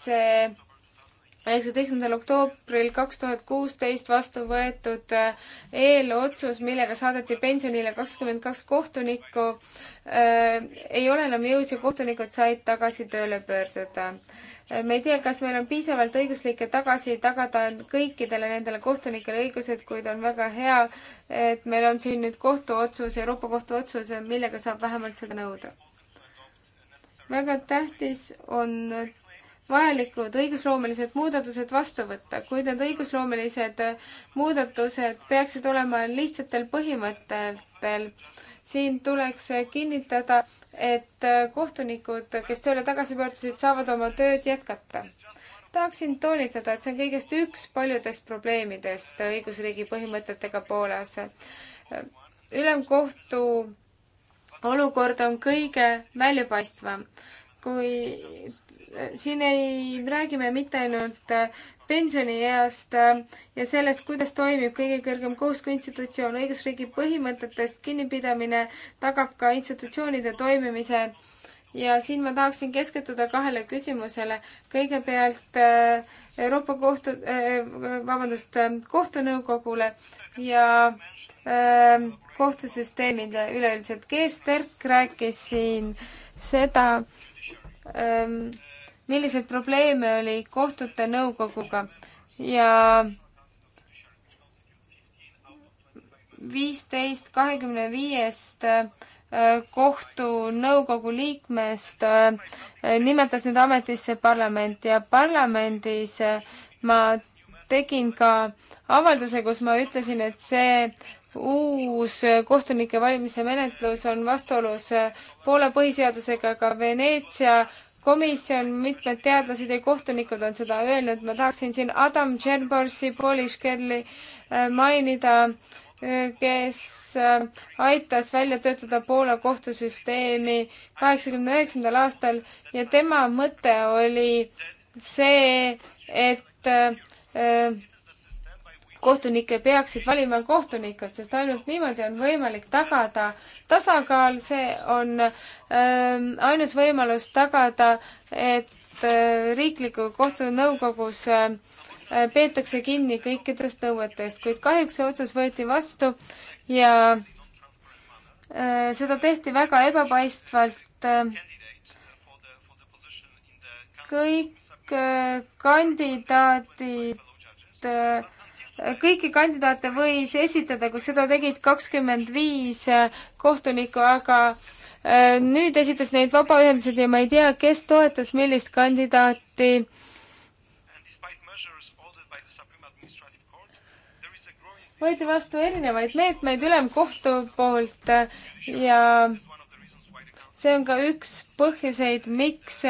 see üheksateistkümnendal oktoobril kaks tuhat kuusteist vastu võetud äh, eelotsus, millega saadeti pensionile kakskümmend kaks kohtunikku, äh, ei ole enam jõus ja kohtunikud said tagasi tööle pöörduda. Äh, me ei tea, kas meil on piisavalt õiguslikke tagasi tagada kõikidele nendele kohtunikele õigused, kuid on väga hea, et meil on siin nüüd kohtuotsus, Euroopa Kohtu otsus, millega saab vähemalt seda nõuda. väga tähtis on vajalikud õigusloomelised muudatused vastu võtta, kuid need õigusloomelised muudatused peaksid olema lihtsatel põhimõtetel. siin tuleks kinnitada, et kohtunikud, kes tööle tagasi pöördusid, saavad oma tööd jätkata. tahaksin toonitada, et see on kõigest üks paljudest probleemidest õigusriigi põhimõtetega Poolas. ülemkohtu olukord on kõige väljapaistvam kui siin ei räägi me mitte ainult äh, pensionieast äh, ja sellest, kuidas toimib kõige kõrgem kohus kui institutsioon. õigusriigi põhimõtetest kinnipidamine tagab ka institutsioonide toimimise. ja siin ma tahaksin keskenduda kahele küsimusele. kõigepealt äh, Euroopa Kohtu, vabandust, kohtunõukogule ja kohtusüsteemide üleüldiselt. Kees Terk rääkis siin seda ähm, milliseid probleeme oli kohtute nõukoguga ja viisteist kahekümne viiest äh, kohtu nõukogu liikmest äh, nimetas nüüd ametisse parlament ja parlamendis äh, ma tegin ka avalduse, kus ma ütlesin, et see uus kohtunike valimise menetlus on vastuolus Poola põhiseadusega, ka Veneetsia komisjon, mitmed teadlased ja kohtunikud on seda öelnud, ma tahaksin siin Adam Tšernborsi, Polish Kerli äh, mainida, äh, kes äh, aitas välja töötada Poola kohtusüsteemi kaheksakümne üheksandal aastal ja tema mõte oli see, et kohtunikke peaksid valima kohtunikud, sest ainult niimoodi on võimalik tagada tasakaal, see on äh, ainus võimalus tagada, et äh, riikliku kohtunõukogus äh, peetakse kinni kõikidest nõuetest, kuid kahjuks see otsus võeti vastu ja äh, seda tehti väga ebapaistvalt äh,. kõik äh, kandidaadid äh, kõiki kandidaate võis esitada, kui seda tegid kakskümmend viis äh, kohtunikku, aga äh, nüüd esitas neid vabaühendused ja ma ei tea, kes toetas millist kandidaati. võeti vastu erinevaid meetmeid ülemkohtu poolt äh, ja see on ka üks põhjuseid, miks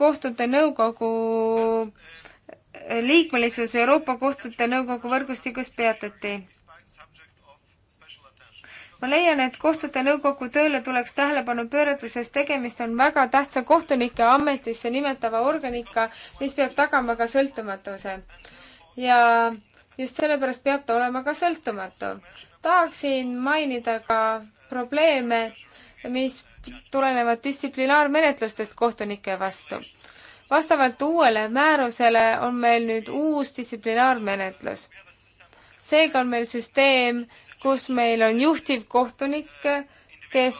kohtute nõukogu liikmelisus Euroopa Kohtute Nõukogu võrgustikus peatati. ma leian, et kohtute nõukogu tööle tuleks tähelepanu pöörata, sest tegemist on väga tähtsa kohtunike ametisse nimetava organiga, mis peab tagama ka sõltumatuse. ja just sellepärast peab ta olema ka sõltumatu. tahaksin mainida ka probleeme, mis tulenevad distsiplinaarmenetlustest kohtunike vastu vastavalt uuele määrusele on meil nüüd uus distsiplinaarmenetlus. seega on meil süsteem, kus meil on juhtivkohtunik, kes,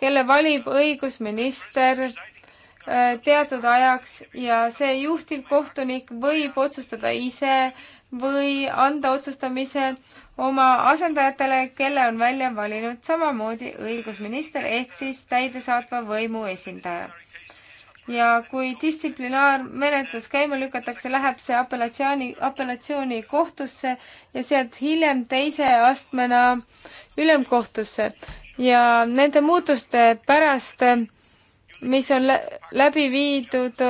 kelle valib õigusminister äh, teatud ajaks ja see juhtivkohtunik võib otsustada ise või anda otsustamise oma asendajatele, kelle on välja valinud samamoodi õigusminister ehk siis täidesaatva võimu esindaja ja kui distsiplinaarmenetlus käima lükatakse, läheb see apellatsiooni, apellatsioonikohtusse ja sealt hiljem teise astmena ülemkohtusse. ja nende muutuste pärast, mis on läbi viidud,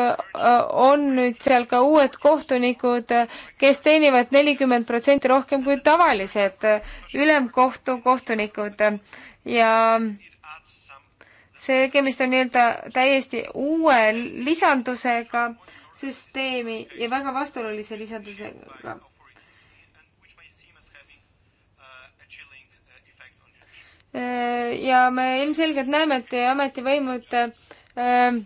on nüüd seal ka uued kohtunikud, kes teenivad nelikümmend protsenti rohkem kui tavalised ülemkohtu kohtunikud ja see tegemist on nii-öelda täiesti uue lisandusega süsteemi ja väga vastuolulise lisandusega. Äh, ja me ilmselgelt näeme, et ametivõimud äh,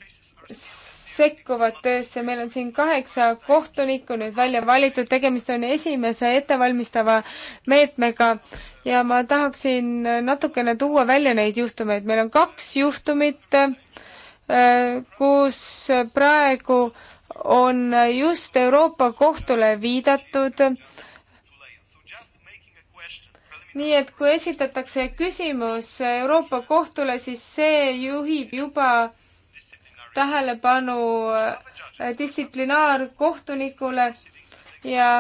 sekkuvad töösse, meil on siin kaheksa kohtunikku nüüd välja valitud, tegemist on esimese ettevalmistava meetmega ja ma tahaksin natukene tuua välja neid juhtumeid, meil on kaks juhtumit, äh, kus praegu on just Euroopa Kohtule viidatud nii et kui esitatakse küsimus Euroopa Kohtule, siis see juhib juba tähelepanu äh, distsiplinaarkohtunikule ja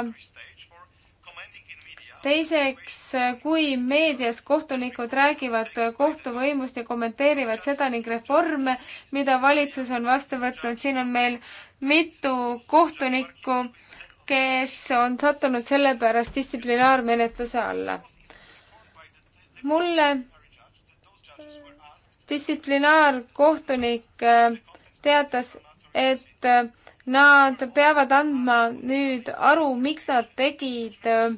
teiseks, äh, kui meedias kohtunikud räägivad kohtuvõimust ja kommenteerivad seda ning reforme, mida valitsus on vastu võtnud, siin on meil mitu kohtunikku, kes on sattunud sellepärast distsiplinaarmenetluse alla. mulle distsiplinaarkohtunik äh, teatas, et äh, nad peavad andma nüüd aru, miks nad tegid äh,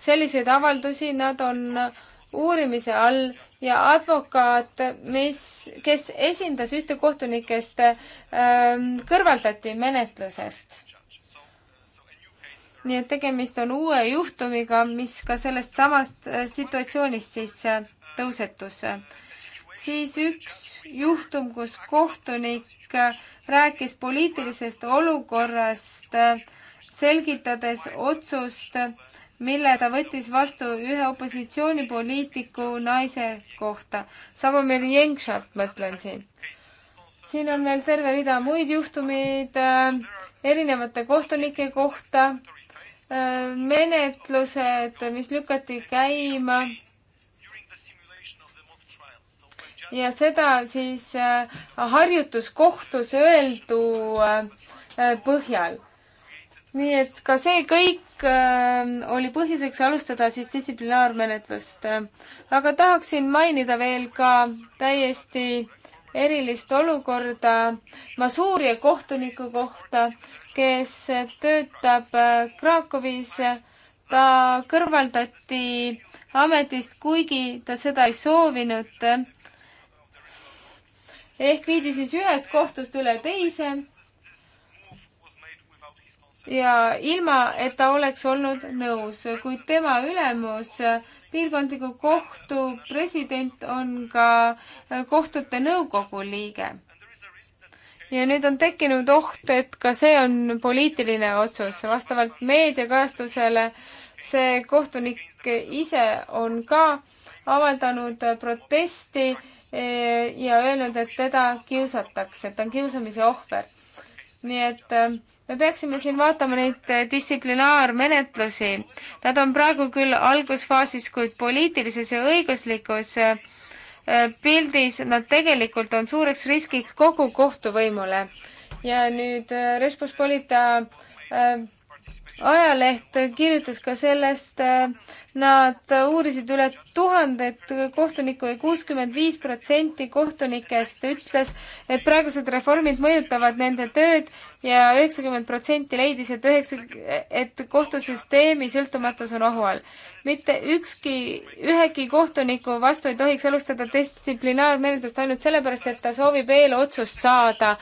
selliseid avaldusi, nad on uurimise all ja advokaat, mis, kes esindas ühte kohtunikest, ähm, kõrvaldati menetlusest. nii et tegemist on uue juhtumiga, mis ka sellest samast äh, situatsioonist siis tõusetus siis üks juhtum, kus kohtunik rääkis poliitilisest olukorrast, selgitades otsust, mille ta võttis vastu ühe opositsioonipoliitiku naise kohta. Savomir Jengšat mõtlen siin. siin on veel terve rida muid juhtumeid äh, erinevate kohtunike kohta äh,, menetlused, mis lükati käima äh, ja seda siis äh, harjutuskohtus öeldu äh, põhjal. nii et ka see kõik äh, oli põhjuseks alustada siis distsiplinaarmenetlust. aga tahaksin mainida veel ka täiesti erilist olukorda Masuuria kohtuniku kohta, kes töötab Krakowis. ta kõrvaldati ametist, kuigi ta seda ei soovinud ehk viidi siis ühest kohtust üle teise ja ilma, et ta oleks olnud nõus, kuid tema ülemus, piirkondliku kohtu president on ka kohtute nõukogu liige. ja nüüd on tekkinud oht, et ka see on poliitiline otsus, vastavalt meediakajastusele see kohtunik ise on ka avaldanud protesti Eh, ja öelnud, et teda kiusatakse, et ta on kiusamise ohver. nii et eh, me peaksime siin vaatama neid eh, distsiplinaarmenetlusi. Nad on praegu küll algusfaasis, kuid poliitilises ja õiguslikus pildis nad tegelikult on suureks riskiks kogu kohtuvõimule. ja nüüd Respospolita ajaleht kirjutas ka sellest, Nad uurisid üle tuhandet kohtunikku ja kuuskümmend viis protsenti kohtunikest ütles, et praegused reformid mõjutavad nende tööd ja üheksakümmend protsenti leidis, et üheksa, et kohtusüsteemi sõltumatus on ohu all. mitte ükski, ühegi kohtuniku vastu ei tohiks alustada distsiplinaarmenetlust ainult sellepärast, et ta soovib eelotsust saada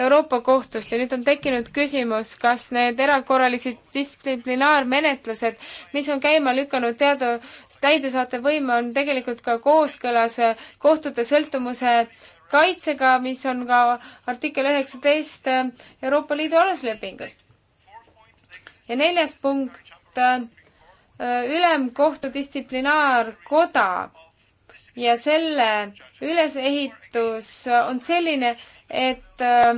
Euroopa Kohtust ja nüüd on tekkinud küsimus, kas need erakorralised distsiplinaarmenetlused, mis on käima lükanud teada, täidesaatev võim on tegelikult ka kooskõlas äh, kohtute sõltumuse kaitsega, mis on ka artikkel üheksateist äh, Euroopa Liidu aluslepingust. ja neljas punkt, äh, ülemkohtu distsiplinaarkoda ja selle ülesehitus on selline, et äh,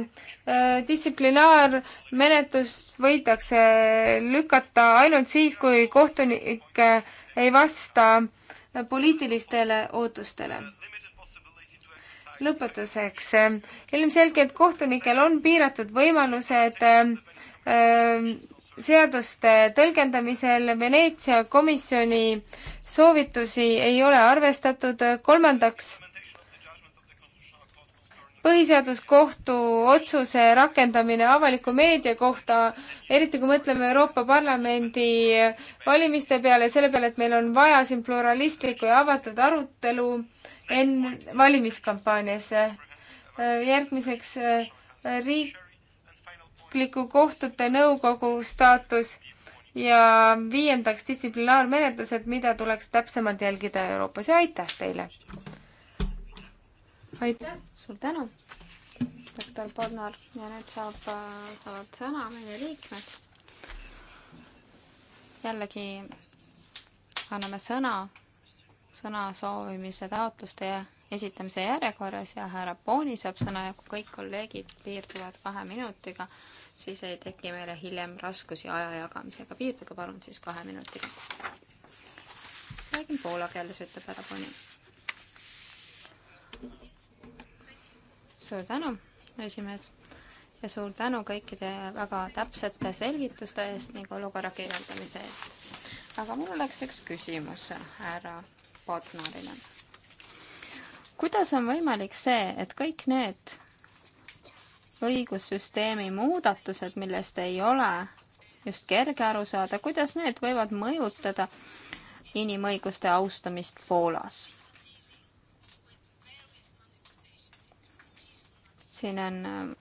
äh, distsiplinaarmenetlust võidakse lükata ainult siis, kui kohtunik äh, ei vasta poliitilistele ootustele. lõpetuseks, ilmselgelt kohtunikel on piiratud võimalused seaduste tõlgendamisel Veneetsia komisjoni soovitusi ei ole arvestatud, kolmandaks põhiseaduskohtu otsuse rakendamine avaliku meedia kohta, eriti kui mõtleme Euroopa Parlamendi valimiste peale, selle peale, et meil on vaja siin pluralistlikku ja avatud arutelu enne valimiskampaanias. järgmiseks riikliku kohtute nõukogu staatus ja viiendaks distsiplinaarmenetlused, mida tuleks täpsemalt jälgida Euroopas ja aitäh teile! aitäh, suur tänu, doktor Bodnar ja nüüd saab, äh, saavad sõna meie liikmed. jällegi anname sõna, sõna soovimise taotluste esitamise järjekorras ja härra Pooni saab sõna ja kui kõik kolleegid piirduvad kahe minutiga, siis ei teki meile hiljem raskusi aja jagamisega. piirduge palun siis kahe minutiga. räägin poola keeles, ütleb härra Pooni suur tänu, esimees, ja suur tänu kõikide väga täpsete selgituste eest ning olukorra kirjeldamise eest. aga mul oleks üks küsimus härra Potnarile. kuidas on võimalik see, et kõik need õigussüsteemi muudatused, millest ei ole just kerge aru saada, kuidas need võivad mõjutada inimõiguste austamist Poolas? siin on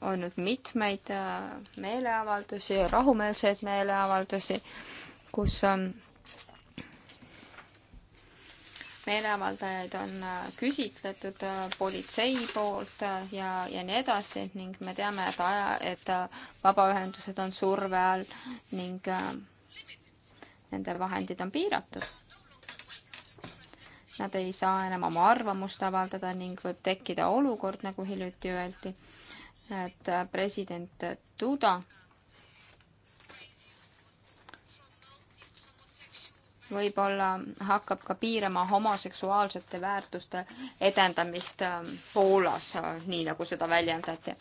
olnud mitmeid äh, meeleavaldusi, rahumeelseid meeleavaldusi, kus ähm, meeleavaldajaid on äh, küsitletud äh, politsei poolt ja, ja nii edasi ning me teame, et aja, et vabaühendused on surve all ning nende vahendid on piiratud nad ei saa enam oma arvamust avaldada ning võib tekkida olukord, nagu hiljuti öeldi, et äh, president Duda võib-olla hakkab ka piirama homoseksuaalsete väärtuste edendamist äh, Poolas, äh, nii nagu seda väljendati.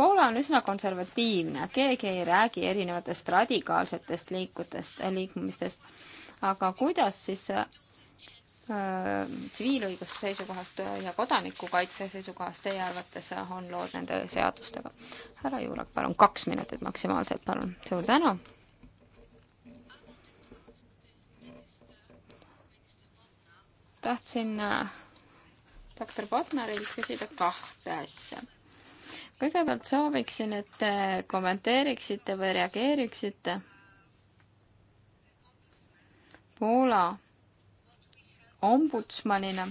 Poola on üsna konservatiivne, keegi ei räägi erinevatest radikaalsetest liikutest, liikumistest, aga kuidas siis Äh, tsiviilõiguse seisukohast ja kodanikukaitse seisukohast teie arvates on lood nende seadustega? härra Juurak, palun, kaks minutit maksimaalselt, palun. suur tänu. tahtsin äh, doktor Botnarilt küsida kahte asja. kõigepealt sooviksin, et te kommenteeriksite või reageeriksite Poola ombudsmanina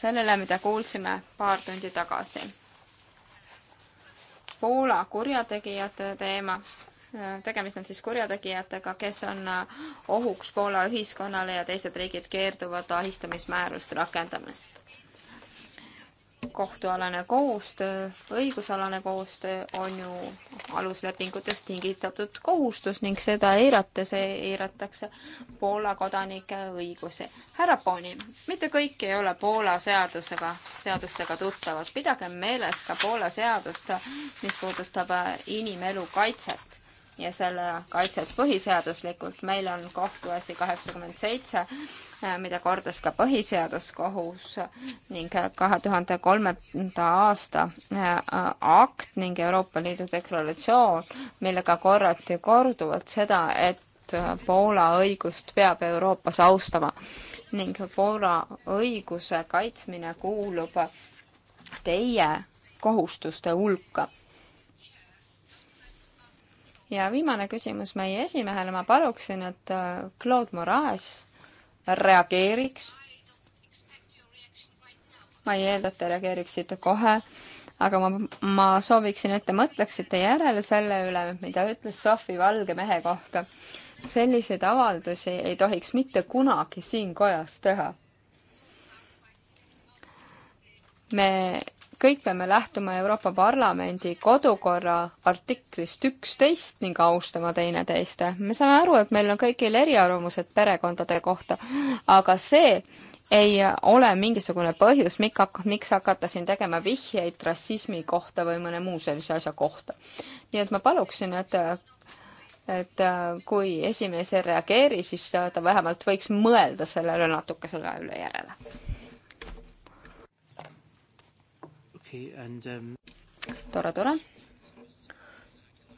sellele, mida kuulsime paar tundi tagasi. Poola kurjategijate teema, tegemist on siis kurjategijatega, kes on ohuks Poola ühiskonnale ja teised riigid keerduvad ahistamismäärust rakendamast kohtualane koostöö, õigusalane koostöö on ju aluslepingutest tingistatud kohustus ning seda eirates eiratakse Poola kodanike õigusi. härra Poni, mitte kõik ei ole Poola seadusega, seadustega tuttavad. pidagem meeles ka Poola seadust, mis puudutab äh, inimelu kaitset ja selle kaitset põhiseaduslikult. meil on kohtuasi kaheksakümmend seitse Äh, mida kordas ka Põhiseaduskohus ning kahe tuhande kolmanda aasta äh, akt ning Euroopa Liidu deklaratsioon, millega korrati korduvalt seda, et äh, Poola õigust peab Euroopas austama ning Poola õiguse kaitsmine kuulub teie kohustuste hulka ja viimane küsimus meie esimehele, ma paluksin, et Claude Moraes reageeriks. ma ei eelda, et te reageeriksite kohe, aga ma, ma sooviksin, et te mõtleksite järele selle üle, mida ütles Sofi Valge mehe kohta. selliseid avaldusi ei tohiks mitte kunagi siin kojas teha. me kõik peame lähtuma Euroopa Parlamendi kodukorra artiklist üksteist ning austama teineteist. me saame aru, et meil on kõigil eriarvamused perekondade kohta, aga see, ei ole mingisugune põhjus, mik-, miks hakata siin tegema vihjeid rassismi kohta või mõne muu sellise asja kohta. nii et ma paluksin, et et kui esimees ei reageeri, siis ta vähemalt võiks mõelda sellele natukese aja üle järele. Um... tore, tore.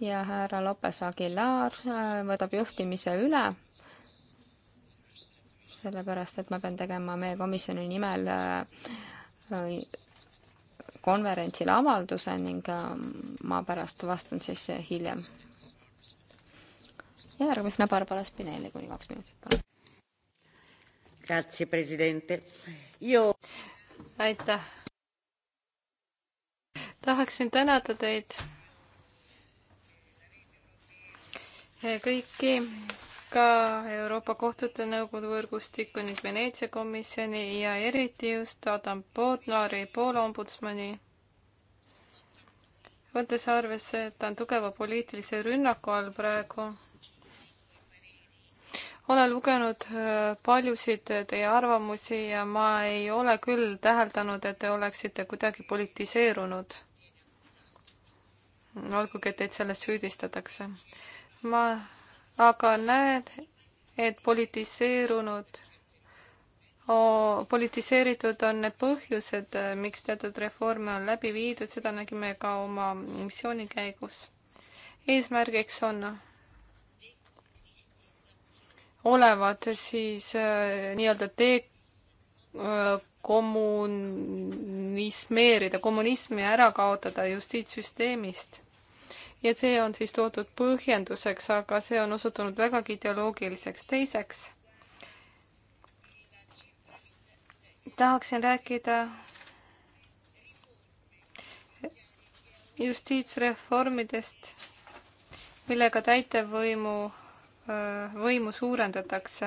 ja härra Lopes Aguilar äh, võtab juhtimise üle, sellepärast et ma pean tegema meie komisjoni nimel äh, äh, konverentsil avalduse ning ma pärast vastan siis hiljem. ja järgmisena Barbara Spinelli kuni kaks minutit, palun. Grazie, president. aitäh tahaksin tänada teid kõiki, ka Euroopa Kohtute Nõukogu võrgustikku ning Veneetsia komisjoni ja eriti just Adam Bodnari, Poola ombudsmani võttes arvesse, et ta on tugeva poliitilise rünnaku all praegu, olen lugenud äh, paljusid teie arvamusi ja ma ei ole küll täheldanud, et te oleksite kuidagi politiseerunud olgugi, et teid selles süüdistatakse. ma aga näen, et politiseerunud, politiseeritud on need põhjused, eh, miks teatud reforme on läbi viidud, seda nägime ka oma missiooni käigus. eesmärgiks on olevat siis äh, nii-öelda tee eh, kommunismeerida, kommunismi ära kaotada justiitssüsteemist. ja see on siis toodud põhjenduseks, aga see on osutunud vägagi ideoloogiliseks. teiseks tahaksin rääkida justiitsreformidest, millega täitevvõimu, äh, võimu suurendatakse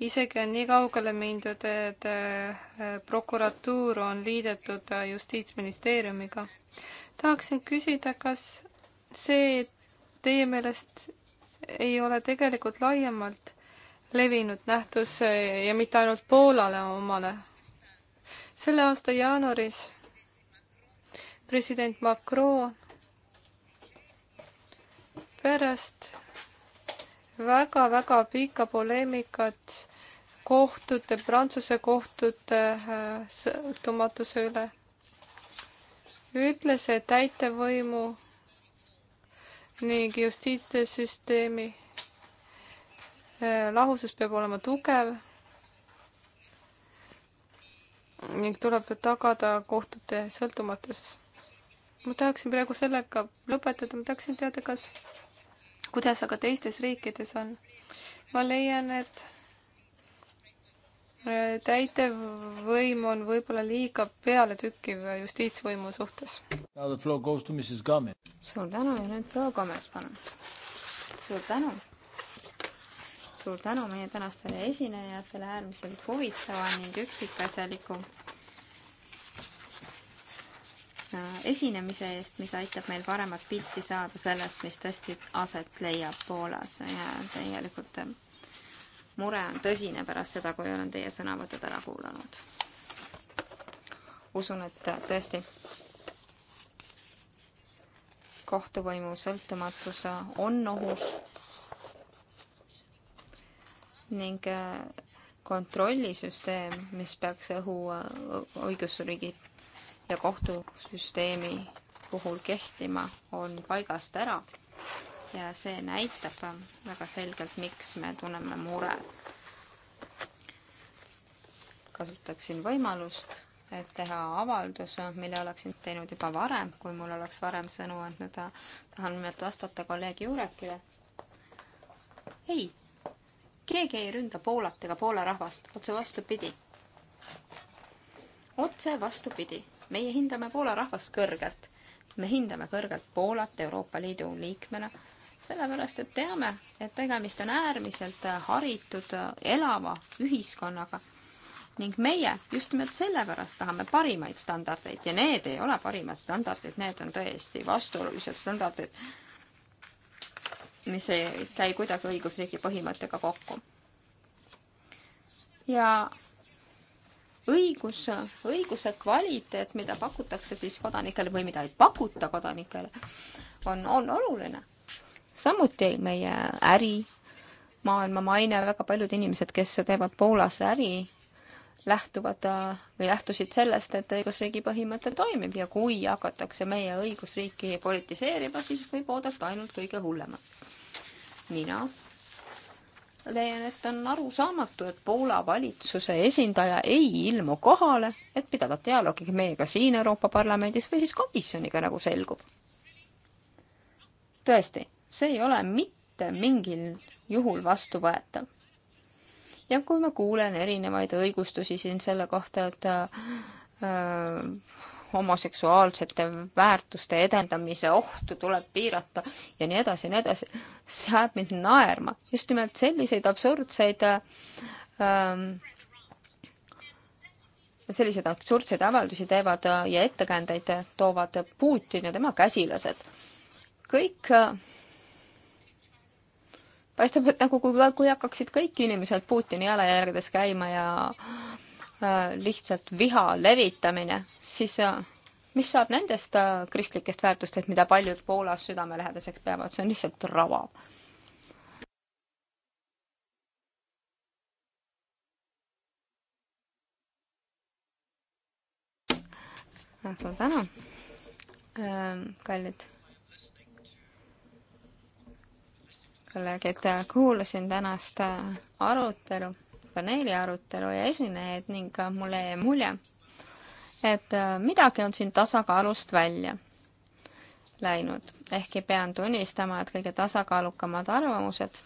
isegi on nii kaugele mindud, et eh, prokuratuur on liidetud eh, Justiitsministeeriumiga. tahaksin küsida, kas see teie meelest ei ole tegelikult laiemalt levinud nähtus eh, ja mitte ainult Poolale omale. selle aasta jaanuaris president Macron pärast väga-väga pikka poleemikat kohtute, Prantsuse kohtute äh, sõltumatuse üle. ütles, et täitevvõimu ning justiitssüsteemi äh, lahusus peab olema tugev ning tuleb tagada kohtute sõltumatuses. ma tahaksin praegu sellega lõpetada, ma tahaksin teada, kas kuidas aga teistes riikides on? ma leian, et äh, täitevvõim on võib-olla liiga pealetükkiv justiitsvõimu suhtes. suur tänu ja nüüd proua Gomes, palun. suur tänu. suur tänu meie tänastele esinejatele äärmiselt huvitava ning üksikasjaliku Äh, esinemise eest, mis aitab meil paremat pilti saada sellest, mis tõesti aset leiab Poolas ja tegelikult äh, mure on tõsine pärast seda, kui olen teie sõnavõtud ära kuulanud. usun, et äh, tõesti kohtuvõimu sõltumatus on ohus ning kontrollisüsteem, mis peaks õhu õigusriigi ja kohtusüsteemi puhul kehtima, on paigast ära. ja see näitab väga selgelt, miks me tunneme muret. kasutaksin võimalust, et teha avalduse, mille oleksin teinud juba varem, kui mul oleks varem sõnu andnud. tahan nimelt vastata kolleeg Jurekile. ei, keegi ei ründa Poolat ega Poola rahvast, otse vastupidi. otse vastupidi meie hindame Poola rahvast kõrgelt. me hindame kõrgelt Poolat Euroopa Liidu liikmena, sellepärast et teame, et tegemist on äärmiselt haritud, elava ühiskonnaga ning meie just nimelt sellepärast tahame parimaid standardeid ja need ei ole parimad standardid, need on täiesti vastuolulised standardid, mis ei käi kuidagi õigusriigi põhimõttega kokku. ja õigus, õiguse kvaliteet, mida pakutakse siis kodanikele või mida ei pakuta kodanikele, on, on oluline. samuti meie äri, maailma maine, väga paljud inimesed, kes teevad Poolas äri, lähtuvad või lähtusid sellest, et õigusriigi põhimõte toimib ja kui hakatakse meie õigusriiki politiseerima, siis võib oodata ainult kõige hullemat. mina leian, et on arusaamatu, et Poola valitsuse esindaja ei ilmu kohale, et pidada dialoogi meiega siin Euroopa Parlamendis või siis komisjoniga, nagu selgub. tõesti, see ei ole mitte mingil juhul vastuvõetav. ja kui ma kuulen erinevaid õigustusi siin selle kohta, et äh, homoseksuaalsete väärtuste edendamise ohtu tuleb piirata ja nii edasi ja nii edasi. see ajab mind naerma. just nimelt selliseid absurdseid ähm, selliseid absurdseid avaldusi teevad äh, ja ettekäändeid toovad Putin ja tema käsilased. kõik äh, paistab, et nagu kui, kui hakkaksid kõik inimesed Putini jalajärgedes käima ja äh, Äh, lihtsalt viha levitamine, siis äh, mis saab nendest äh, kristlikest väärtustest, mida paljud Poolas südamelähedaseks peavad, see on lihtsalt rava. suur tänu, ähm, kallid kolleegid, kuulasin tänast arutelu paneeli arutelu ja esinejaid ning mulle jäi mulje, et äh, midagi on siin tasakaalust välja läinud, ehkki pean tunnistama, et kõige tasakaalukamad arvamused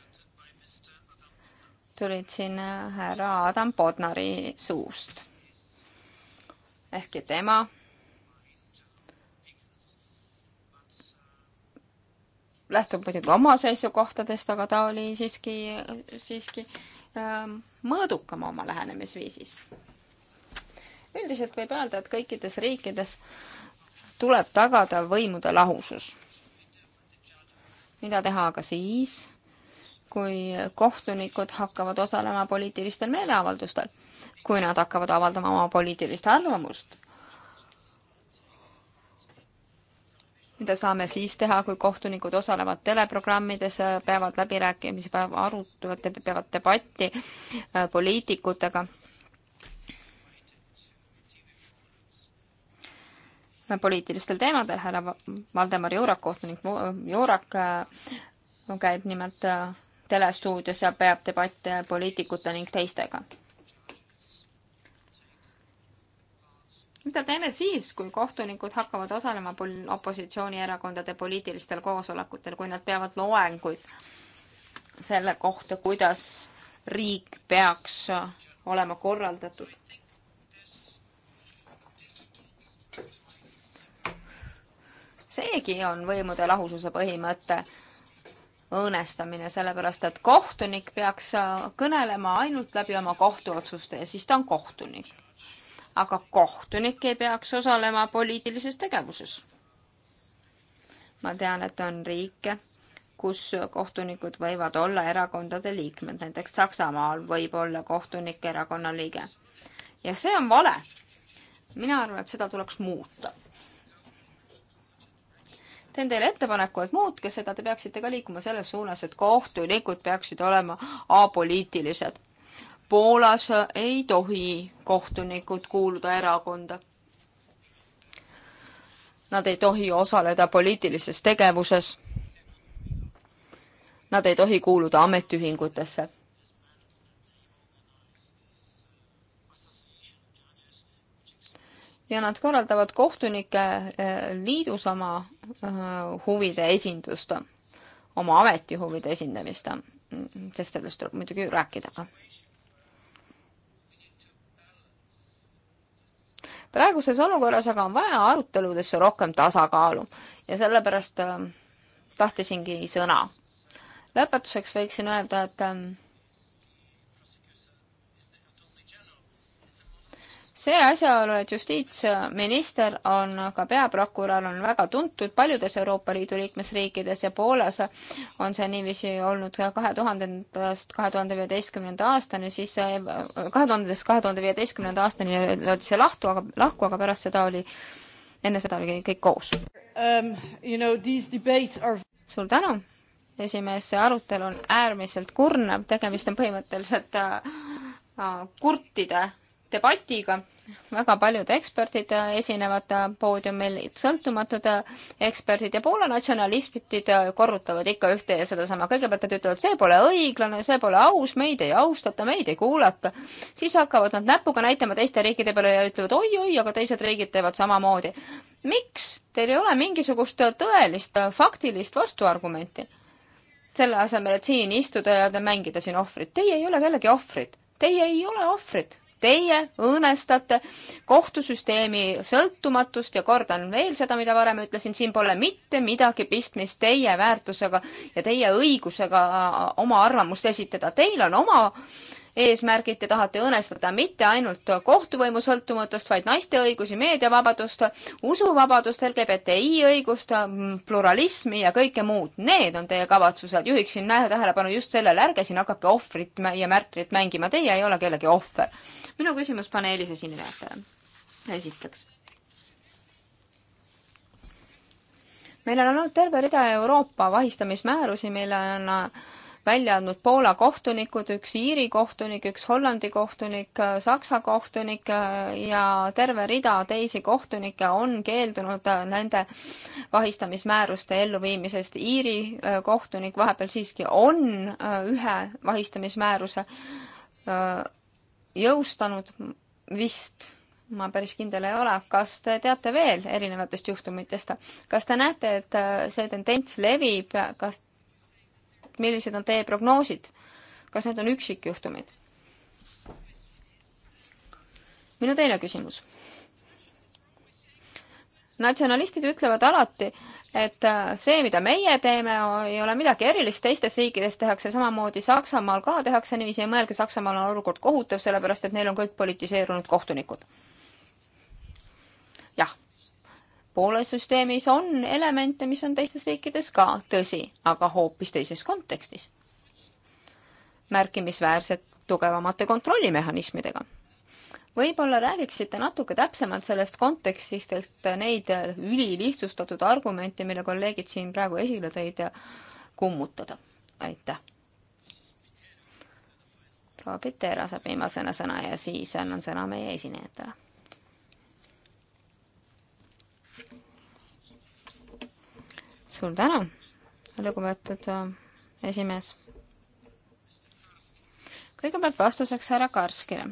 tulid siin äh, härra Adam Bodnari suust. ehkki tema lähtub muidugi oma seisukohtadest, aga ta oli siiski, siiski ähm, mõõdukam oma lähenemisviisis. üldiselt võib öelda, et kõikides riikides tuleb tagada võimude lahusus. mida teha aga siis, kui kohtunikud hakkavad osalema poliitilistel meeleavaldustel, kui nad hakkavad avaldama oma poliitilist arvamust mida saame siis teha, kui kohtunikud osalevad teleprogrammides, peavad läbirääkimisi, arutavad, peavad debatti äh, poliitikutega. Äh, poliitilistel teemadel härra Valdemar Juurak, kohtunik Juurak äh, käib nimelt telestuudios ja peab debatte poliitikute ning teistega mida teeme siis, kui kohtunikud hakkavad osalema pol-, opositsioonierakondade poliitilistel koosolekutel, kui nad peavad loenguid selle kohta, kuidas riik peaks olema korraldatud? seegi on võimude lahususe põhimõte õõnestamine, sellepärast et kohtunik peaks kõnelema ainult läbi oma kohtuotsuste ja siis ta on kohtunik aga kohtunik ei peaks osalema poliitilises tegevuses. ma tean, et on riike, kus kohtunikud võivad olla erakondade liikmed, näiteks Saksamaal võib olla kohtunik erakonna liige. ja see on vale. mina arvan, et seda tuleks muuta. teen teile ettepaneku, et muutke seda, te peaksite ka liikuma selles suunas, et kohtunikud peaksid olema apoliitilised Poolas ei tohi kohtunikud kuuluda erakonda. Nad ei tohi osaleda poliitilises tegevuses. Nad ei tohi kuuluda ametiühingutesse ja nad korraldavad kohtunike eh, liidus oma eh, huvide esindust, oma ametihuvide esindamist, mm, sest sellest tuleb muidugi rääkida ka. praeguses olukorras aga on vaja aruteludesse rohkem tasakaalu ja sellepärast äh, tahtisingi sõna. lõpetuseks võiksin öelda, et äh, see asjaolu, et justiitsminister on ka peaprokurör, on väga tuntud paljudes Euroopa Liidu liikmesriikides ja Poolas on see niiviisi olnud kahe tuhandendast kahe tuhande viieteistkümnenda aastani, siis kahe tuhandendast kahe tuhande viieteistkümnenda aastani löödi see lahtu, aga lahku, aga pärast seda oli, enne seda oli kõik koos um,. You know, are... suur tänu, esimees, see arutelu on äärmiselt kurnav, tegemist on põhimõtteliselt äh, kurtide debatiga, väga paljud eksperdid äh, esinevad äh, poodiumil, sõltumatud äh, eksperdid ja Poola natsionalistid korrutavad ikka ühte ja sedasama. kõigepealt nad ütlevad, see pole õiglane, see pole aus, meid ei austata, meid ei kuulata. siis hakkavad nad näpuga näitama teiste riikide peale ja ütlevad oi-oi, aga teised riigid teevad samamoodi. miks teil ei ole mingisugust tõelist faktilist vastuargumenti? selle asemel, et siin istuda ja mängida siin ohvrit. Teie ei ole kellegi ohvrid. Teie ei ole ohvrid teie õõnestate kohtusüsteemi sõltumatust ja kordan veel seda, mida varem ütlesin, siin pole mitte midagi pistmist teie väärtusega ja teie õigusega oma arvamust esitada. Teil on oma eesmärgid, te tahate õõnestada mitte ainult kohtuvõimu sõltumatust, vaid naiste õigusi, meediavabadust, usuvabadust, LGBTI õigust, pluralismi ja kõike muud. Need on teie kavatsused. juhiksin tähelepanu just sellele, ärge siin hakake ohvrit ja märtrit mängima, teie ei ole kellegi ohver minu küsimus paneelis esinejatele. esiteks. meil on olnud terve rida Euroopa vahistamismäärusi, mille on äh, välja andnud Poola kohtunikud, üks Iiri kohtunik, üks Hollandi kohtunik, äh, Saksa kohtunik äh, ja terve rida teisi kohtunikke on keeldunud nende vahistamismääruste elluviimisest. Iiri kohtunik vahepeal siiski on ühe vahistamismääruse jõustanud vist, ma päris kindel ei ole, kas te teate veel erinevatest juhtumitest, kas te näete, et äh, see tendents levib, kas, millised on teie prognoosid, kas need on üksikjuhtumid? minu teine küsimus. natsionalistid ütlevad alati, et äh, see, mida meie teeme, ei ole midagi erilist, teistes riikides tehakse samamoodi, Saksamaal ka tehakse niiviisi ja mõelge, Saksamaal on olukord kohutav, sellepärast et neil on kõik politiseerunud kohtunikud. jah, pooles süsteemis on elemente, mis on teistes riikides ka tõsi, aga hoopis teises kontekstis. märkimisväärselt tugevamate kontrollimehhanismidega võib-olla räägiksite natuke täpsemalt sellest kontekstist, et neid ülilihtsustatud argumente, mille kolleegid siin praegu esile tõid, kummutada. aitäh. proua Pitera saab viimasena sõna ja siis annan sõna meie esinejatele. suur tänu, lugupeetud äh, esimees. kõigepealt vastuseks härra Karskile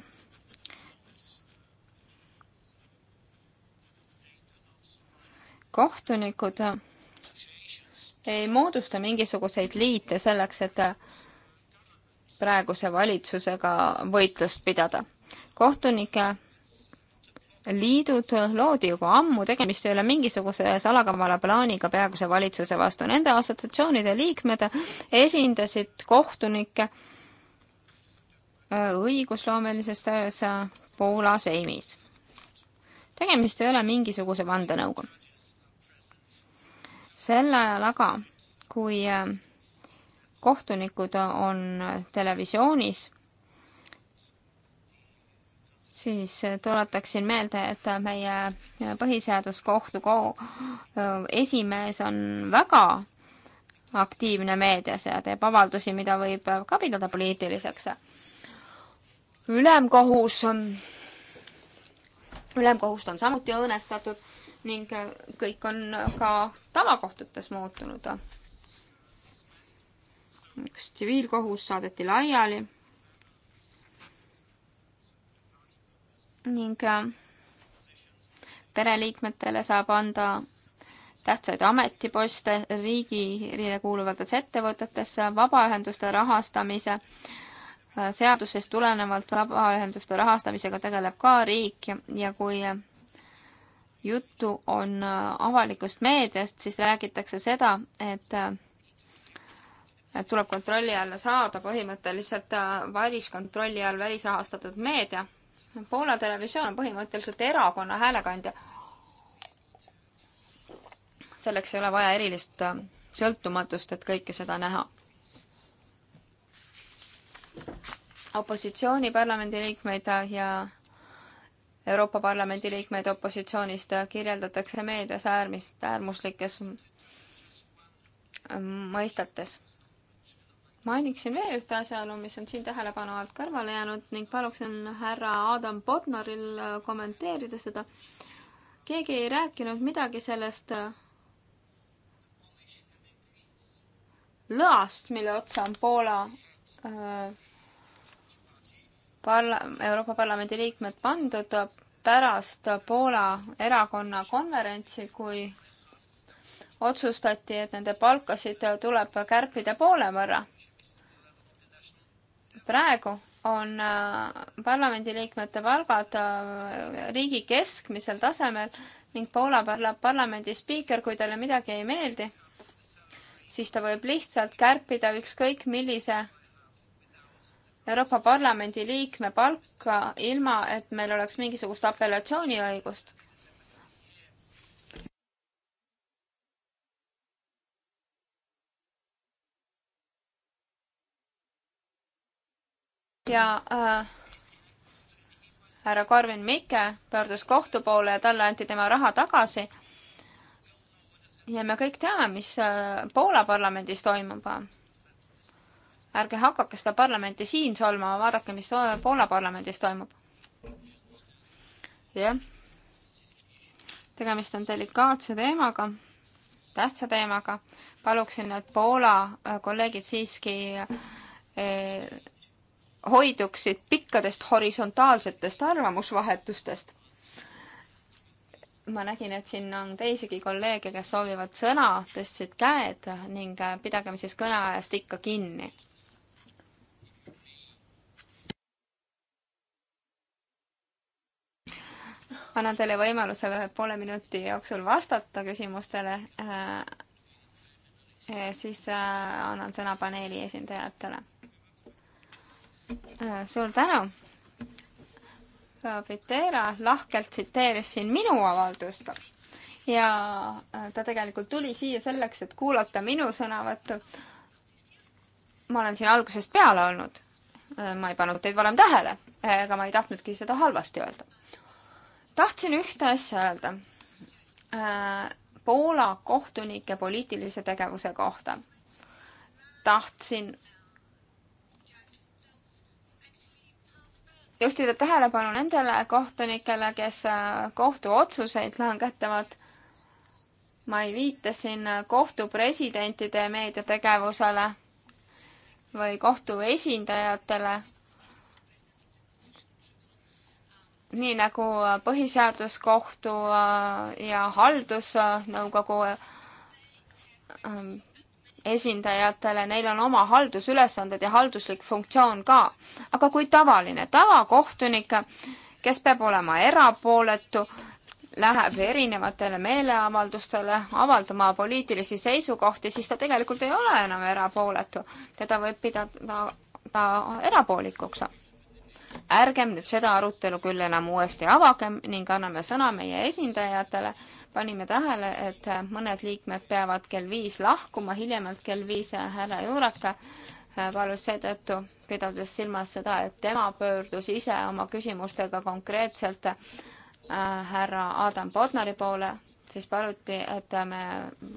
kohtunikud ei moodusta mingisuguseid liite selleks, et praeguse valitsusega võitlust pidada. kohtunike liidud loodi juba ammu, tegemist ei ole mingisuguse salakavala plaaniga praeguse valitsuse vastu. Nende assotsiatsioonide liikmed esindasid kohtunikke õigusloomelises töös Poola seimis. tegemist ei ole mingisuguse vandenõuga sel ajal aga, kui äh, kohtunikud on televisioonis, siis tuletaksin meelde, et meie põhiseaduskohtu äh, esimees on väga aktiivne meedias ja teeb avaldusi, mida võib ka pidada poliitiliseks. ülemkohus, ülemkohust on samuti õõnestatud ning äh, kõik on ka tavakohtutes muutunud. üks tsiviilkohus saadeti laiali ning äh, pereliikmetele saab anda tähtsaid ametiposte riigile kuuluvates ettevõtetes, vabaühenduste rahastamise, äh, seadusest tulenevalt vabaühenduste rahastamisega tegeleb ka riik ja kui juttu on äh, avalikust meediast, siis räägitakse seda, et äh, tuleb kontrolli alla saada põhimõtteliselt äh, väliskontrolli all välisrahastatud meedia. Poola televisioon on põhimõtteliselt erakonna häälekandja. selleks ei ole vaja erilist sõltumatust, et kõike seda näha. opositsiooni parlamendiliikmeid ja Euroopa Parlamendi liikmeid opositsioonist kirjeldatakse meedias äärmist, äärmuslikes mõistetes. mainiksin veel ühte asjaolu, mis on siin tähelepanu alt kõrvale jäänud ning paluksin härra Adam Bodnoril kommenteerida seda. keegi ei rääkinud midagi sellest lõast, mille otsa on Poola öö, äh, parla-, Euroopa Parlamendi liikmed pandud pärast Poola erakonna konverentsi, kui otsustati, et nende palkasid tuleb kärpida poole võrra. praegu on äh, parlamendiliikmete palgad äh, riigi keskmisel tasemel ning Poola parla-, parlamendi spiiker, kui talle midagi ei meeldi, siis ta võib lihtsalt kärpida ükskõik millise Euroopa Parlamendi liikme palka, ilma et meil oleks mingisugust apellatsiooniõigust. ja äh, härra Korvin Mikke pöördus kohtu poole ja talle anti tema raha tagasi ja me kõik teame, mis äh, Poola parlamendis toimub ärge hakake seda parlamenti siin solvama, vaadake, mis Poola parlamendis toimub. jah. tegemist on delikaatse teemaga, tähtsa teemaga. paluksin, et Poola äh, kolleegid siiski eh, hoiduksid pikkadest horisontaalsetest arvamusvahetustest ma nägin, et siin on teisigi kolleege, kes soovivad sõna, tõstsid käed ning äh, pidagem siis kõneajast ikka kinni. annan teile võimaluse poole minuti jooksul vastata küsimustele. Äh, siis äh, annan sõna paneeli esindajatele. Äh, suur tänu. proua Pitera lahkelt tsiteeris siin minu avaldust ja ta tegelikult tuli siia selleks, et kuulata minu sõnavõttu. ma olen siin algusest peale olnud. ma ei pannud teid varem tähele, ega ma ei tahtnudki seda halvasti öelda tahtsin ühte asja öelda äh, Poola kohtunike poliitilise tegevuse kohta. tahtsin juhtida tähelepanu nendele kohtunikele, kes äh, kohtuotsuseid langetavad. ma ei viita siin äh, kohtupresidentide meediategevusele või kohtu esindajatele nii nagu äh, Põhiseaduskohtu äh, ja Haldusnõukogu äh, esindajatele, neil on oma haldusülesanded ja halduslik funktsioon ka. aga kui tavaline tavakohtunik, kes peab olema erapooletu, läheb erinevatele meeleavaldustele avaldama poliitilisi seisukohti, siis ta tegelikult ei ole enam erapooletu. teda võib pidada erapoolikuks ärgem nüüd seda arutelu küll enam uuesti avagem ning anname sõna meie esindajatele. panime tähele, et mõned liikmed peavad kell viis lahkuma, hiljemalt kell viis härra Juuraka äh, palus seetõttu, pidades silmas seda, et tema pöördus ise oma küsimustega konkreetselt äh, härra Adam Bodnari poole, siis paluti, et me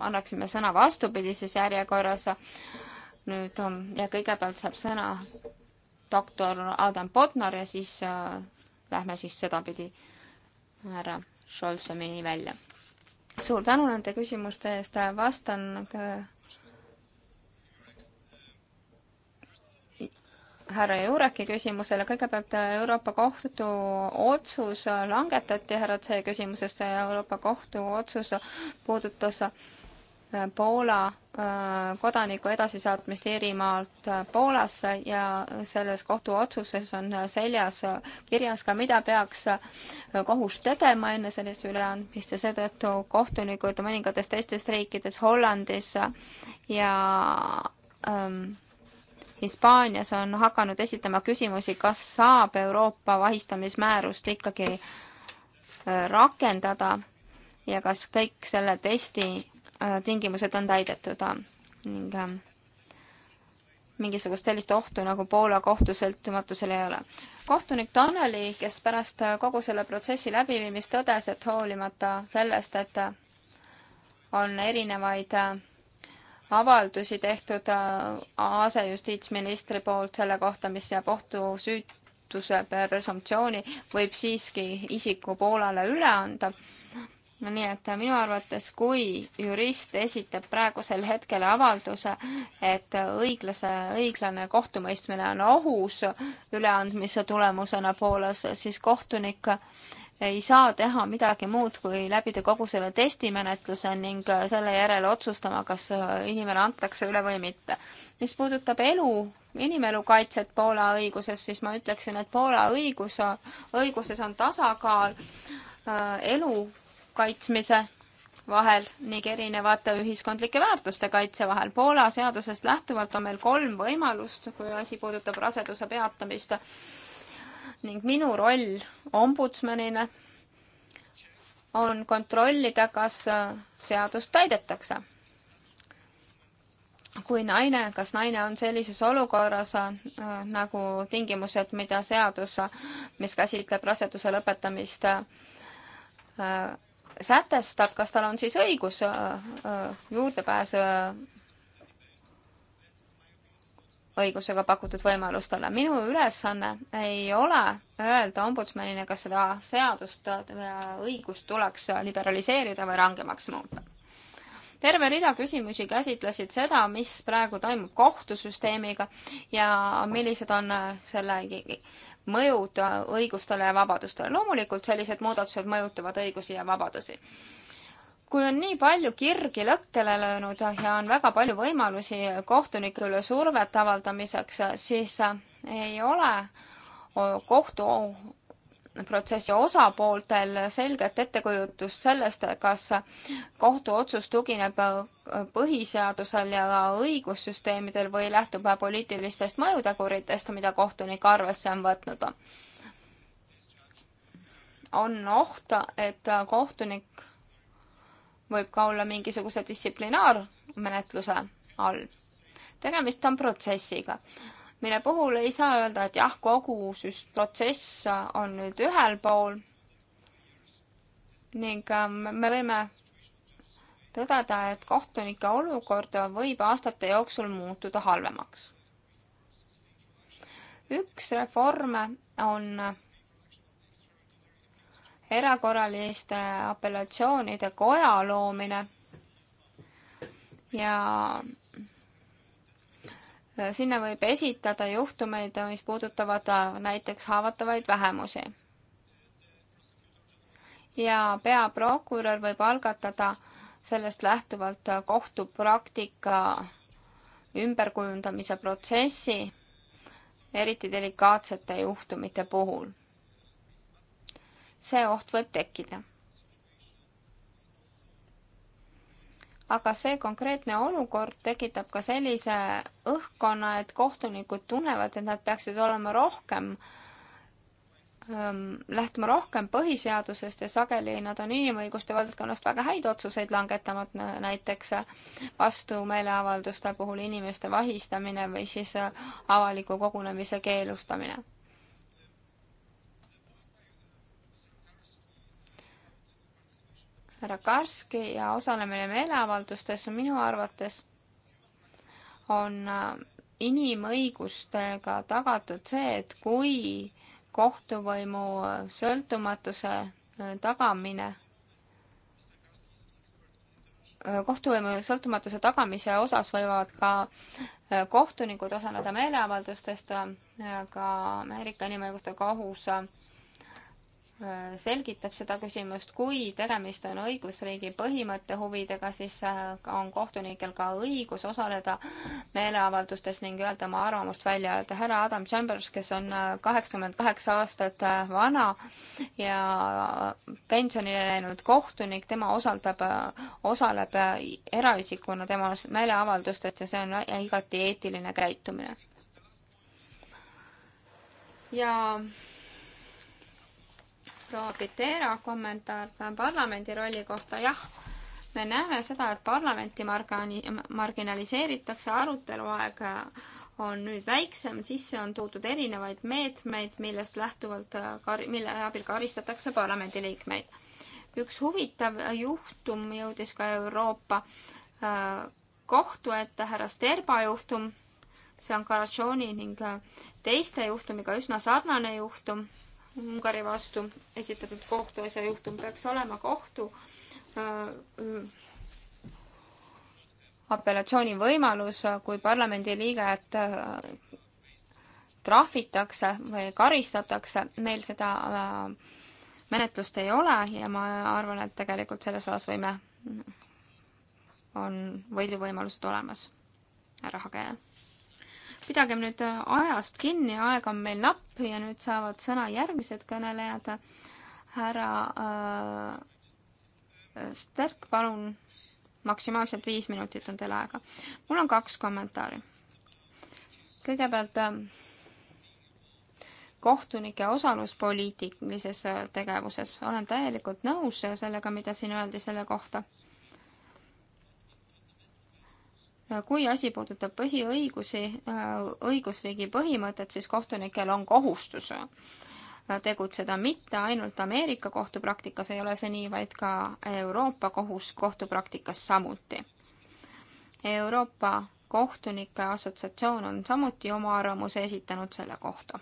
annaksime sõna vastupidises järjekorras. nüüd on ja kõigepealt saab sõna doktor Adam Bodnar ja siis äh, lähme siis sedapidi härra Scholzemini välja. suur tänu nende küsimuste eest, vastan härra Jureki küsimusele, kõigepealt Euroopa Kohtu otsus langetati härra C küsimusesse ja Euroopa Kohtu otsus puudutas äh, Poola äh, kodaniku edasisaatmist Iirimaalt äh, Poolasse ja selles kohtuotsuses on äh, seljas kirjas ka, mida peaks kohus tegema enne sellist üleandmist ja seetõttu kohtunikud mõningates teistes riikides, Hollandis ja ähm, Hispaanias on hakanud esitama küsimusi, kas saab Euroopa vahistamismäärust ikkagi rakendada ja kas kõik selle testi Äh, tingimused on täidetud äh, ning äh, mingisugust sellist ohtu nagu Poola kohtu sõltumatusel ei ole. kohtunik Taneli, kes pärast kogu selle protsessi läbiviimist tõdes, et hoolimata sellest, et on erinevaid avaldusi tehtud asejustiitsministri poolt selle kohta, mis jääb ohtu süütuse presumptsiooni, võib siiski isiku Poolale üle anda no nii, et minu arvates, kui jurist esitab praegusel hetkel avalduse, et õiglase, õiglane kohtumõistmine on ohus üleandmise tulemusena Poolas, siis kohtunik ei saa teha midagi muud, kui läbida kogu selle testimenetluse ning selle järel otsustama, kas inimene antakse üle või mitte. mis puudutab elu, inimelu kaitset Poola õiguses, siis ma ütleksin, et Poola õigus, õiguses on tasakaal elu kaitsmise vahel ning erinevate ühiskondlike väärtuste kaitse vahel. Poola seadusest lähtuvalt on meil kolm võimalust, kui asi puudutab raseduse peatamist ning minu roll ombudsmanina on kontrollida, kas seadust täidetakse. kui naine, kas naine on sellises olukorras äh, nagu tingimused, mida seadus, mis käsitleb raseduse lõpetamist, äh, sätestab, kas tal on siis õigus äh, äh, juurdepääs äh, õigusega pakutud võimalustele. minu ülesanne ei ole öelda ombudsmanile, kas seda seadust, õigust tuleks liberaliseerida või rangemaks muuta terve rida küsimusi käsitlesid seda, mis praegu toimub kohtusüsteemiga ja millised on äh, selle mõjud äh, õigustele ja vabadustele. loomulikult sellised muudatused mõjutavad õigusi ja vabadusi kui on nii palju kirgi lõkkele löönud ja on väga palju võimalusi kohtunike üle survet avaldamiseks, siis äh, ei ole kohtu protsessi osapooltel selget ettekujutust sellest, kas kohtuotsus tugineb põhiseadusel ja õigussüsteemidel või lähtub poliitilistest mõjuteguritest, mida kohtunik arvesse on võtnud. on oht, et kohtunik võib ka olla mingisuguse distsiplinaarmenetluse all. tegemist on protsessiga mille puhul ei saa öelda, et jah, kogu siis protsess on nüüd ühel pool ning ähm, me võime tõdeda, et kohtunike olukord võib aastate jooksul muutuda halvemaks. üks reforme on erakorraliste apellatsioonide koja loomine ja Äh, sinna võib esitada juhtumeid, mis puudutavad äh, näiteks haavatavaid vähemusi. ja peaprokurör võib algatada sellest lähtuvalt äh, kohtupraktika ümberkujundamise protsessi, eriti delikaatsete juhtumite puhul. see oht võib tekkida. aga see konkreetne olukord tekitab ka sellise õhkkonna, et kohtunikud tunnevad, et nad peaksid olema rohkem ähm, lähtuma rohkem põhiseadusest ja sageli nad on inimõiguste valdkonnast väga häid otsuseid langetanud, näiteks äh, vastumeeleavalduste puhul inimeste vahistamine või siis äh, avaliku kogunemise keelustamine. härra Karski ja osalemine meeleavaldustes minu arvates on äh, inimõigustega tagatud see, et kui kohtuvõimu äh, sõltumatuse äh, tagamine kohtuvõimu sõltumatuse tagamise osas võivad ka kohtunikud osaleda meeleavaldustest, ka Ameerika Inimõiguste Kohus selgitab seda küsimust, kui tegemist on õigusriigi põhimõtte huvidega, siis äh, on kohtunikel ka õigus osaleda meeleavaldustes ning öelda oma arvamust välja, öelda härra Adam Chambers, kes on äh, kaheksakümmend kaheksa aastat äh, vana ja pensionile läinud kohtunik, tema osaldab, osaleb eraisikuna tema meeleavaldustest ja see on igati eetiline käitumine. ja proua Pitera kommentaar parlamendi rolli kohta, jah, me näeme seda, et parlamenti margani-, marginaliseeritakse, aruteluaeg äh, on nüüd väiksem, sisse on toodud erinevaid meetmeid, millest lähtuvalt äh, kar-, mille abil karistatakse parlamendiliikmeid. üks huvitav juhtum jõudis ka Euroopa äh, kohtu ette, härra Sterba juhtum, see on Karatšoni ning teiste juhtumiga üsna sarnane juhtum Ungari vastu esitatud kohtuasja juhtum peaks olema kohtu äh, äh apellatsiooni võimalus, kui parlamendiliiget äh, trahvitakse või karistatakse, meil seda äh, menetlust ei ole ja ma arvan, et tegelikult selles osas võime, on võiduvõimalused olemas härra Hagejal pidagem nüüd äh, ajast kinni, aeg on meil napp ja nüüd saavad sõna järgmised kõnelejad. härra äh, Sterk, palun, maksimaalselt viis minutit on teil aega. mul on kaks kommentaari. kõigepealt äh, kohtunike osalus poliitilises äh, tegevuses. olen täielikult nõus sellega, mida siin öeldi selle kohta Äh, kui asi puudutab põhiõigusi, äh, õigusriigi põhimõtet, siis kohtunikel on kohustus äh, tegutseda mitte ainult Ameerika kohtupraktikas ei ole see nii, vaid ka Euroopa kohus kohtupraktikas samuti. Euroopa Kohtunike Assotsiatsioon on samuti oma arvamuse esitanud selle kohta.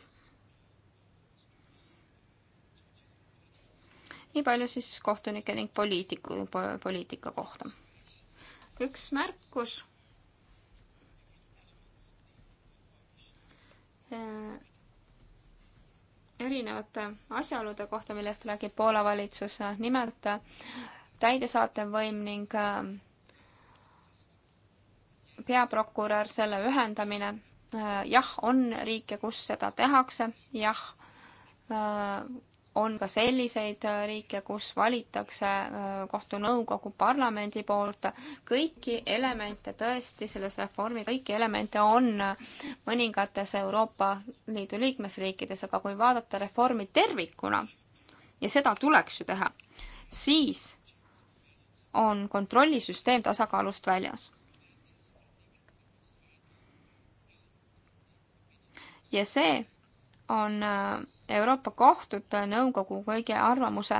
nii palju siis kohtunike ning poliitiku, poliitika kohta. üks märkus Äh, erinevate asjaolude kohta, millest räägib Poola valitsus, äh, nimelt äh, täidesaatev võim ning peaprokurör, selle ühendamine. jah, on riike, kus seda tehakse, jah, on ka selliseid äh, riike, kus valitakse äh, kohtunõukogu parlamendi poolt. kõiki elemente tõesti selles reformi, kõiki elemente on äh, mõningates Euroopa Liidu liikmesriikides, aga kui vaadata reformi tervikuna ja seda tuleks ju teha, siis on kontrollisüsteem tasakaalust väljas. ja see on äh, Euroopa Kohtute Nõukogu kõige arvamuse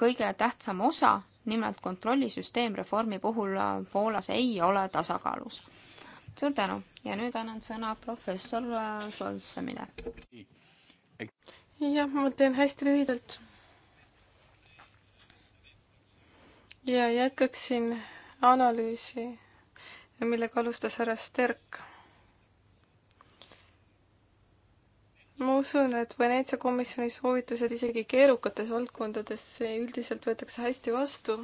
kõige tähtsam osa, nimelt kontrollisüsteem reformi puhul äh, Poolas ei ole tasakaalus. suur tänu ja nüüd annan sõna professor äh, Soltsemile. jah, ma teen hästi lühidalt. ja jätkaksin analüüsi, millega alustas härra Sterk ma usun, et Veneetsia komisjoni soovitused isegi keerukates valdkondades üldiselt võetakse hästi vastu.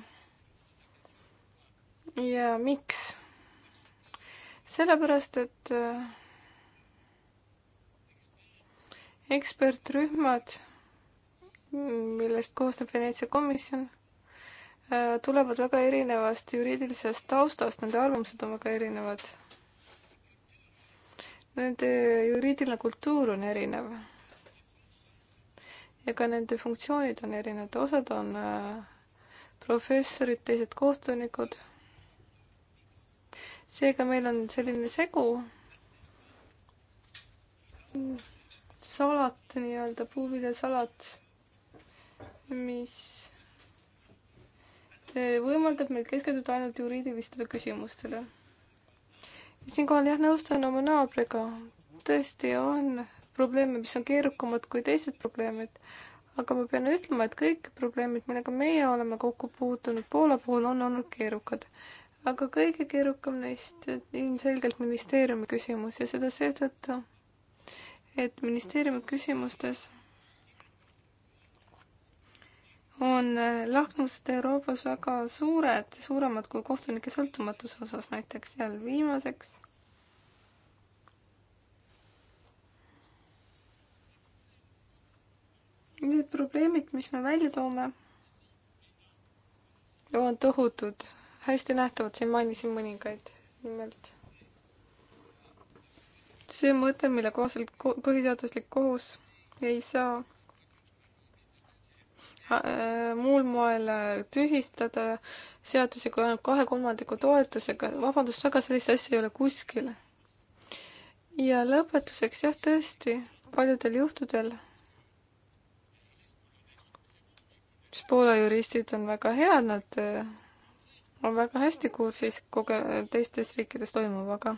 ja miks? sellepärast, et äh, ekspertrühmad, millest koosneb Veneetsia komisjon, äh, tulevad väga erinevast juriidilisest taustast, nende arvamused on väga erinevad Nende juriidiline kultuur on erinev. ja ka nende funktsioonid on erinevad, osad on äh, professorid, teised kohtunikud. seega meil on selline segu salat nii-öelda, puuviljasalat, mis äh, võimaldab meil keskenduda ainult juriidilistele küsimustele siinkohal jah, nõustun oma naabriga. tõesti on probleeme, mis on keerukamad kui teised probleemid. aga ma pean ütlema, et kõik probleemid, millega meie oleme kokku puutunud Poola puhul, on olnud keerukad. aga kõige keerukam neist ilmselgelt ministeeriumi küsimus ja seda seetõttu, et ministeeriumi küsimustes on äh, lahknevused Euroopas väga suured, suuremad kui kohtunike sõltumatuse osas näiteks seal viimaseks. Need probleemid, mis me välja toome, on tohutud, hästi nähtavad, siin mainisin mõningaid nimelt. see mõte, mille kohaselt põhiseaduslik kohus ei saa Äh, muul moel äh, tühistada seadusi, kui ainult kahe kolmandiku toetusega, vabandust väga, sellist asja ei ole kuskil. ja lõpetuseks jah, tõesti, paljudel juhtudel siis Poola juristid on väga head, nad äh, on väga hästi kursis koge-, teistes riikides toimuvaga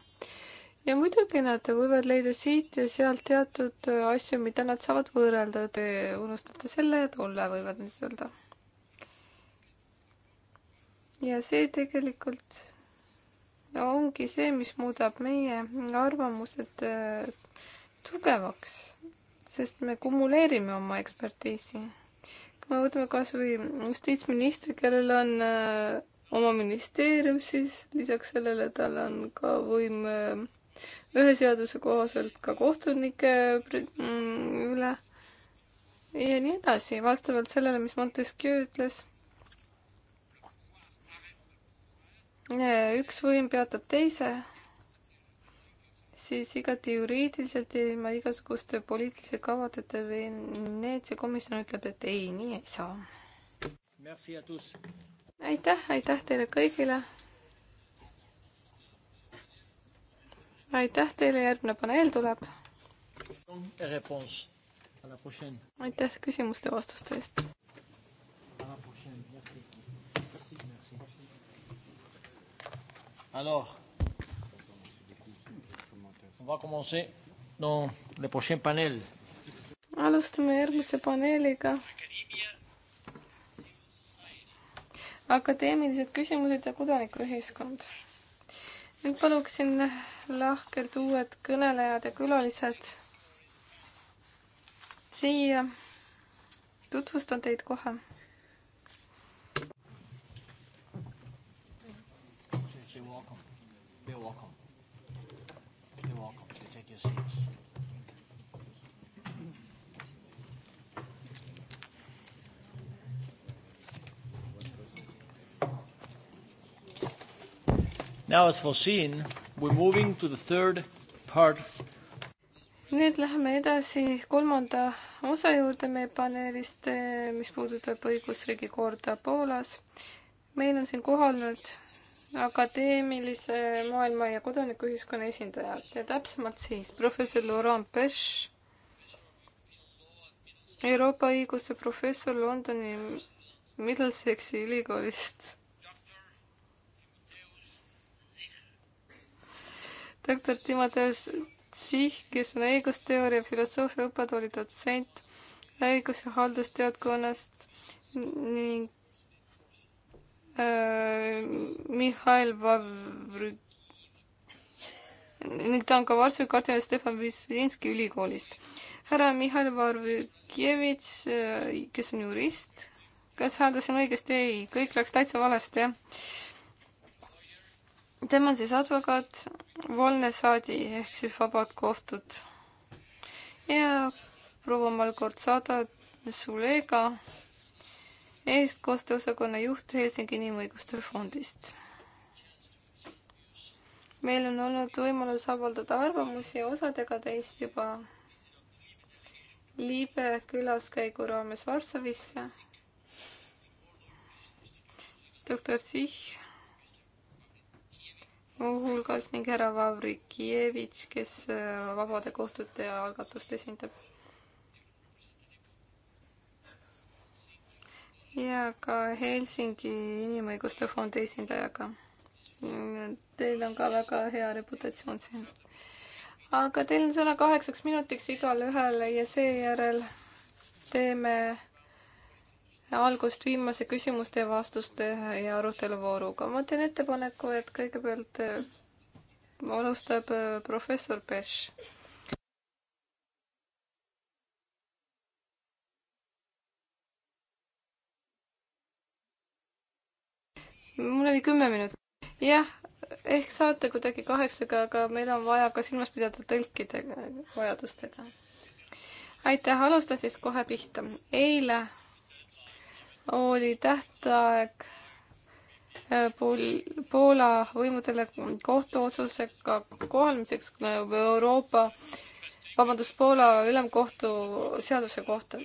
ja muidugi nad võivad leida siit ja sealt teatud äh, asju, mida nad saavad võrrelda, te unustate selle ja tolle, võivad nüüd öelda. ja see tegelikult ongi see, mis muudab meie arvamused äh, tugevaks, sest me kumuleerime oma ekspertiisi. kui me võtame kas või justiitsministri, kellel on äh, oma ministeerium, siis lisaks sellele tal on ka võim ühe seaduse kohaselt ka kohtunike mm, üle ja nii edasi, vastavalt sellele, mis Montesquieu ütles. üks võim peatab teise, siis igati juriidiliselt ilma igasuguste poliitilise kavadeta Veneetsia komisjon ütleb, et ei, nii ei saa. aitäh, aitäh teile kõigile aitäh teile, järgmine paneel tuleb. aitäh küsimuste ja vastuste eest. Alors, on va commencer dans le prochain panel. alustame järgmise paneeliga. akadeemilised küsimused ja kodanikuühiskond ning paluksin lahkelt uued kõnelejad ja külalised siia. tutvustan teid kohe. You're welcome. You're welcome. You're welcome to take your seats. Now as foreseen, we are moving to the third part. nüüd läheme edasi kolmanda osa juurde meie paneelist, eh, mis puudutab õigusriigi korda Poolas. meil on siin kohal nüüd akadeemilise maailma ja kodanikuühiskonna esindajad ja täpsemalt siis professor Laurent Pech, Euroopa õiguse professor Londoni Middlesexi ülikoolist doktor Timoteus Tsih, kes on õigusteooria filosoofia õppetooli dotsent õigus- ja haldusteadkonnast ning äh, Mihhail Vavr- ning ta on ka Varssavi kardinal Stefan Visvinski ülikoolist. härra Mihhail Varvikjevitš, äh, kes on jurist, kas hääldasin õigesti? ei, kõik läks täitsa valesti, jah tema on siis advokaat, Volnesaadi ehk siis Vabad Kohtud ja proua Malgorzata Zulega, eestkosteosakonna juht Helsingi Inimõiguste Fondist. meil on olnud võimalus avaldada arvamusi osadega teist juba Liibe külaskäigu raames Varssavisse. doktor Sih muuhulgas ning härra Vavrikjevitš, kes äh, Vabade Kohtute algatust esindab. ja ka Helsingi Inimõiguste Fondi esindajaga. Teil on ka väga hea reputatsioon siin. aga teil on sõna kaheksaks minutiks igale ühele ja seejärel teeme algust viimase küsimuste ja vastuste ja aruteluvooruga. ma teen ettepaneku, et kõigepealt äh, alustab äh, professor Pesh. mul oli kümme minutit. jah, ehk saate kuidagi kaheksaga, aga meil on vaja ka silmas pidada tõlkide vajadustega. aitäh, alusta siis kohe pihta. eile oli tähtaeg äh, Pool-, Poola võimudele kohtuotsusega kohanemiseks äh, Euroopa, vabandust, Poola ülemkohtu seaduse kohta.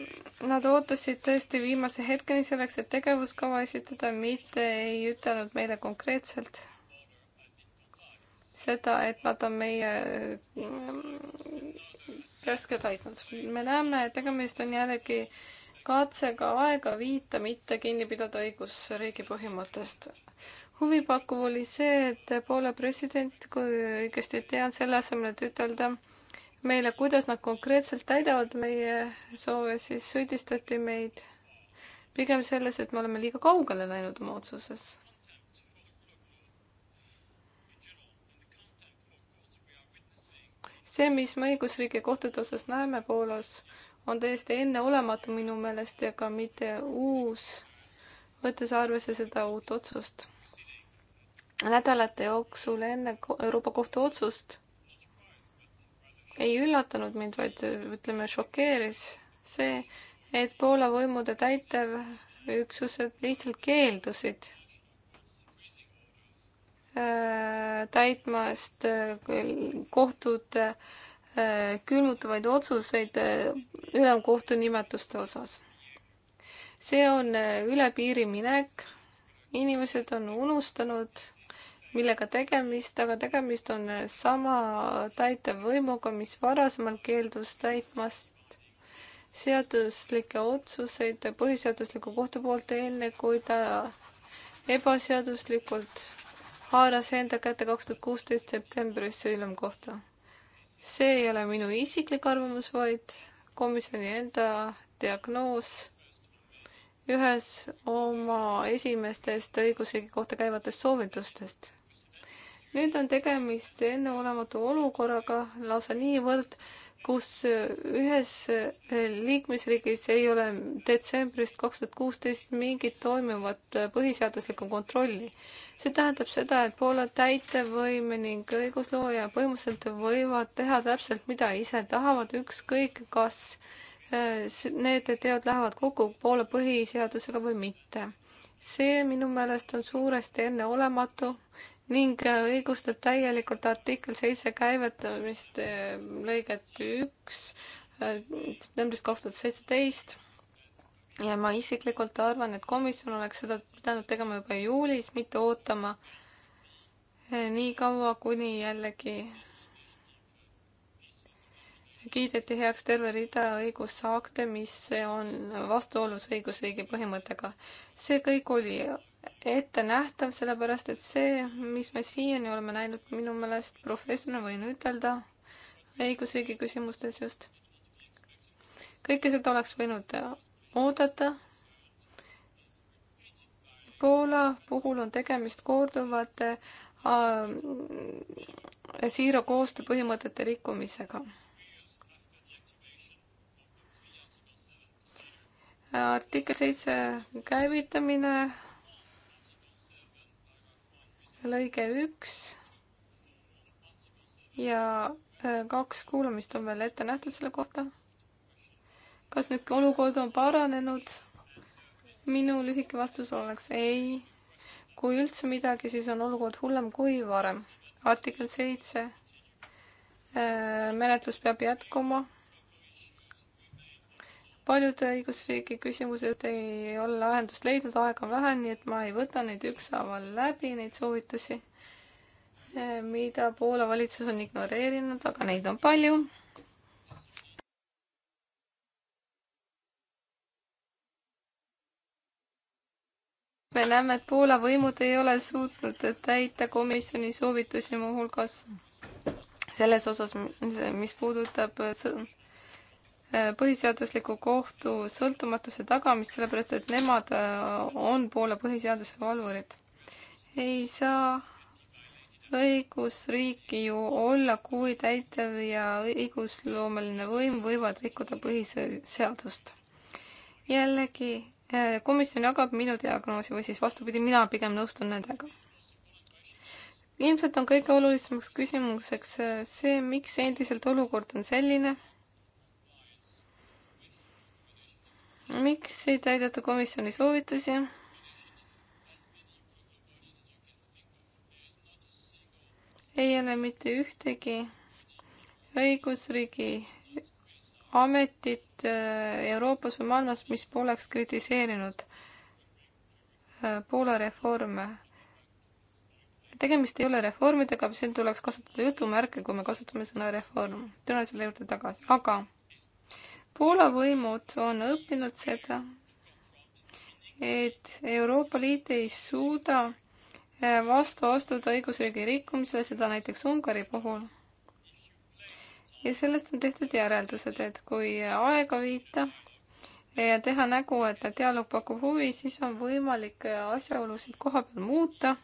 Nad ootasid tõesti viimase hetkeni selleks, et tegevuskava esitada, mitte ei ütelnud meile konkreetselt seda, et nad on meie äh, käske täitnud. me näeme, et tegemist on jällegi äh, katsega aega viita mitte kinni pidada õigusriigi põhimõttest. huvipakkuv oli see, et Poola president, kui õigesti tean, selle asemel, et ütelda meile, kuidas nad konkreetselt täidavad meie soove, siis süüdistati meid pigem selles, et me oleme liiga kaugele läinud oma otsuses see, mis me õigusriigi kohtade osas näeme Poolas, on täiesti enneolematu minu meelest ja ka mitte uus, võttes arvesse seda uut otsust. nädalate jooksul enne Euroopa Kohtu otsust ei üllatanud mind, vaid ütleme, šokeeris see, et Poola võimude täitevüksused lihtsalt keeldusid äh, täitmast äh, kohtute äh, külmutavaid otsuseid äh, ülemkohtu nimetuste osas. see on äh, üle piiri minek, inimesed on unustanud, millega tegemist, aga tegemist on äh, sama täitevvõimuga, mis varasemalt keeldus täitmast seaduslikke otsuseid põhiseadusliku kohtu poolt, enne kui ta ebaseaduslikult haaras enda kätte kaks tuhat kuusteist septembris ülemkohtu see ei ole minu isiklik arvamus, vaid komisjoni enda diagnoos ühes oma esimestest õigusriigi kohta käivatest soovitustest. nüüd on tegemist enneolematu olukorraga lausa niivõrd, kus äh, ühes äh, liikmesriigis ei ole detsembrist kaks tuhat kuusteist mingit toimuvat äh, põhiseaduslikku kontrolli. see tähendab seda, et Poola täitevvõim ning õiguslooja põhimõtteliselt võivad teha täpselt, mida ise tahavad, ükskõik kas need teod lähevad kokku Poola põhiseadusega või mitte. see minu meelest on suuresti enneolematu ning äh, õigustab täielikult artikkel seitse käivetamist äh, lõiget üks äh, septembrist kaks tuhat seitseteist ja ma isiklikult arvan, et komisjon oleks seda pidanud tegema juba juulis, mitte ootama nii kaua, kuni jällegi kiideti heaks terve rida õigusakte, mis on vastuolus õigusriigi põhimõttega. see kõik oli ettenähtav, sellepärast et see, mis me siiani oleme näinud, minu meelest professorina võin ütelda, õigusriigi küsimustes just, kõike seda oleks võinud oodata. Poola puhul on tegemist korduvate äh, siira koostöö põhimõtete rikkumisega. artikkel seitse käivitamine lõige üks ja äh, kaks kuulamist on veel ette nähtud selle kohta. kas nüüd olukord on paranenud? minu lühike vastus oleks ei. kui üldse midagi, siis on olukord hullem kui varem. artikkel seitse. Äh, menetlus peab jätkuma paljud õigusriigi küsimused ei ole lahendust leidnud, aega on vähe, nii et ma ei võta neid ükshaaval läbi, neid soovitusi, eh, mida Poola valitsus on ignoreerinud, aga neid on palju. me näeme, et Poola võimud ei ole suutnud täita komisjoni soovitusi muuhulgas selles osas, mis puudutab sõn-, põhiseadusliku kohtu sõltumatuse tagamist, sellepärast et nemad äh, on Poola põhiseaduse valvurid. ei saa õigusriiki ju olla, kui täitev ja õigusloomeline võim võivad rikkuda põhiseadust. jällegi, äh, komisjon jagab minu diagnoosi või siis vastupidi, mina pigem nõustun nendega. ilmselt on kõige olulisemaks küsimuseks äh, see, miks endiselt olukord on selline miks ei täideta komisjoni soovitusi? ei ole mitte ühtegi õigusriigi ametit äh, Euroopas või maailmas, mis poleks kritiseerinud äh, Poola reforme. tegemist ei ole reformidega, siin tuleks kasutada jutumärke, kui me kasutame sõna reform. tulen selle juurde tagasi, aga Poola võimud on õppinud seda, et Euroopa Liit ei suuda eh, vastu astuda õigusriigi rikkumisele, seda näiteks Ungari puhul. ja sellest on tehtud järeldused, et kui aega viita ja teha nägu, et dialoog pakub huvi, siis on võimalik asjaolusid koha peal muuta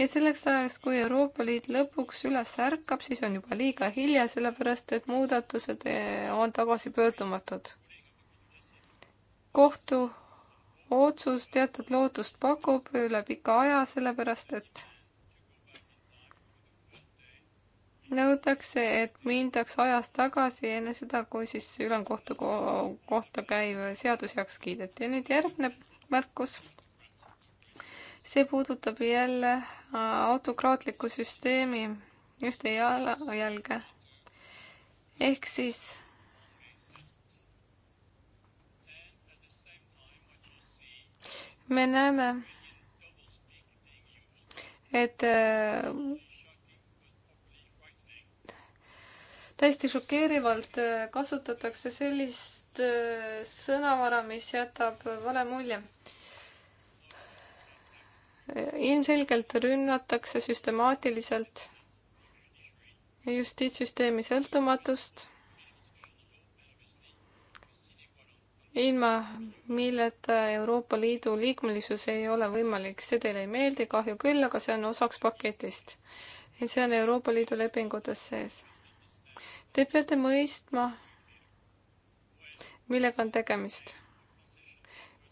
ja selleks ajaks, kui Euroopa Liit lõpuks üles ärkab, siis on juba liiga hilja, sellepärast et muudatused eh, on tagasipöördumatud. kohtu otsus teatud lootust pakub üle pika aja, sellepärast et nõutakse, et mindaks ajas tagasi enne seda, kui siis ülemkohtu kohta käiv seadus heaks kiideti ja nüüd järgneb märkus see puudutab jälle äh, autokraatliku süsteemi ühte jalajälge. ehk siis me näeme, et äh, täiesti šokeerivalt äh, kasutatakse sellist sõnavara, mis jätab vale mulje ilmselgelt rünnatakse süstemaatiliselt justiitssüsteemi sõltumatust, ilma milleta Euroopa Liidu liikmelisus ei ole võimalik, see teile ei meeldi, kahju küll, aga see on osaks paketist. see on Euroopa Liidu lepingutes sees. Te peate mõistma, millega on tegemist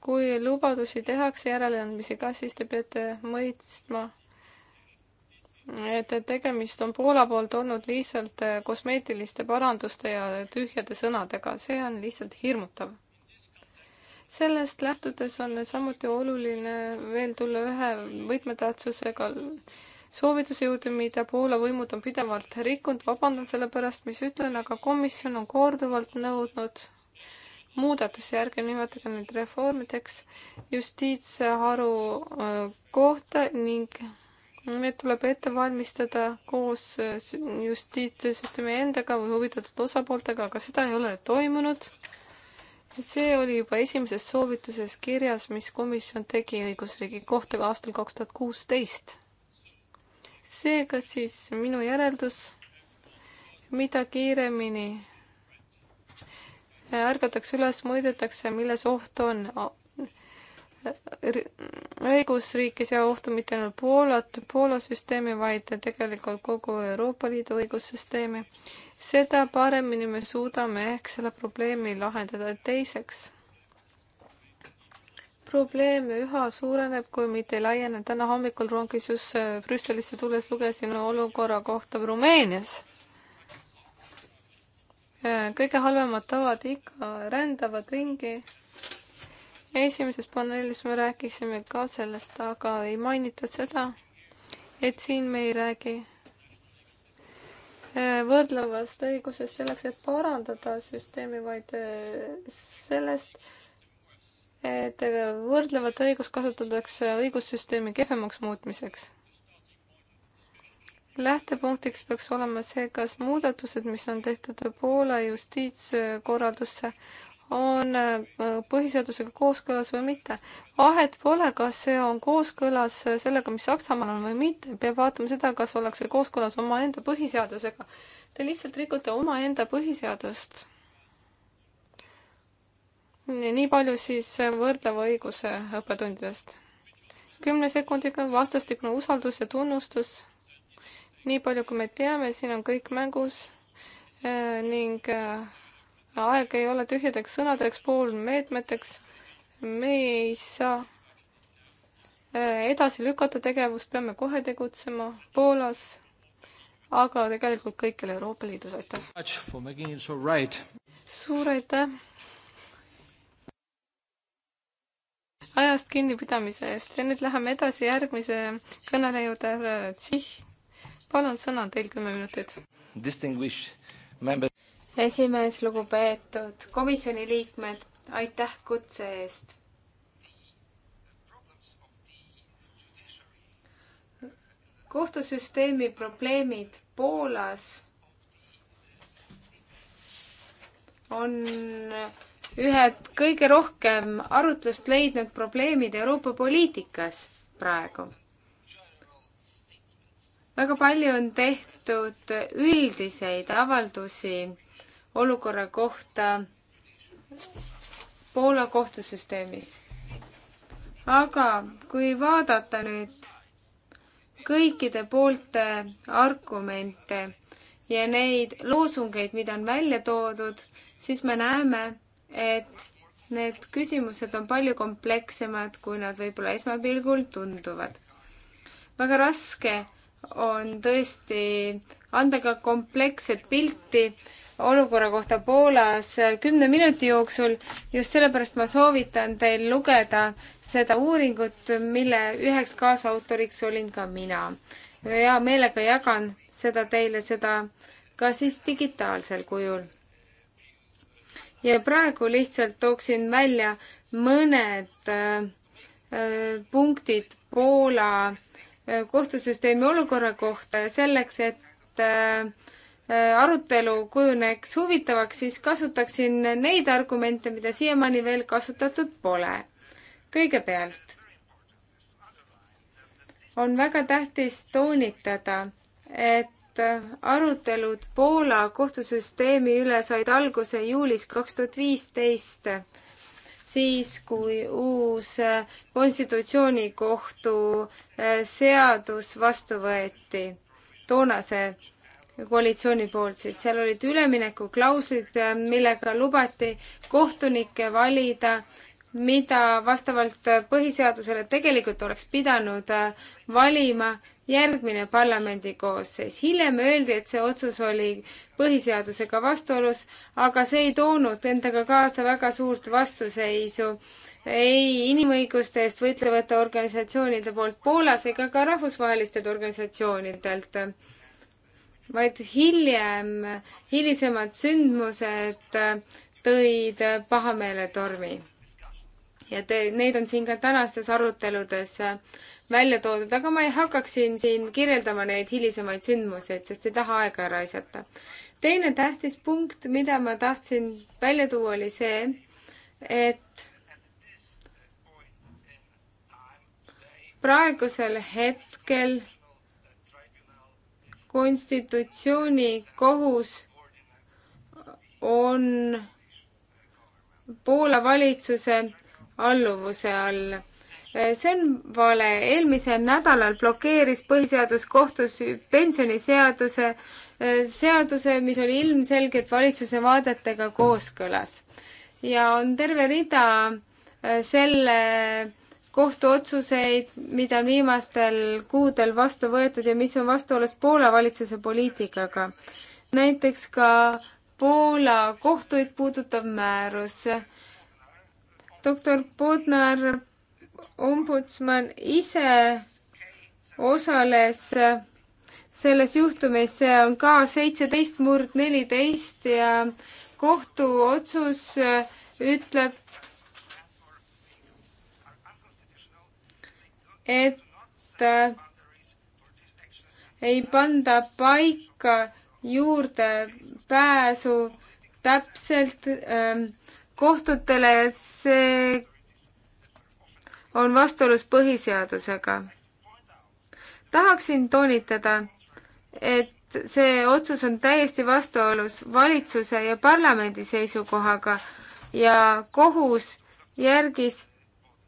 kui lubadusi tehakse järeleandmisi ka, siis te peate mõistma, et tegemist on Poola poolt olnud lihtsalt eh, kosmeetiliste paranduste ja tühjade sõnadega, see on lihtsalt hirmutav. sellest lähtudes on samuti oluline veel tulla ühe võtmetähtsusega soovituse juurde, mida Poola võimud on pidevalt rikkunud, vabandan selle pärast, mis ütlen, aga komisjon on korduvalt nõudnud muudatuse järgi nimetage neid reformideks justiitsharu äh, kohta ning need tuleb ette valmistada koos äh, justiitssüsteemi endaga või huvitatud osapooltega, aga seda ei ole toimunud. see oli juba esimeses soovituses kirjas, mis komisjon tegi õigusriigi kohta ka aastal kaks tuhat kuusteist. seega siis minu järeldus, mida kiiremini ärgatakse üles, mõõdetakse, milles oht on. õigusriigis ja ohtu mitte ainult Poolat, Poola süsteemi, vaid tegelikult kogu Euroopa Liidu õigussüsteemi. seda paremini me suudame ehk selle probleemi lahendada. teiseks, probleem üha suureneb, kui mitte ei laiene. täna hommikul rongis just Brüsselisse tulles lugesin olukorra kohta Rumeenias kõige halvemad tavad ikka rändavad ringi. esimeses paneelis me rääkisime ka sellest, aga ei mainitud seda, et siin me ei räägi äh, võrdlevast õigusest selleks, et parandada süsteemi, vaid äh, sellest, et võrdlevat õigust kasutatakse õigussüsteemi kehvemaks muutmiseks lähtepunktiks peaks olema see, kas muudatused, mis on tehtud Poola justiitskorraldusse, on äh, põhiseadusega kooskõlas või mitte. vahet pole, kas see on kooskõlas äh, sellega, mis Saksamaal on või mitte, peab vaatama seda, kas ollakse kooskõlas omaenda põhiseadusega. Te lihtsalt rikute omaenda põhiseadust. nii palju siis äh, võrdleva õiguse õppetundidest. kümne sekundiga vastastikune usaldus ja tunnustus nii palju, kui me teame, siin on kõik mängus äh, ning äh, aeg ei ole tühjadeks sõnadeks, poolmeetmeteks. me ei saa äh, edasi lükata tegevust, peame kohe tegutsema Poolas, aga tegelikult kõikjal Euroopa Liidus, aitäh! suur aitäh! ajast kinnipidamise eest ja nüüd läheme edasi järgmise kõneleja juurde, härra Tšihh palun, sõna on teil kümme minutit. esimees, lugupeetud komisjoni liikmed, aitäh kutse eest. kohtusüsteemi probleemid Poolas on ühed kõige rohkem arutlust leidnud probleemid Euroopa poliitikas praegu väga palju on tehtud üldiseid avaldusi olukorra kohta Poola kohtusüsteemis. aga kui vaadata nüüd kõikide poolte argumente ja neid loosungeid, mida on välja toodud, siis me näeme, et need küsimused on palju komplekssemad, kui nad võib-olla esmapilgul tunduvad. väga raske on tõesti anda ka kompleksset pilti olukorra kohta Poolas kümne minuti jooksul. just sellepärast ma soovitan teil lugeda seda uuringut, mille üheks kaasautoriks olin ka mina. hea meelega jagan seda teile, seda ka siis digitaalsel kujul. ja praegu lihtsalt tooksin välja mõned äh, äh punktid Poola äh, kohtusüsteemi olukorra kohta ja selleks, et äh, arutelu kujuneks huvitavaks, siis kasutaksin neid argumente, mida siiamaani veel kasutatud pole. kõigepealt on väga tähtis toonitada, et arutelud Poola kohtusüsteemi üle said alguse juulis kaks tuhat viisteist siis, kui uus äh, konstitutsioonikohtu äh, seadus vastu võeti toonase koalitsiooni poolt, siis seal olid üleminekuklauslid, äh, millega lubati kohtunikke valida, mida vastavalt põhiseadusele tegelikult oleks pidanud valima järgmine parlamendi koosseis. hiljem öeldi, et see otsus oli põhiseadusega vastuolus, aga see ei toonud endaga kaasa väga suurt vastuseisu ei inimõiguste eest võitlevate organisatsioonide poolt Poolas ega ka rahvusvahelistelt organisatsioonidelt. vaid hiljem, hilisemad sündmused tõid pahameeletormi ja te, neid on siin ka tänastes aruteludes äh, välja toodud, aga ma ei hakkaks siin, siin kirjeldama neid hilisemaid sündmuseid, sest ei taha aega raisata. teine tähtis punkt, mida ma tahtsin välja tuua, oli see, et praegusel hetkel konstitutsiooni kohus on Poola valitsuse alluvuse all. Eh, see on vale. eelmisel nädalal blokeeris põhiseaduskohtus pensioniseaduse, eh, seaduse, mis oli ilmselgelt valitsuse vaadetega kooskõlas. ja on terve rida eh, selle kohtuotsuseid, mida on viimastel kuudel vastu võetud ja mis on vastuolus Poola valitsuse poliitikaga. näiteks ka Poola kohtuid puudutav määrus doktor Bodnar, ombudsman ise osales selles juhtumis, see on ka seitseteist murd neliteist ja kohtuotsus äh, ütleb, et äh, ei panda paika juurdepääsu täpselt ähm, kohtutele, see on vastuolus põhiseadusega. tahaksin toonitada, et see otsus on täiesti vastuolus valitsuse ja parlamendi seisukohaga ja kohus järgis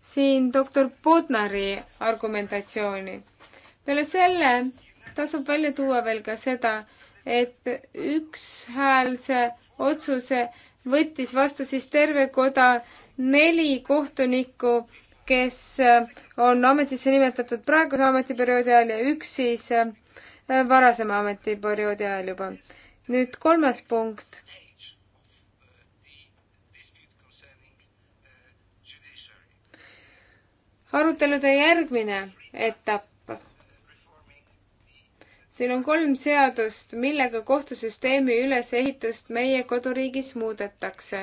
siin doktor Bodnari argumentatsiooni. peale selle tasub välja tuua veel ka seda, et ükshäälse otsuse võttis vastu siis terve koda neli kohtunikku, kes äh, on ametisse nimetatud praeguse ametiperioodi ajal ja üks siis äh, varasema ametiperioodi ajal juba. nüüd kolmas punkt. arutelude järgmine etapp siin on kolm seadust, millega kohtusüsteemi ülesehitust meie koduriigis muudetakse.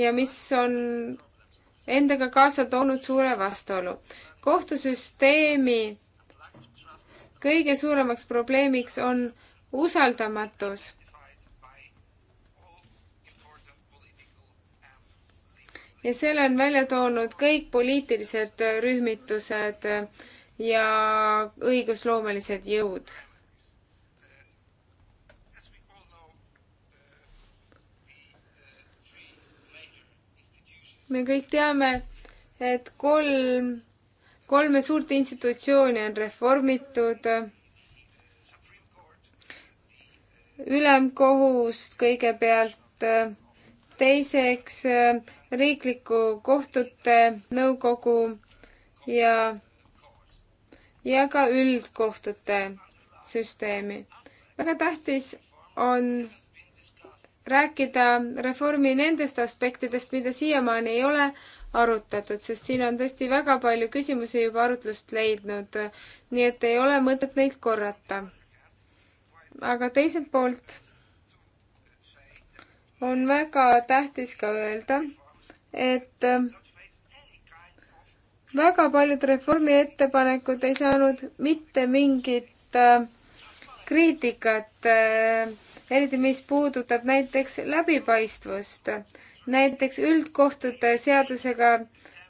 ja mis on endaga kaasa toonud suure vastuolu. kohtusüsteemi kõige suuremaks probleemiks on usaldamatus. ja selle on välja toonud kõik poliitilised rühmitused äh, ja õigusloomelised jõud. me kõik teame, et kolm, kolme suurt institutsiooni on reformitud. ülemkohust kõigepealt, teiseks riikliku kohtute nõukogu ja ja ka üldkohtute süsteemi. väga tähtis on rääkida reformi nendest aspektidest, mida siiamaani ei ole arutatud, sest siin on tõesti väga palju küsimusi juba arutlust leidnud, nii et ei ole mõtet neid korrata. aga teiselt poolt on väga tähtis ka öelda, et väga paljud reformi ettepanekud ei saanud mitte mingit äh, kriitikat, äh, eriti mis puudutab näiteks läbipaistvust. näiteks üldkohtute seadusega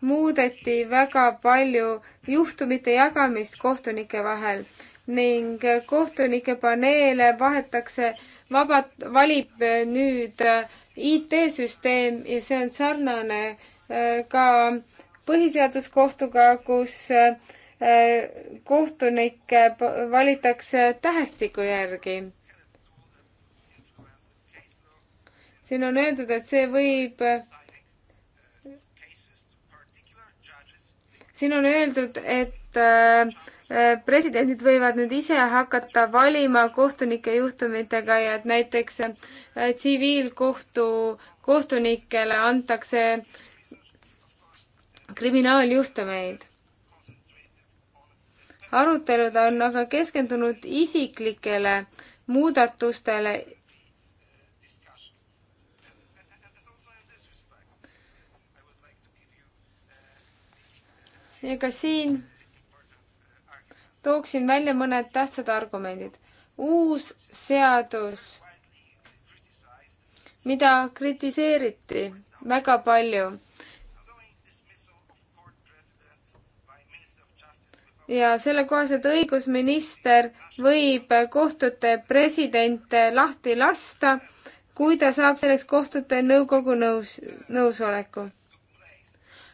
muudeti väga palju juhtumite jagamist kohtunike vahel ning kohtunike paneele vahetakse vabad, valib äh, nüüd IT-süsteem ja see on sarnane ka põhiseaduskohtuga, kus äh, kohtunikke valitakse tähestiku järgi. siin on öeldud, et see võib siin on öeldud, et äh, presidendid võivad nüüd ise hakata valima kohtunike juhtumitega ja et näiteks äh, tsiviilkohtu äh, kohtunikele antakse kriminaaljuhtumeid. arutelud on aga keskendunud isiklikele muudatustele ja ka siin tooksin välja mõned tähtsad argumendid. uus seadus, mida kritiseeriti väga palju, ja selle kohaselt õigusminister võib kohtute presidente lahti lasta, kui ta saab selleks kohtute nõukogu nõus, nõusoleku.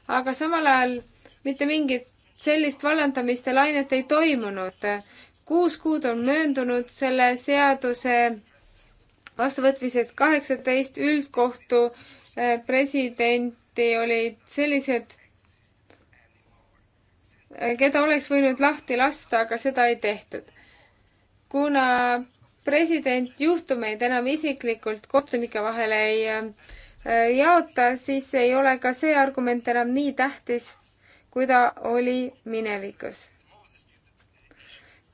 aga samal ajal mitte mingit sellist vallandamiste lainet ei toimunud. kuus kuud on möödunud selle seaduse vastuvõtmisest kaheksateist üldkohtu eh, presidenti olid sellised keda oleks võinud lahti lasta, aga seda ei tehtud. kuna president juhtumeid enam isiklikult kohtunike vahele ei äh, jaota, siis ei ole ka see argument enam nii tähtis, kui ta oli minevikus.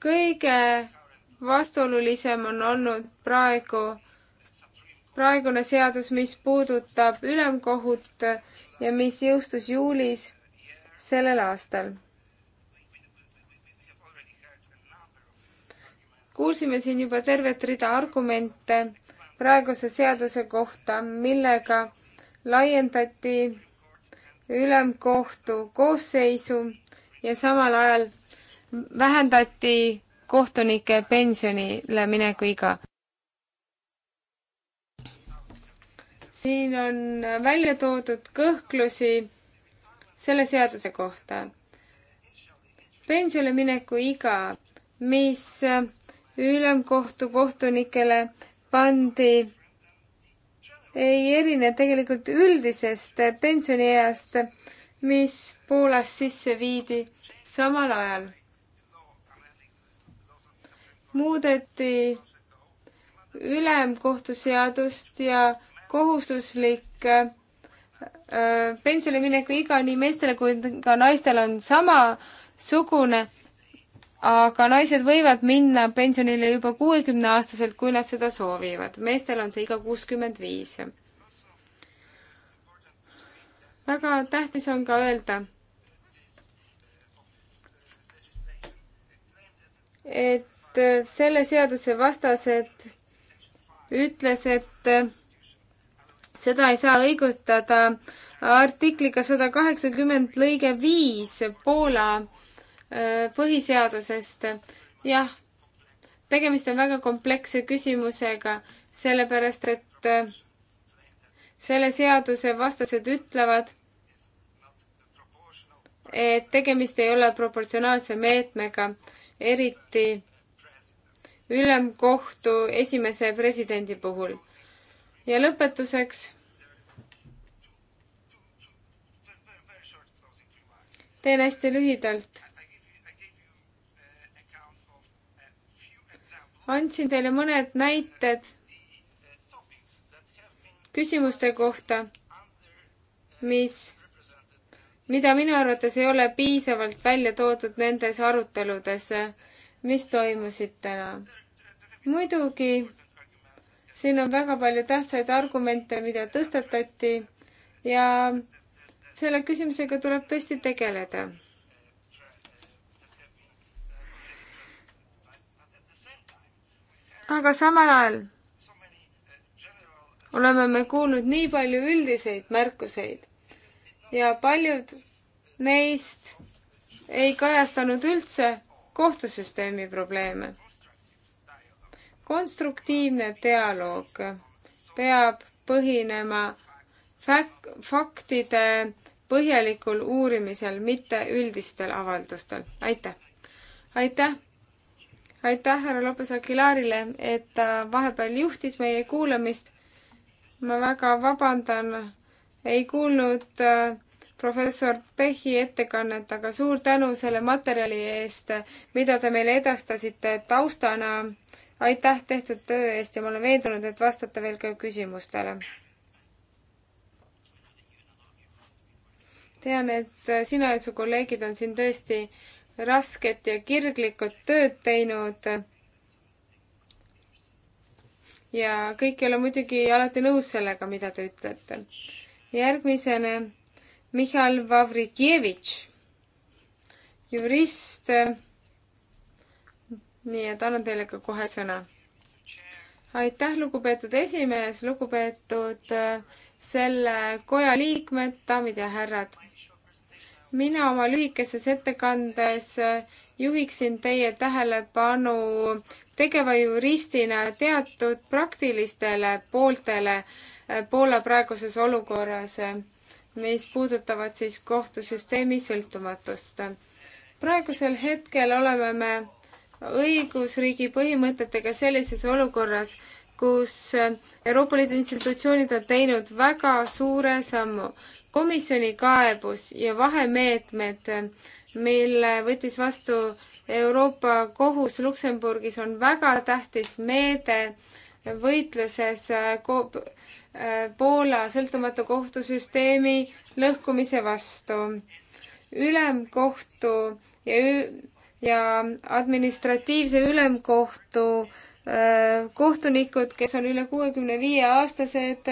kõige vastuolulisem on olnud praegu, praegune seadus, mis puudutab ülemkohut ja mis jõustus juulis sellel aastal kuulsime siin juba tervet rida argumente praeguse seaduse kohta, millega laiendati ülemkohtu koosseisu ja samal ajal vähendati kohtunike pensionile mineku iga. siin on välja toodud kõhklusi selle seaduse kohta. pensionile mineku iga, mis ülemkohtu kohtunikele pandi, ei erine tegelikult üldisest pensionieast, mis Poolas sisse viidi samal ajal. muudeti ülemkohtuseadust ja kohustuslik äh, pensionile mineku iga nii meestele kui ka naistele on samasugune aga naised võivad minna pensionile juba kuuekümne aastaselt, kui nad seda soovivad. meestel on see iga kuuskümmend viis. väga tähtis on ka öelda, et selle seaduse vastased ütles, et seda ei saa õigustada artikliga sada kaheksakümmend lõige viis Poola äh, Äh, põhiseadusest. jah, tegemist on väga kompleksse küsimusega, sellepärast et äh, selle seaduse vastased ütlevad, et tegemist ei ole proportsionaalse meetmega, eriti ülemkohtu esimese presidendi puhul. ja lõpetuseks teen hästi lühidalt. andsin teile mõned näited küsimuste kohta, mis, mida minu arvates ei ole piisavalt välja toodud nendes aruteludes, mis toimusid täna. muidugi siin on väga palju tähtsaid argumente, mida tõstatati ja selle küsimusega tuleb tõesti tegeleda aga samal ajal oleme me kuulnud nii palju üldiseid märkuseid ja paljud neist ei kajastanud üldse kohtusüsteemi probleeme. konstruktiivne dialoog peab põhinema fak-, faktide põhjalikul uurimisel, mitte üldistel avaldustel. aitäh! aitäh! aitäh härra Lopes Aguilarile, et ta vahepeal juhtis meie kuulamist. ma väga vabandan, ei kuulnud äh, professor Pechi ettekannet, aga suur tänu selle materjali eest, mida te meile edastasite taustana. aitäh tehtud töö eest ja ma olen veendunud, et vastate veel ka küsimustele. tean, et äh, sina ja su kolleegid on siin tõesti äh, rasket ja kirglikut tööd teinud. ja kõik ei ole muidugi alati nõus sellega, mida te ütlete. järgmisena Mihhail Vavrikjevitš, jurist. nii et annan teile ka kohe sõna. aitäh, lugupeetud esimees, lugupeetud äh, selle koja liikmed, daamid ja härrad mina oma lühikeses ettekandes juhiksin teie tähelepanu tegeva juristina teatud praktilistele pooltele äh, Poola praeguses olukorras, äh, mis puudutavad siis kohtusüsteemi sõltumatust. praegusel hetkel oleme me õigusriigi põhimõtetega sellises olukorras, kus äh, Euroopa Liidu institutsioonid on teinud väga suure sammu komisjoni kaebus ja vahemeetmed, mille võttis vastu Euroopa Kohus Luksemburgis, on väga tähtis meede võitluses äh, ko-, äh, Poola sõltumatu kohtusüsteemi lõhkumise vastu. ülemkohtu ja ü-, ja administratiivse ülemkohtu äh, kohtunikud, kes on üle kuuekümne viie aastased,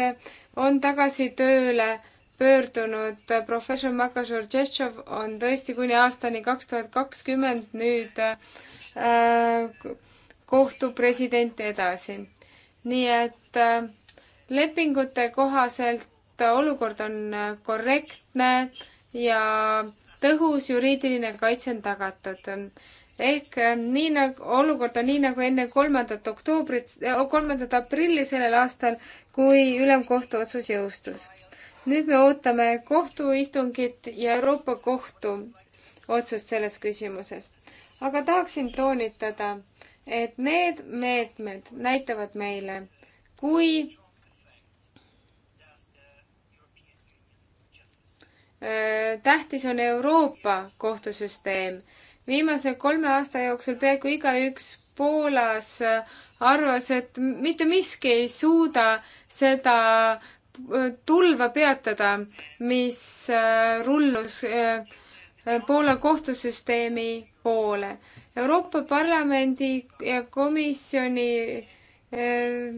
on tagasi tööle pöördunud professor Makažor Tšetšov on tõesti kuni aastani kaks tuhat kakskümmend nüüd äh, kohtupresident edasi. nii et äh, lepingute kohaselt olukord on korrektne ja tõhus juriidiline kaitse on tagatud ehk äh, nii nagu, olukord on nii nagu enne kolmandat oktoobrit, kolmandat aprilli sellel aastal, kui ülemkohtu otsus jõustus nüüd me ootame kohtuistungit ja Euroopa Kohtu otsust selles küsimuses. aga tahaksin toonitada, et need meetmed näitavad meile, kui tähtis on Euroopa kohtusüsteem. viimase kolme aasta jooksul peaaegu igaüks Poolas arvas, et mitte miski ei suuda seda tulva peatada, mis äh, rullus äh, Poola kohtusüsteemi poole. Euroopa Parlamendi ja komisjoni äh,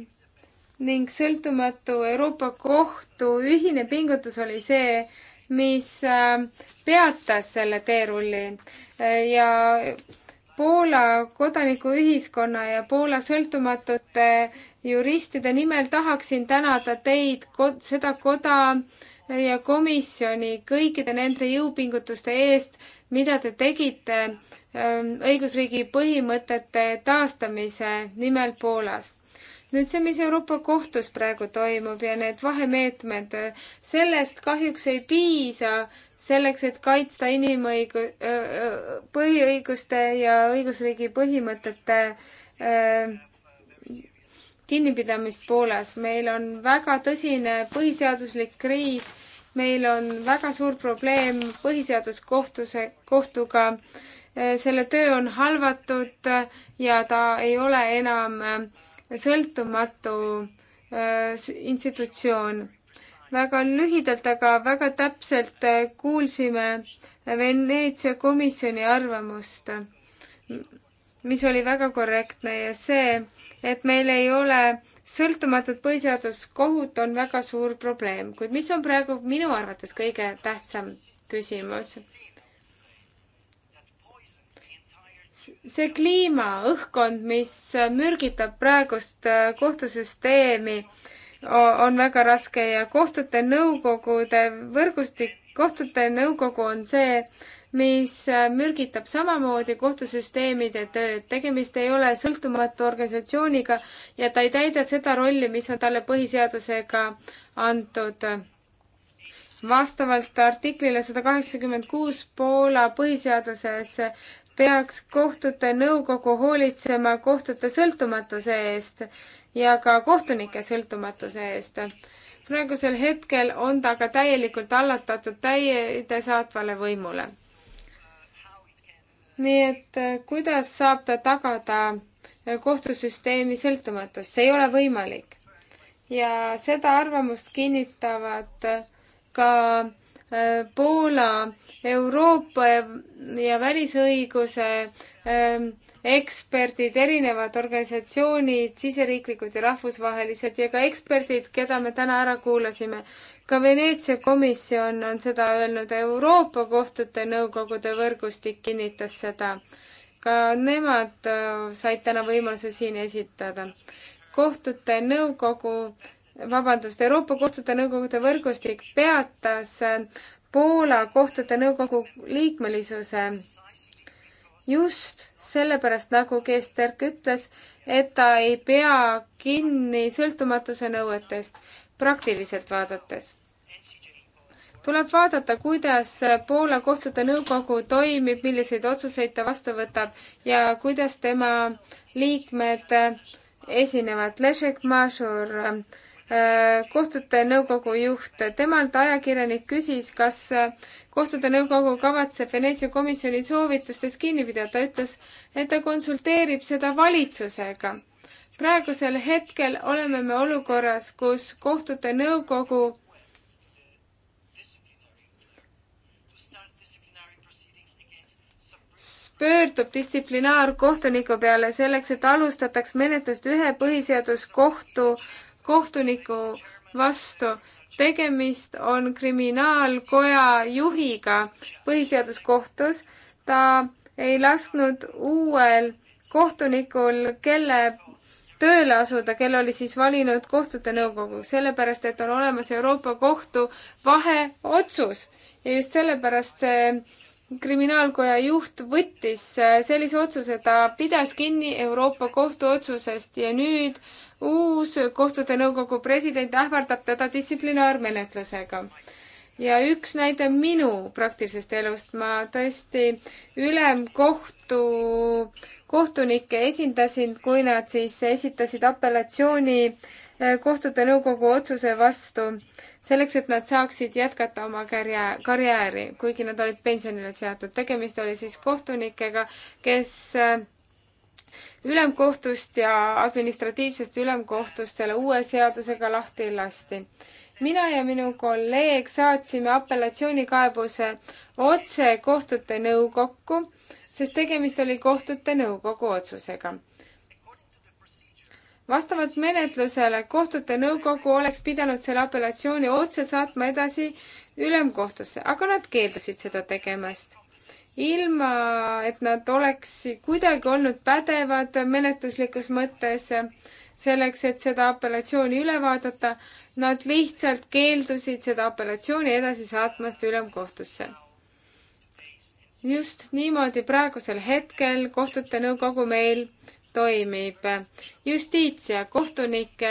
ning sõltumatu Euroopa Kohtu ühine pingutus oli see, mis peatas selle teerulli ja Poola kodanikuühiskonna ja Poola sõltumatute juristide nimel tahaksin tänada teid, seda koda ja komisjoni kõikide nende jõupingutuste eest, mida te tegite ähm, õigusriigi põhimõtete taastamise nimel Poolas. nüüd see, mis Euroopa Kohtus praegu toimub ja need vahemeetmed, sellest kahjuks ei piisa selleks, et kaitsta inimõigu-, äh, äh, põhiõiguste ja õigusriigi põhimõtete öö, äh, kinnipidamist Poolas. meil on väga tõsine põhiseaduslik kriis, meil on väga suur probleem põhiseaduskohtuse, kohtuga, eh, selle töö on halvatud eh, ja ta ei ole enam eh, sõltumatu institutsioon. väga lühidalt, aga väga täpselt kuulsime Veneetsia komisjoni arvamust, mis oli väga korrektne ja see, et meil ei ole sõltumatut põhiseaduskohut, on väga suur probleem, kuid mis on praegu minu arvates kõige tähtsam küsimus? see kliima, õhkkond, mis mürgitab praegust äh, kohtusüsteemi, on väga raske ja kohtute nõukogude võrgustik, kohtute nõukogu on see, mis äh, mürgitab samamoodi kohtusüsteemide tööd. tegemist ei ole sõltumatu organisatsiooniga ja ta ei täida seda rolli, mis on talle põhiseadusega antud. vastavalt artiklile sada kaheksakümmend kuus Poola põhiseaduses peaks kohtute nõukogu hoolitsema kohtute sõltumatuse eest ja ka kohtunike sõltumatuse eest. praegusel hetkel on ta aga täielikult allatatud täidesaatvale võimule nii et äh, kuidas saab ta tagada äh, kohtusüsteemi sõltumatust, see ei ole võimalik. ja seda arvamust kinnitavad äh, ka Poola Euroopa ja välisõiguse ähm, eksperdid, erinevad organisatsioonid, siseriiklikud ja rahvusvahelised ja ka eksperdid, keda me täna ära kuulasime. ka Veneetsia komisjon on seda öelnud, Euroopa kohtute nõukogude võrgustik kinnitas seda. ka nemad äh, said täna võimaluse siin esitada. kohtute nõukogu vabandust, Euroopa Kohtute Nõukogude võrgustik peatas äh, Poola kohtute nõukogu liikmelisuse just sellepärast, nagu Kesterk ütles, et ta ei pea kinni sõltumatuse nõuetest praktiliselt vaadates. tuleb vaadata, kuidas Poola kohtute nõukogu toimib, milliseid otsuseid ta vastu võtab ja kuidas tema liikmed esinevad. Leszek Mašur äh, Äh, kohtute nõukogu juht, temalt ajakirjanik küsis, kas äh, kohtute nõukogu kavatseb Veneetsia komisjoni soovitustest kinni pidada, ütles, et ta konsulteerib seda valitsusega. praegusel hetkel oleme me olukorras, kus kohtute nõukogu pöördub distsiplinaarkohtuniku peale selleks, et alustataks menetlust ühe põhiseaduskohtu kohtuniku vastu. tegemist on kriminaalkoja juhiga põhiseaduskohtus. ta ei lasknud uuel kohtunikul, kelle tööle asuda, kel oli siis valinud kohtute nõukogu, sellepärast et on olemas Euroopa Kohtu vaheotsus ja just sellepärast see kriminaalkoja juht võttis äh, sellise otsuse, ta pidas kinni Euroopa Kohtu otsusest ja nüüd uus kohtute nõukogu president ähvardab teda distsiplinaarmenetlusega. ja üks näide minu praktilisest elust, ma tõesti ülemkohtu kohtunikke esindasin, kui nad siis esitasid apellatsiooni äh, Äh, kohtute nõukogu otsuse vastu selleks, et nad saaksid jätkata oma karjää-, karjääri, kuigi nad olid pensionile seatud. tegemist oli siis kohtunikega, kes äh, ülemkohtust ja administratiivsest ülemkohtust selle uue seadusega lahti lasti. mina ja minu kolleeg saatsime apellatsioonikaebuse otse kohtute nõukokku, sest tegemist oli kohtute nõukogu otsusega vastavalt menetlusele kohtute nõukogu oleks pidanud selle apellatsiooni otse saatma edasi ülemkohtusse, aga nad keeldusid seda tegemast. ilma, et nad oleks kuidagi olnud pädevad menetluslikus mõttes selleks, et seda apellatsiooni üle vaadata, nad lihtsalt keeldusid seda apellatsiooni edasi saatmast ülemkohtusse just niimoodi praegusel hetkel kohtute nõukogu meil toimib. justiits- ja kohtunike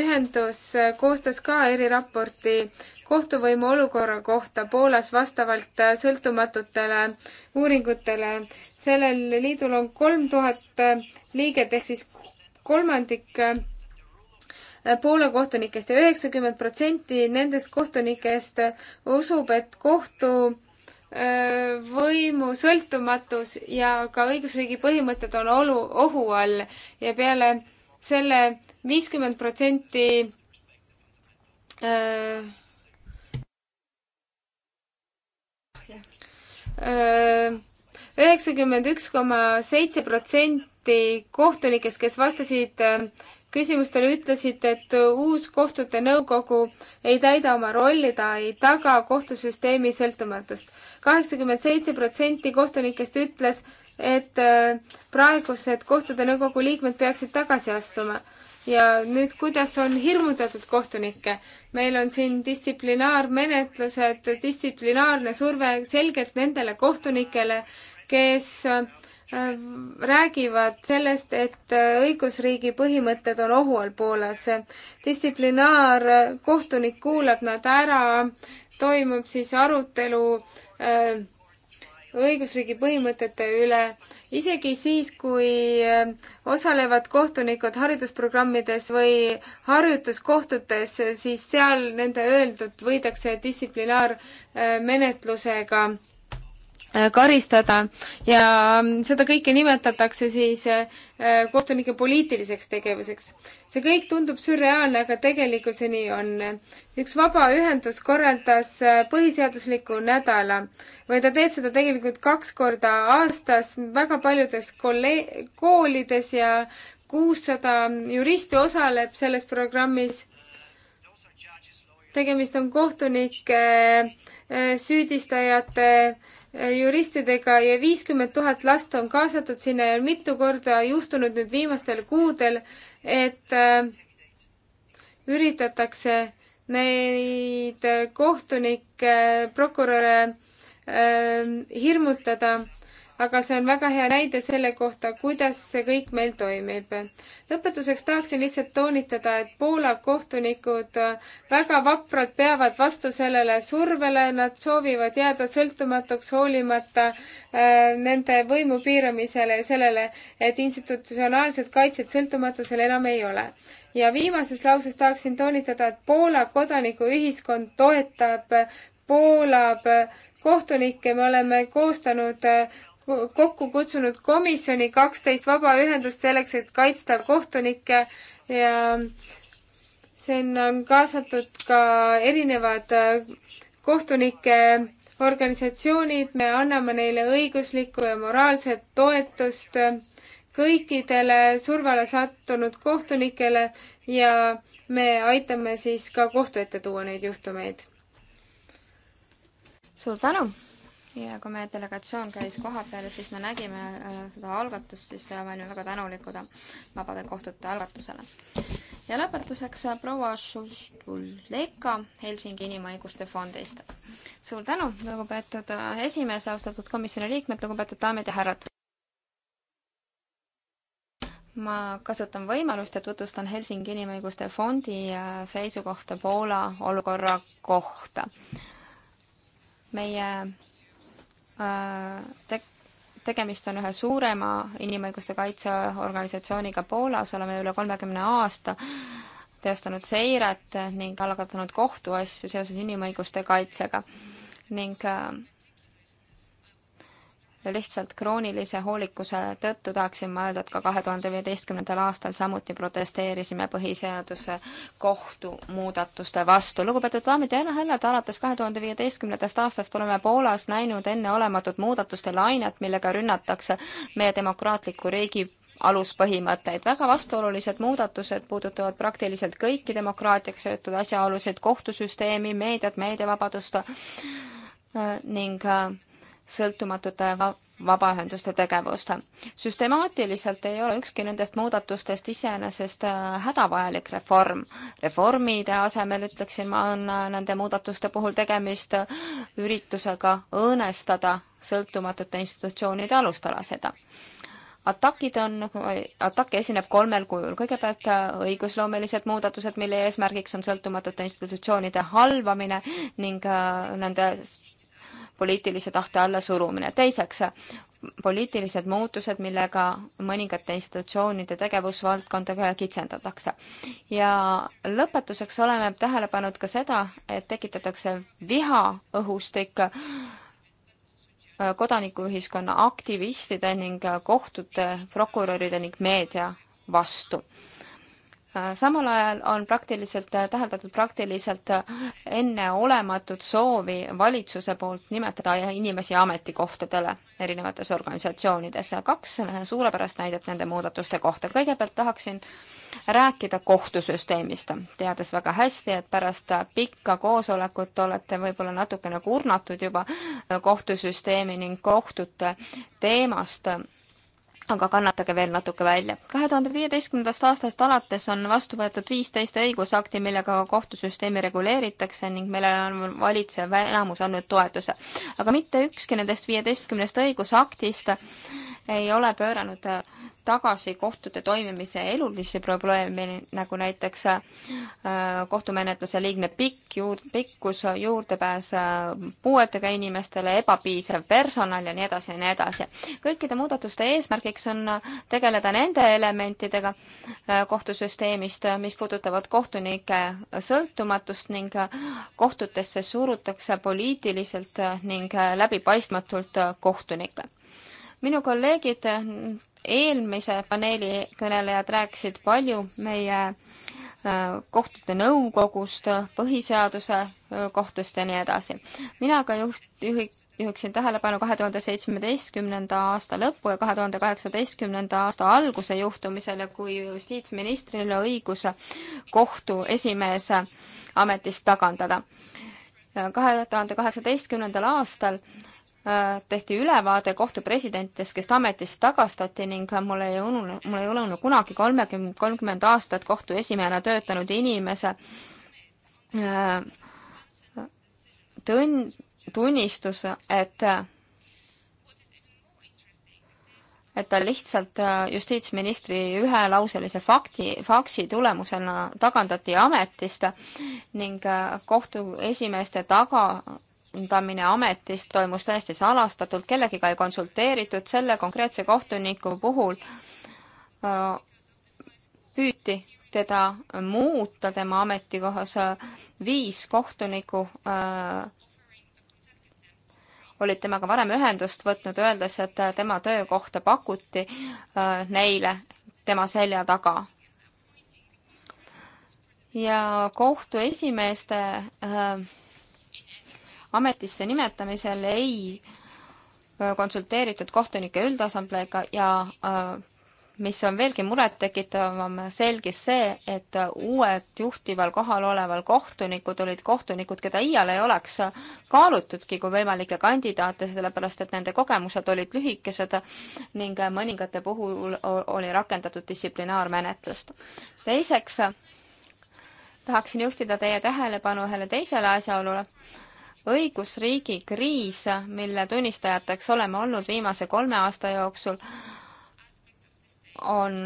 ühendus koostas ka eriraporti kohtuvõimu olukorra kohta Poolas vastavalt sõltumatutele uuringutele. sellel liidul on kolm tuhat liiget ehk siis kolmandik Poola kohtunikest ja üheksakümmend protsenti nendest kohtunikest usub, et kohtu võimu sõltumatus ja ka õigusriigi põhimõtted on olu, ohu all ja peale selle viiskümmend protsenti üheksakümmend üks koma seitse protsenti kohtunikest, kes vastasid küsimustele ütlesite, et äh, uus kohtute nõukogu ei täida oma rolli, ta ei taga kohtusüsteemi sõltumatust. kaheksakümmend seitse protsenti kohtunikest ütles, et äh, praegused kohtute nõukogu liikmed peaksid tagasi astuma. ja nüüd, kuidas on hirmutatud kohtunikke? meil on siin distsiplinaarmenetlused, distsiplinaarne surve selgelt nendele kohtunikele, kes äh, Äh, räägivad sellest, et äh, õigusriigi põhimõtted on ohu all Poolas. distsiplinaarkohtunik äh, kuulab nad ära, toimub siis arutelu õigusriigi põhimõtete üle, isegi siis, kui osalevad kohtunikud haridusprogrammides või harjutuskohtutes, siis seal nende öeldud võidakse distsiplinaarmenetlusega Äh, karistada ja mm, seda kõike nimetatakse siis äh, kohtunike poliitiliseks tegevuseks. see kõik tundub sürreaalne, aga tegelikult see nii on. üks vabaühendus korraldas äh, põhiseadusliku nädala või ta teeb seda tegelikult kaks korda aastas väga paljudes kolle-, koolides ja kuussada juristi osaleb selles programmis. tegemist on kohtunike, süüdistajate, Äh, juristidega ja viiskümmend tuhat last on kaasatud sinna ja mitu korda juhtunud nüüd viimastel kuudel, et äh, üritatakse neid äh, kohtunikke, prokuröre hirmutada aga see on väga hea näide selle kohta, kuidas see kõik meil toimib. lõpetuseks tahaksin lihtsalt toonitada, et Poola kohtunikud väga vapralt peavad vastu sellele survele, nad soovivad jääda sõltumatuks hoolimata äh, nende võimu piiramisele ja sellele, et institutsionaalset kaitset sõltumatusel enam ei ole. ja viimases lauses tahaksin toonitada, et Poola kodanikuühiskond toetab Poola kohtunikke, me oleme koostanud äh, kokku kutsunud komisjoni kaksteist vabaühendust selleks, et kaitsta kohtunikke ja sinna on kaasatud ka erinevad äh, kohtunike organisatsioonid, me anname neile õiguslikku ja moraalset toetust äh, kõikidele survele sattunud kohtunikele ja me aitame siis ka kohtu ette tuua neid juhtumeid. suur tänu ja kui meie delegatsioon käis kohapeal, siis me nägime äh, seda algatust, siis me olime väga tänulikud vabade kohtute algatusele. ja lõpetuseks äh, proua Šuštuleka Helsingi Inimõiguste Fondist. suur tänu, lugupeetud äh, esimees, austatud komisjoni liikmed, lugupeetud daamid ja härrad! ma kasutan võimalust ja tutvustan Helsingi Inimõiguste Fondi seisukohta Poola olukorra kohta. meie Äh, tek-, tegemist on ühe suurema inimõiguste kaitseorganisatsiooniga Poolas, oleme üle kolmekümne aasta teostanud seiret ning algatanud kohtuasju seoses inimõiguste kaitsega ning äh, lihtsalt kroonilise hoolikuse tõttu tahaksin ma öelda, et ka kahe tuhande viieteistkümnendal aastal samuti protesteerisime põhiseaduse kohtu muudatuste vastu. lugupeetud daamid ja härrad, alates kahe tuhande viieteistkümnendast aastast oleme Poolas näinud enneolematut muudatuste lainet, millega rünnatakse meie demokraatliku riigi aluspõhimõtteid. väga vastuolulised muudatused puudutavad praktiliselt kõiki demokraatiaks seotud asjaolusid, kohtusüsteemi, meediat, meediavabadust äh, ning äh, sõltumatute äh, vabaühenduste tegevust. süstemaatiliselt ei ole ükski nendest muudatustest iseenesest äh, hädavajalik reform. reformide asemel, ütleksin ma, on äh, nende muudatuste puhul tegemist üritusega õõnestada sõltumatute institutsioonide alustalasid atakid on, atake esineb kolmel kujul. kõigepealt õigusloomelised muudatused, mille eesmärgiks on sõltumatute institutsioonide halvamine ning nende poliitilise tahte allasurumine. teiseks, poliitilised muutused, millega mõningate institutsioonide tegevusvaldkonda kitsendatakse. ja lõpetuseks oleme tähele pannud ka seda, et tekitatakse vihaõhustik äh, kodanikuühiskonna aktivistide ning kohtute, prokuröride ning meedia vastu Äh, samal ajal on praktiliselt äh, täheldatud praktiliselt äh, enneolematut soovi valitsuse poolt nimetada inimesi ametikohtadele erinevates organisatsioonides. kaks suurepärast näidet nende muudatuste kohta. kõigepealt tahaksin rääkida kohtusüsteemist, teades väga hästi, et pärast pikka koosolekut olete võib-olla natukene kurnatud juba kohtusüsteemi ning kohtute teemast aga kannatage veel natuke välja. kahe tuhande viieteistkümnendast aastast alates on vastu võetud viisteist õigusakti, millega kohtusüsteemi reguleeritakse ning millele on valitsev enamus andnud toetuse. aga mitte ükski nendest viieteistkümnest õigusaktist ei ole pööranud äh, tagasi kohtute toimimise elulisi probleeme, nagu näiteks äh, kohtumenetluse liigne pikk juur-, pikkus, juurdepääs äh, puuetega inimestele, ebapiisav personal ja nii edasi ja nii edasi. kõikide muudatuste eesmärgiks on tegeleda nende elementidega kohtusüsteemist, mis puudutavad kohtunike sõltumatust ning kohtutesse surutakse poliitiliselt ning läbipaistmatult kohtunikke minu kolleegid, eelmise paneeli kõnelejad rääkisid palju meie äh, kohtute nõukogust, põhiseaduse äh, kohtust ja nii edasi. mina ka juht, juhi, juhiksin tähelepanu kahe tuhande seitsmeteistkümnenda aasta lõpu ja kahe tuhande kaheksateistkümnenda aasta alguse juhtumisele, kui justiitsministril oli õigus kohtu esimees ametist tagandada. kahe tuhande kaheksateistkümnendal aastal tehti ülevaade kohtupresidentidest, kes ametist tagastati ning mul ei ununenud, mul ei olnud kunagi kolmekümne, kolmkümmend aastat kohtu esimehena töötanud inimese äh, tõn-, tunnistus, et et ta lihtsalt äh, justiitsministri ühelauselise fakti, faksi tulemusena tagandati ametist ning äh, kohtu esimeeste taga, vabastamine ametist toimus täiesti salastatult, kellegiga ei konsulteeritud, selle konkreetse kohtuniku puhul äh, püüti teda muuta tema ametikohas, äh, viis kohtunikku äh, olid temaga varem ühendust võtnud, öeldes, et tema töökohta pakuti neile tema selja taga. ja kohtu esimeeste äh, ametisse nimetamisel ei äh, konsulteeritud kohtunike üldassambleega ja äh, mis on veelgi murettekitavam, selgis see, et uued juhtival kohal oleval kohtunikud olid kohtunikud, keda iial ei oleks kaalutudki kui võimalikke kandidaate, sellepärast et nende kogemused olid lühikesed ning mõningate puhul oli rakendatud distsiplinaarmenetlust. teiseks tahaksin juhtida teie tähelepanu ühele teisele asjaolule õigusriigi kriis, mille tunnistajateks oleme olnud viimase kolme aasta jooksul, on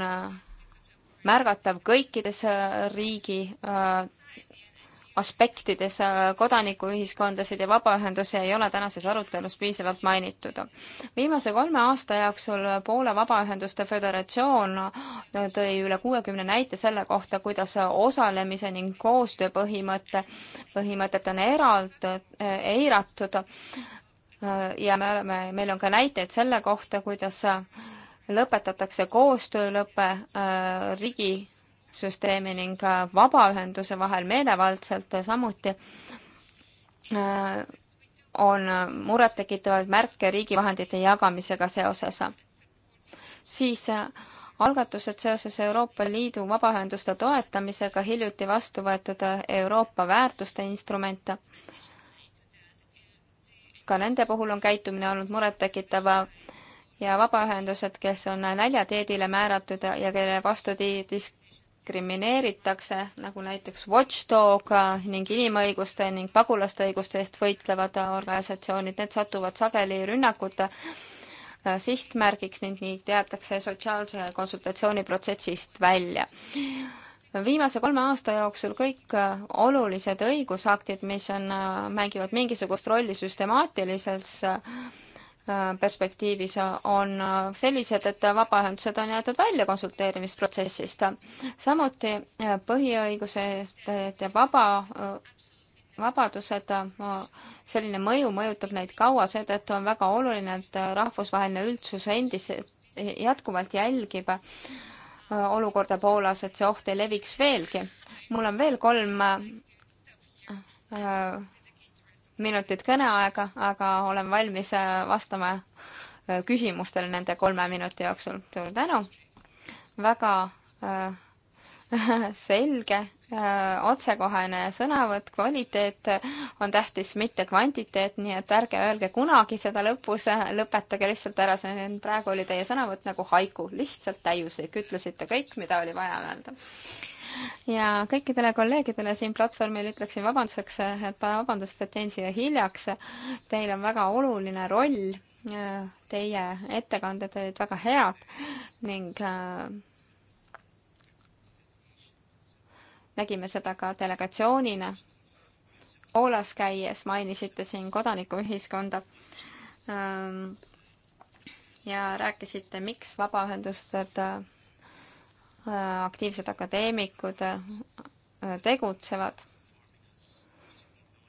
märgatav kõikides äh, riigi äh, aspektides äh, kodanikuühiskondasid ja vabaühendusi ei ole tänases arutelus piisavalt mainitud. viimase kolme aasta jooksul Poola Vabaühenduste Föderatsioon äh, tõi üle kuuekümne näite selle kohta, kuidas osalemise ning koostöö põhimõte, põhimõtet on eraldi äh, eiratud ja me oleme, meil on ka näiteid selle kohta, kuidas lõpetatakse koostöölõpe riigi süsteemi ning vabaühenduse vahel meelevaldselt samuti äh, on murettekitavaid märke riigi vahendite jagamisega seoses. siis äh, algatused seoses Euroopa Liidu vabaühenduste toetamisega, hiljuti vastu võetud äh, Euroopa väärtuste instrument. ka nende puhul on käitumine olnud murettekitav ja vabaühendused, kes on näljateedile määratud ja kelle vastu dis-, diskrimineeritakse, nagu näiteks Watchdog ning inimõiguste ning pagulaste õiguste eest võitlevad organisatsioonid, need satuvad sageli rünnakute äh, sihtmärgiks ning neid jäetakse sotsiaalse konsultatsiooniprotsessist välja viimase kolme aasta jooksul kõik äh, olulised õigusaktid, mis on, äh, mängivad mingisugust rolli süstemaatilises Äh, perspektiivis on äh, sellised, et vabaühendused on jäetud välja konsulteerimisprotsessist. samuti äh, põhiõigused ja vaba, vabadused, selline mõju mõjutab neid kaua, seetõttu on väga oluline, et rahvusvaheline üldsus endiselt, jätkuvalt jälgib olukorda Poolas, et see oht ei leviks veelgi. mul on veel kolm minutit kõneaega, aga olen valmis äh, vastama äh, küsimustele nende kolme minuti jooksul. suur tänu, väga äh, selge äh,, otsekohene sõnavõtt, kvaliteet on tähtis, mitte kvantiteet, nii et ärge öelge kunagi seda lõpus, äh, lõpetage lihtsalt ära, see on, praegu oli teie sõnavõtt nagu haiku, lihtsalt täiuslik, ütlesite kõik, mida oli vaja öelda ja kõikidele kolleegidele siin platvormil ütleksin vabanduseks, et vabandust, et jäin siia hiljaks. Teil on väga oluline roll. Teie ettekanded olid väga head ning äh, nägime seda ka delegatsioonina. Poolas käies mainisite siin kodanikuühiskonda ähm, ja rääkisite, miks vabaühendused äh, Äh, aktiivsed akadeemikud äh, tegutsevad.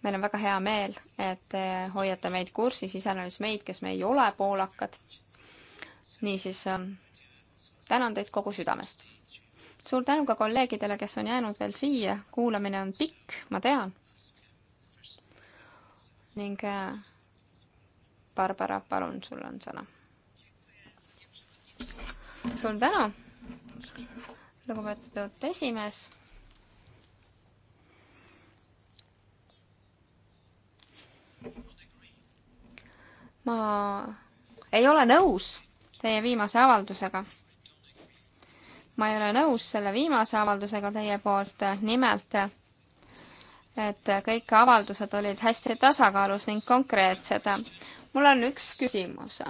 meil on väga hea meel, et te hoiate meid kursis, iseäranis meid, kes me ei ole poolakad. niisiis ähm, tänan teid kogu südamest. suur tänu ka kolleegidele, kes on jäänud veel siia, kuulamine on pikk, ma tean. ning äh, Barbara, palun, sul on sõna. suur tänu lugupeetud esimees. ma ei ole nõus teie viimase avaldusega. ma ei ole nõus selle viimase avaldusega teie poolt, nimelt et kõik avaldused olid hästi tasakaalus ning konkreetsed. mul on üks küsimus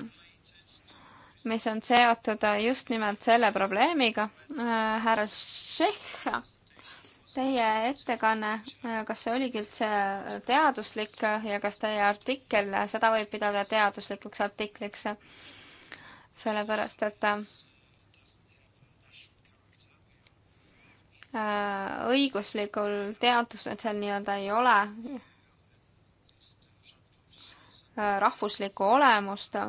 mis on seotud äh, just nimelt selle probleemiga. Äh, härra Šehha, teie ettekanne, äh, kas see oligi üldse teaduslik ja kas teie artikkel, seda võib pidada teaduslikuks artikliks? sellepärast, et õiguslikul teadusel seal nii-öelda ei ole rahvuslikku olemust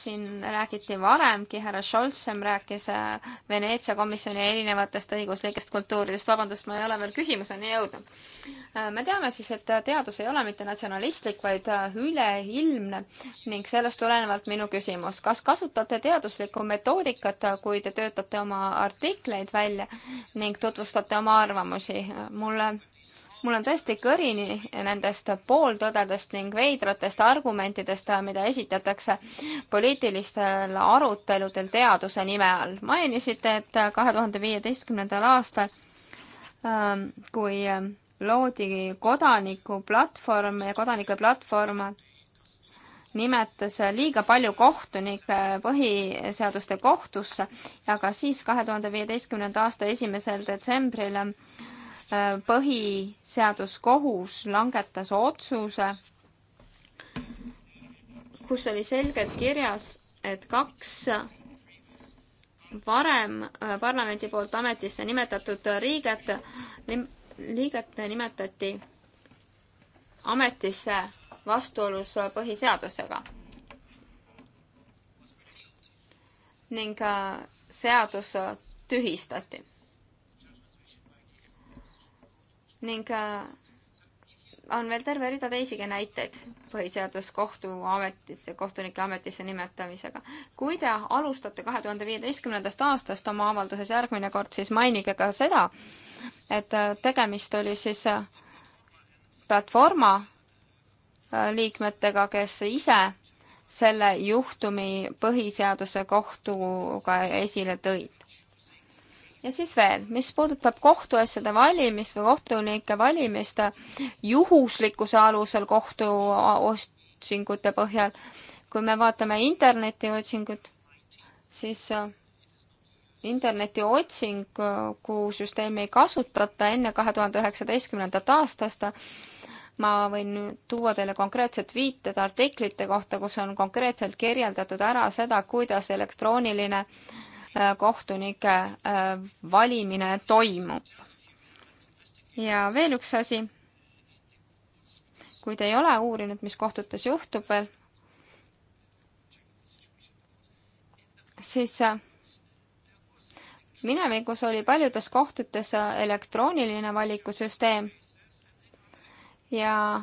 siin räägiti varemgi, härra Scholzem rääkis äh, Veneetsia komisjoni erinevatest õiguslikest kultuuridest, vabandust, ma ei ole veel küsimuseni jõudnud. Äh, me teame siis, et äh, teadus ei ole mitte natsionalistlik, vaid üleilmne ning sellest tulenevalt minu küsimus, kas kasutate teaduslikku metoodikat, kui te töötate oma artikleid välja ning tutvustate oma arvamusi? mulle mul on tõesti kõrini nendest pooltõdedest ning veidratest argumentidest, mida esitatakse poliitilistel aruteludel teaduse nime all. mainisite, et kahe tuhande viieteistkümnendal aastal, ähm, kui loodi kodanikuplatvorm ja kodanikeplatvorm nimetas liiga palju kohtunikke põhiseaduste kohtusse ja ka siis kahe tuhande viieteistkümnenda aasta esimesel detsembril põhiseaduskohus langetas otsuse, kus oli selgelt kirjas, et kaks varem äh, parlamendi poolt ametisse nimetatud liiget, liiget nimetati ametisse vastuolus põhiseadusega. ning äh, seadus tühistati ning äh, on veel terve rida teisigi näiteid põhiseaduskohtu ametisse, kohtunike ametisse nimetamisega. kui te alustate kahe tuhande viieteistkümnendast aastast oma avalduses järgmine kord, siis mainige ka seda, et äh, tegemist oli siis äh, platvorma liikmetega, kes ise selle juhtumi põhiseaduse kohtuga esile tõid ja siis veel, mis puudutab kohtuasjade valimist või kohtunike valimist äh, juhuslikkuse alusel kohtuotsingute põhjal, kui me vaatame internetiotsingut, siis äh, internetiotsingu süsteemi ei kasutata enne kahe tuhande üheksateistkümnendat aastast. ma võin tuua teile konkreetsed viited artiklite kohta, kus on konkreetselt kirjeldatud ära seda, kuidas elektrooniline äh, Äh, kohtunike äh, valimine toimub. ja veel üks asi. kui te ei ole uurinud, mis kohtutes juhtub veel, siis äh, minevikus oli paljudes kohtutes elektrooniline valikusüsteem ja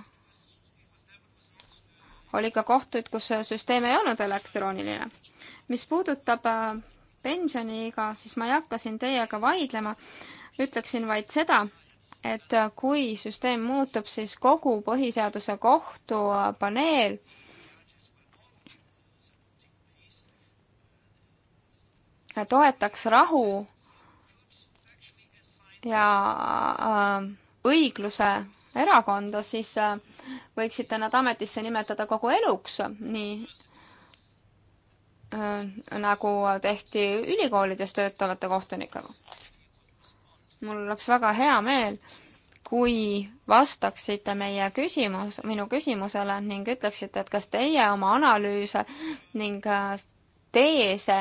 oli ka kohtuid, kus süsteem ei olnud elektrooniline. mis puudutab pensioniiga, siis ma ei hakka siin teiega vaidlema, ütleksin vaid seda, et kui süsteem muutub, siis kogu Põhiseaduse kohtu paneel toetaks rahu ja äh, õigluse erakonda, siis äh, võiksite nad ametisse nimetada kogu eluks, nii Äh, nagu tehti ülikoolides töötavate kohtunikega. mul oleks väga hea meel, kui vastaksite meie küsimus, minu küsimusele ning ütleksite, et kas teie oma analüüse ning äh, teese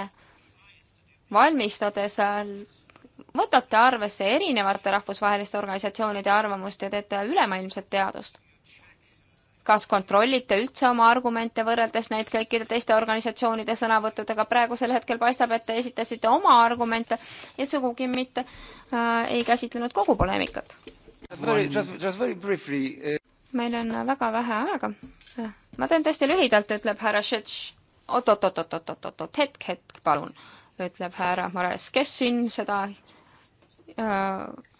valmistades äh, võtate arvesse erinevate rahvusvaheliste organisatsioonide arvamust ja teete ülemaailmset teadust? kas kontrollite üldse oma argumente võrreldes neid kõikide teiste organisatsioonide sõnavõttudega, praegusel hetkel paistab, et te esitasite oma argumente ja sugugi mitte äh, ei käsitlenud kogu poleemikat. Äh, meil on väga vähe aega. Äh, ma teen tõesti lühidalt, ütleb härra Šetš. oot-oot-oot-oot-oot-oot-oot, hetk, hetk, palun, ütleb härra Mares, kes siin seda äh,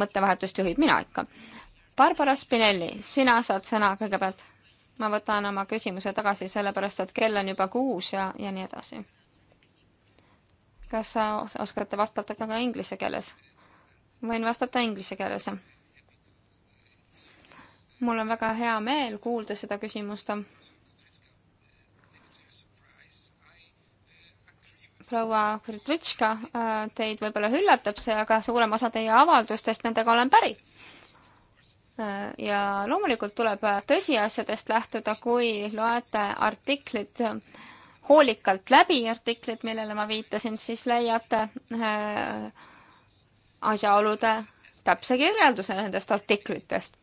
mõttevahetust juhib, mina ikka äh, Barbara Spinelli, sina saad sõna kõigepealt. ma võtan oma küsimuse tagasi, sellepärast et kell on juba kuus ja, ja nii edasi. kas sa oskate vastata ka, ka inglise keeles? võin vastata inglise keeles. mul on väga hea meel kuulda seda küsimust. proua Kritritška, äh, teid võib-olla üllatab see, aga suurem osa teie avaldustest, nendega olen päri Äh, ja loomulikult tuleb tõsiasjadest lähtuda, kui loete artiklit hoolikalt läbi, artiklit, millele ma viitasin, siis leiate äh, asjaolude täpse kirjelduse nendest artiklitest.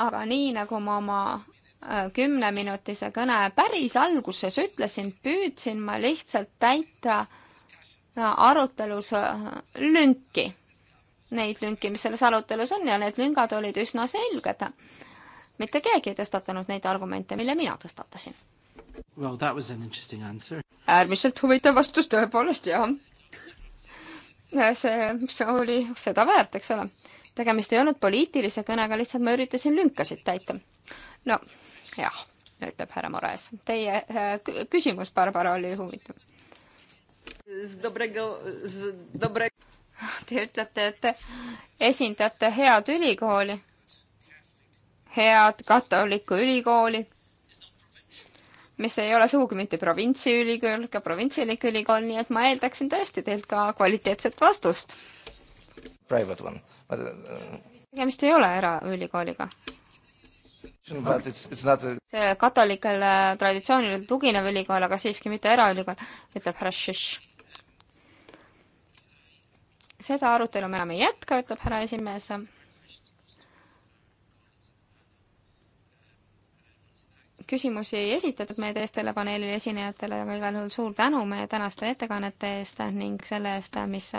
aga nii, nagu ma oma äh, kümneminutise kõne päris alguses ütlesin, püüdsin ma lihtsalt täita arutelus lünki neid lünki, mis selles arutelus on ja need lüngad olid üsna selged. mitte keegi ei tõstatanud neid argumente, mille mina tõstatasin. Well, that was an interesting answer. äärmiselt huvitav vastus tõepoolest, jah. see, see oli seda väärt, eks ole. tegemist ei olnud poliitilise kõnega, lihtsalt ma üritasin lünkasid täita. no jah, ütleb härra Mores. Teie äh, küsimus, Barbara, oli huvitav. Te ütlete, et esindate head ülikooli, head katoliku ülikooli, mis ei ole sugugi mitte provintsiülikool, ka provintsilik ülikool, nii et ma eeldaksin tõesti teilt ka kvaliteetset vastust. Private one but.... Äh, tegemist ei ole eraülikooliga. But it's, it's not a... see katolikele traditsioonile tuginev ülikool, aga siiski mitte eraülikool, ütleb härra Šiš seda arutelu me enam ei jätka, ütleb härra esimees. küsimusi ei esitatud meie teistele paneelile esinejatele, aga igal juhul suur tänu meie tänaste ettekannete eest ning selle eest, mis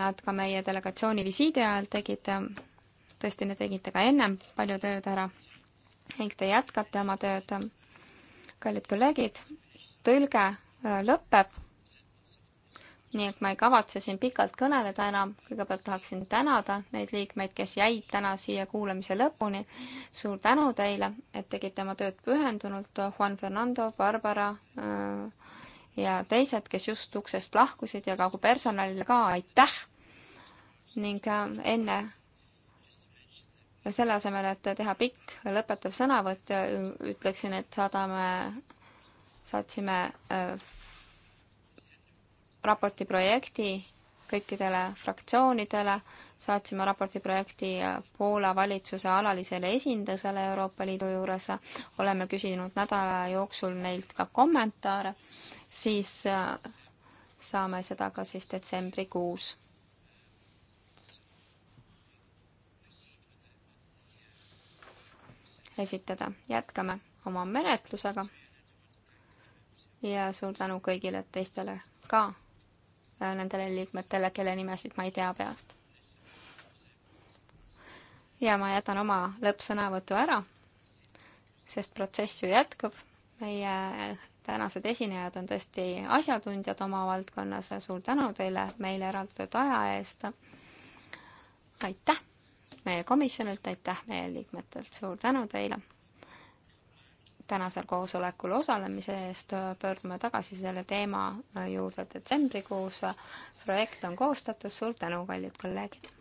nad ka meie delegatsiooni visiidi ajal tegid. tõesti, te tegite ka ennem palju tööd ära ning te jätkate oma tööd. kallid kolleegid, tõlge lõpeb nii et ma ei kavatse siin pikalt kõneleda enam, kõigepealt tahaksin tänada neid liikmeid, kes jäid täna siia kuulamise lõpuni. suur tänu teile, et tegite oma tööd pühendunult, Juan Fernando, Barbara äh, ja teised, kes just uksest lahkusid ja kogu personalile ka aitäh. ning äh, enne ja selle asemel, et teha pikk lõpetav sõnavõtt, ütleksin, et saadame, saatsime äh, raporti projekti kõikidele fraktsioonidele, saatsime raporti projekti Poola valitsuse alalisele esindusele Euroopa Liidu juures, oleme küsinud nädala jooksul neilt ka kommentaare, siis äh, saame seda ka siis detsembrikuus. esitada, jätkame oma menetlusega ja suur tänu kõigile teistele ka Äh, nendele liikmetele, kelle nimesid ma ei tea peast. ja ma jätan oma lõppsõnavõtu ära, sest protsess ju jätkub, meie tänased esinejad on tõesti asjatundjad oma valdkonnas ja suur tänu teile meile eraldatud aja eest. aitäh meie komisjonilt, aitäh meie liikmetelt, suur tänu teile! tänasel koosolekul osalemise eest, äh, pöördume tagasi selle teema äh, juurde detsembrikuus. Äh, projekt on koostatud, suur tänu, kallid kolleegid!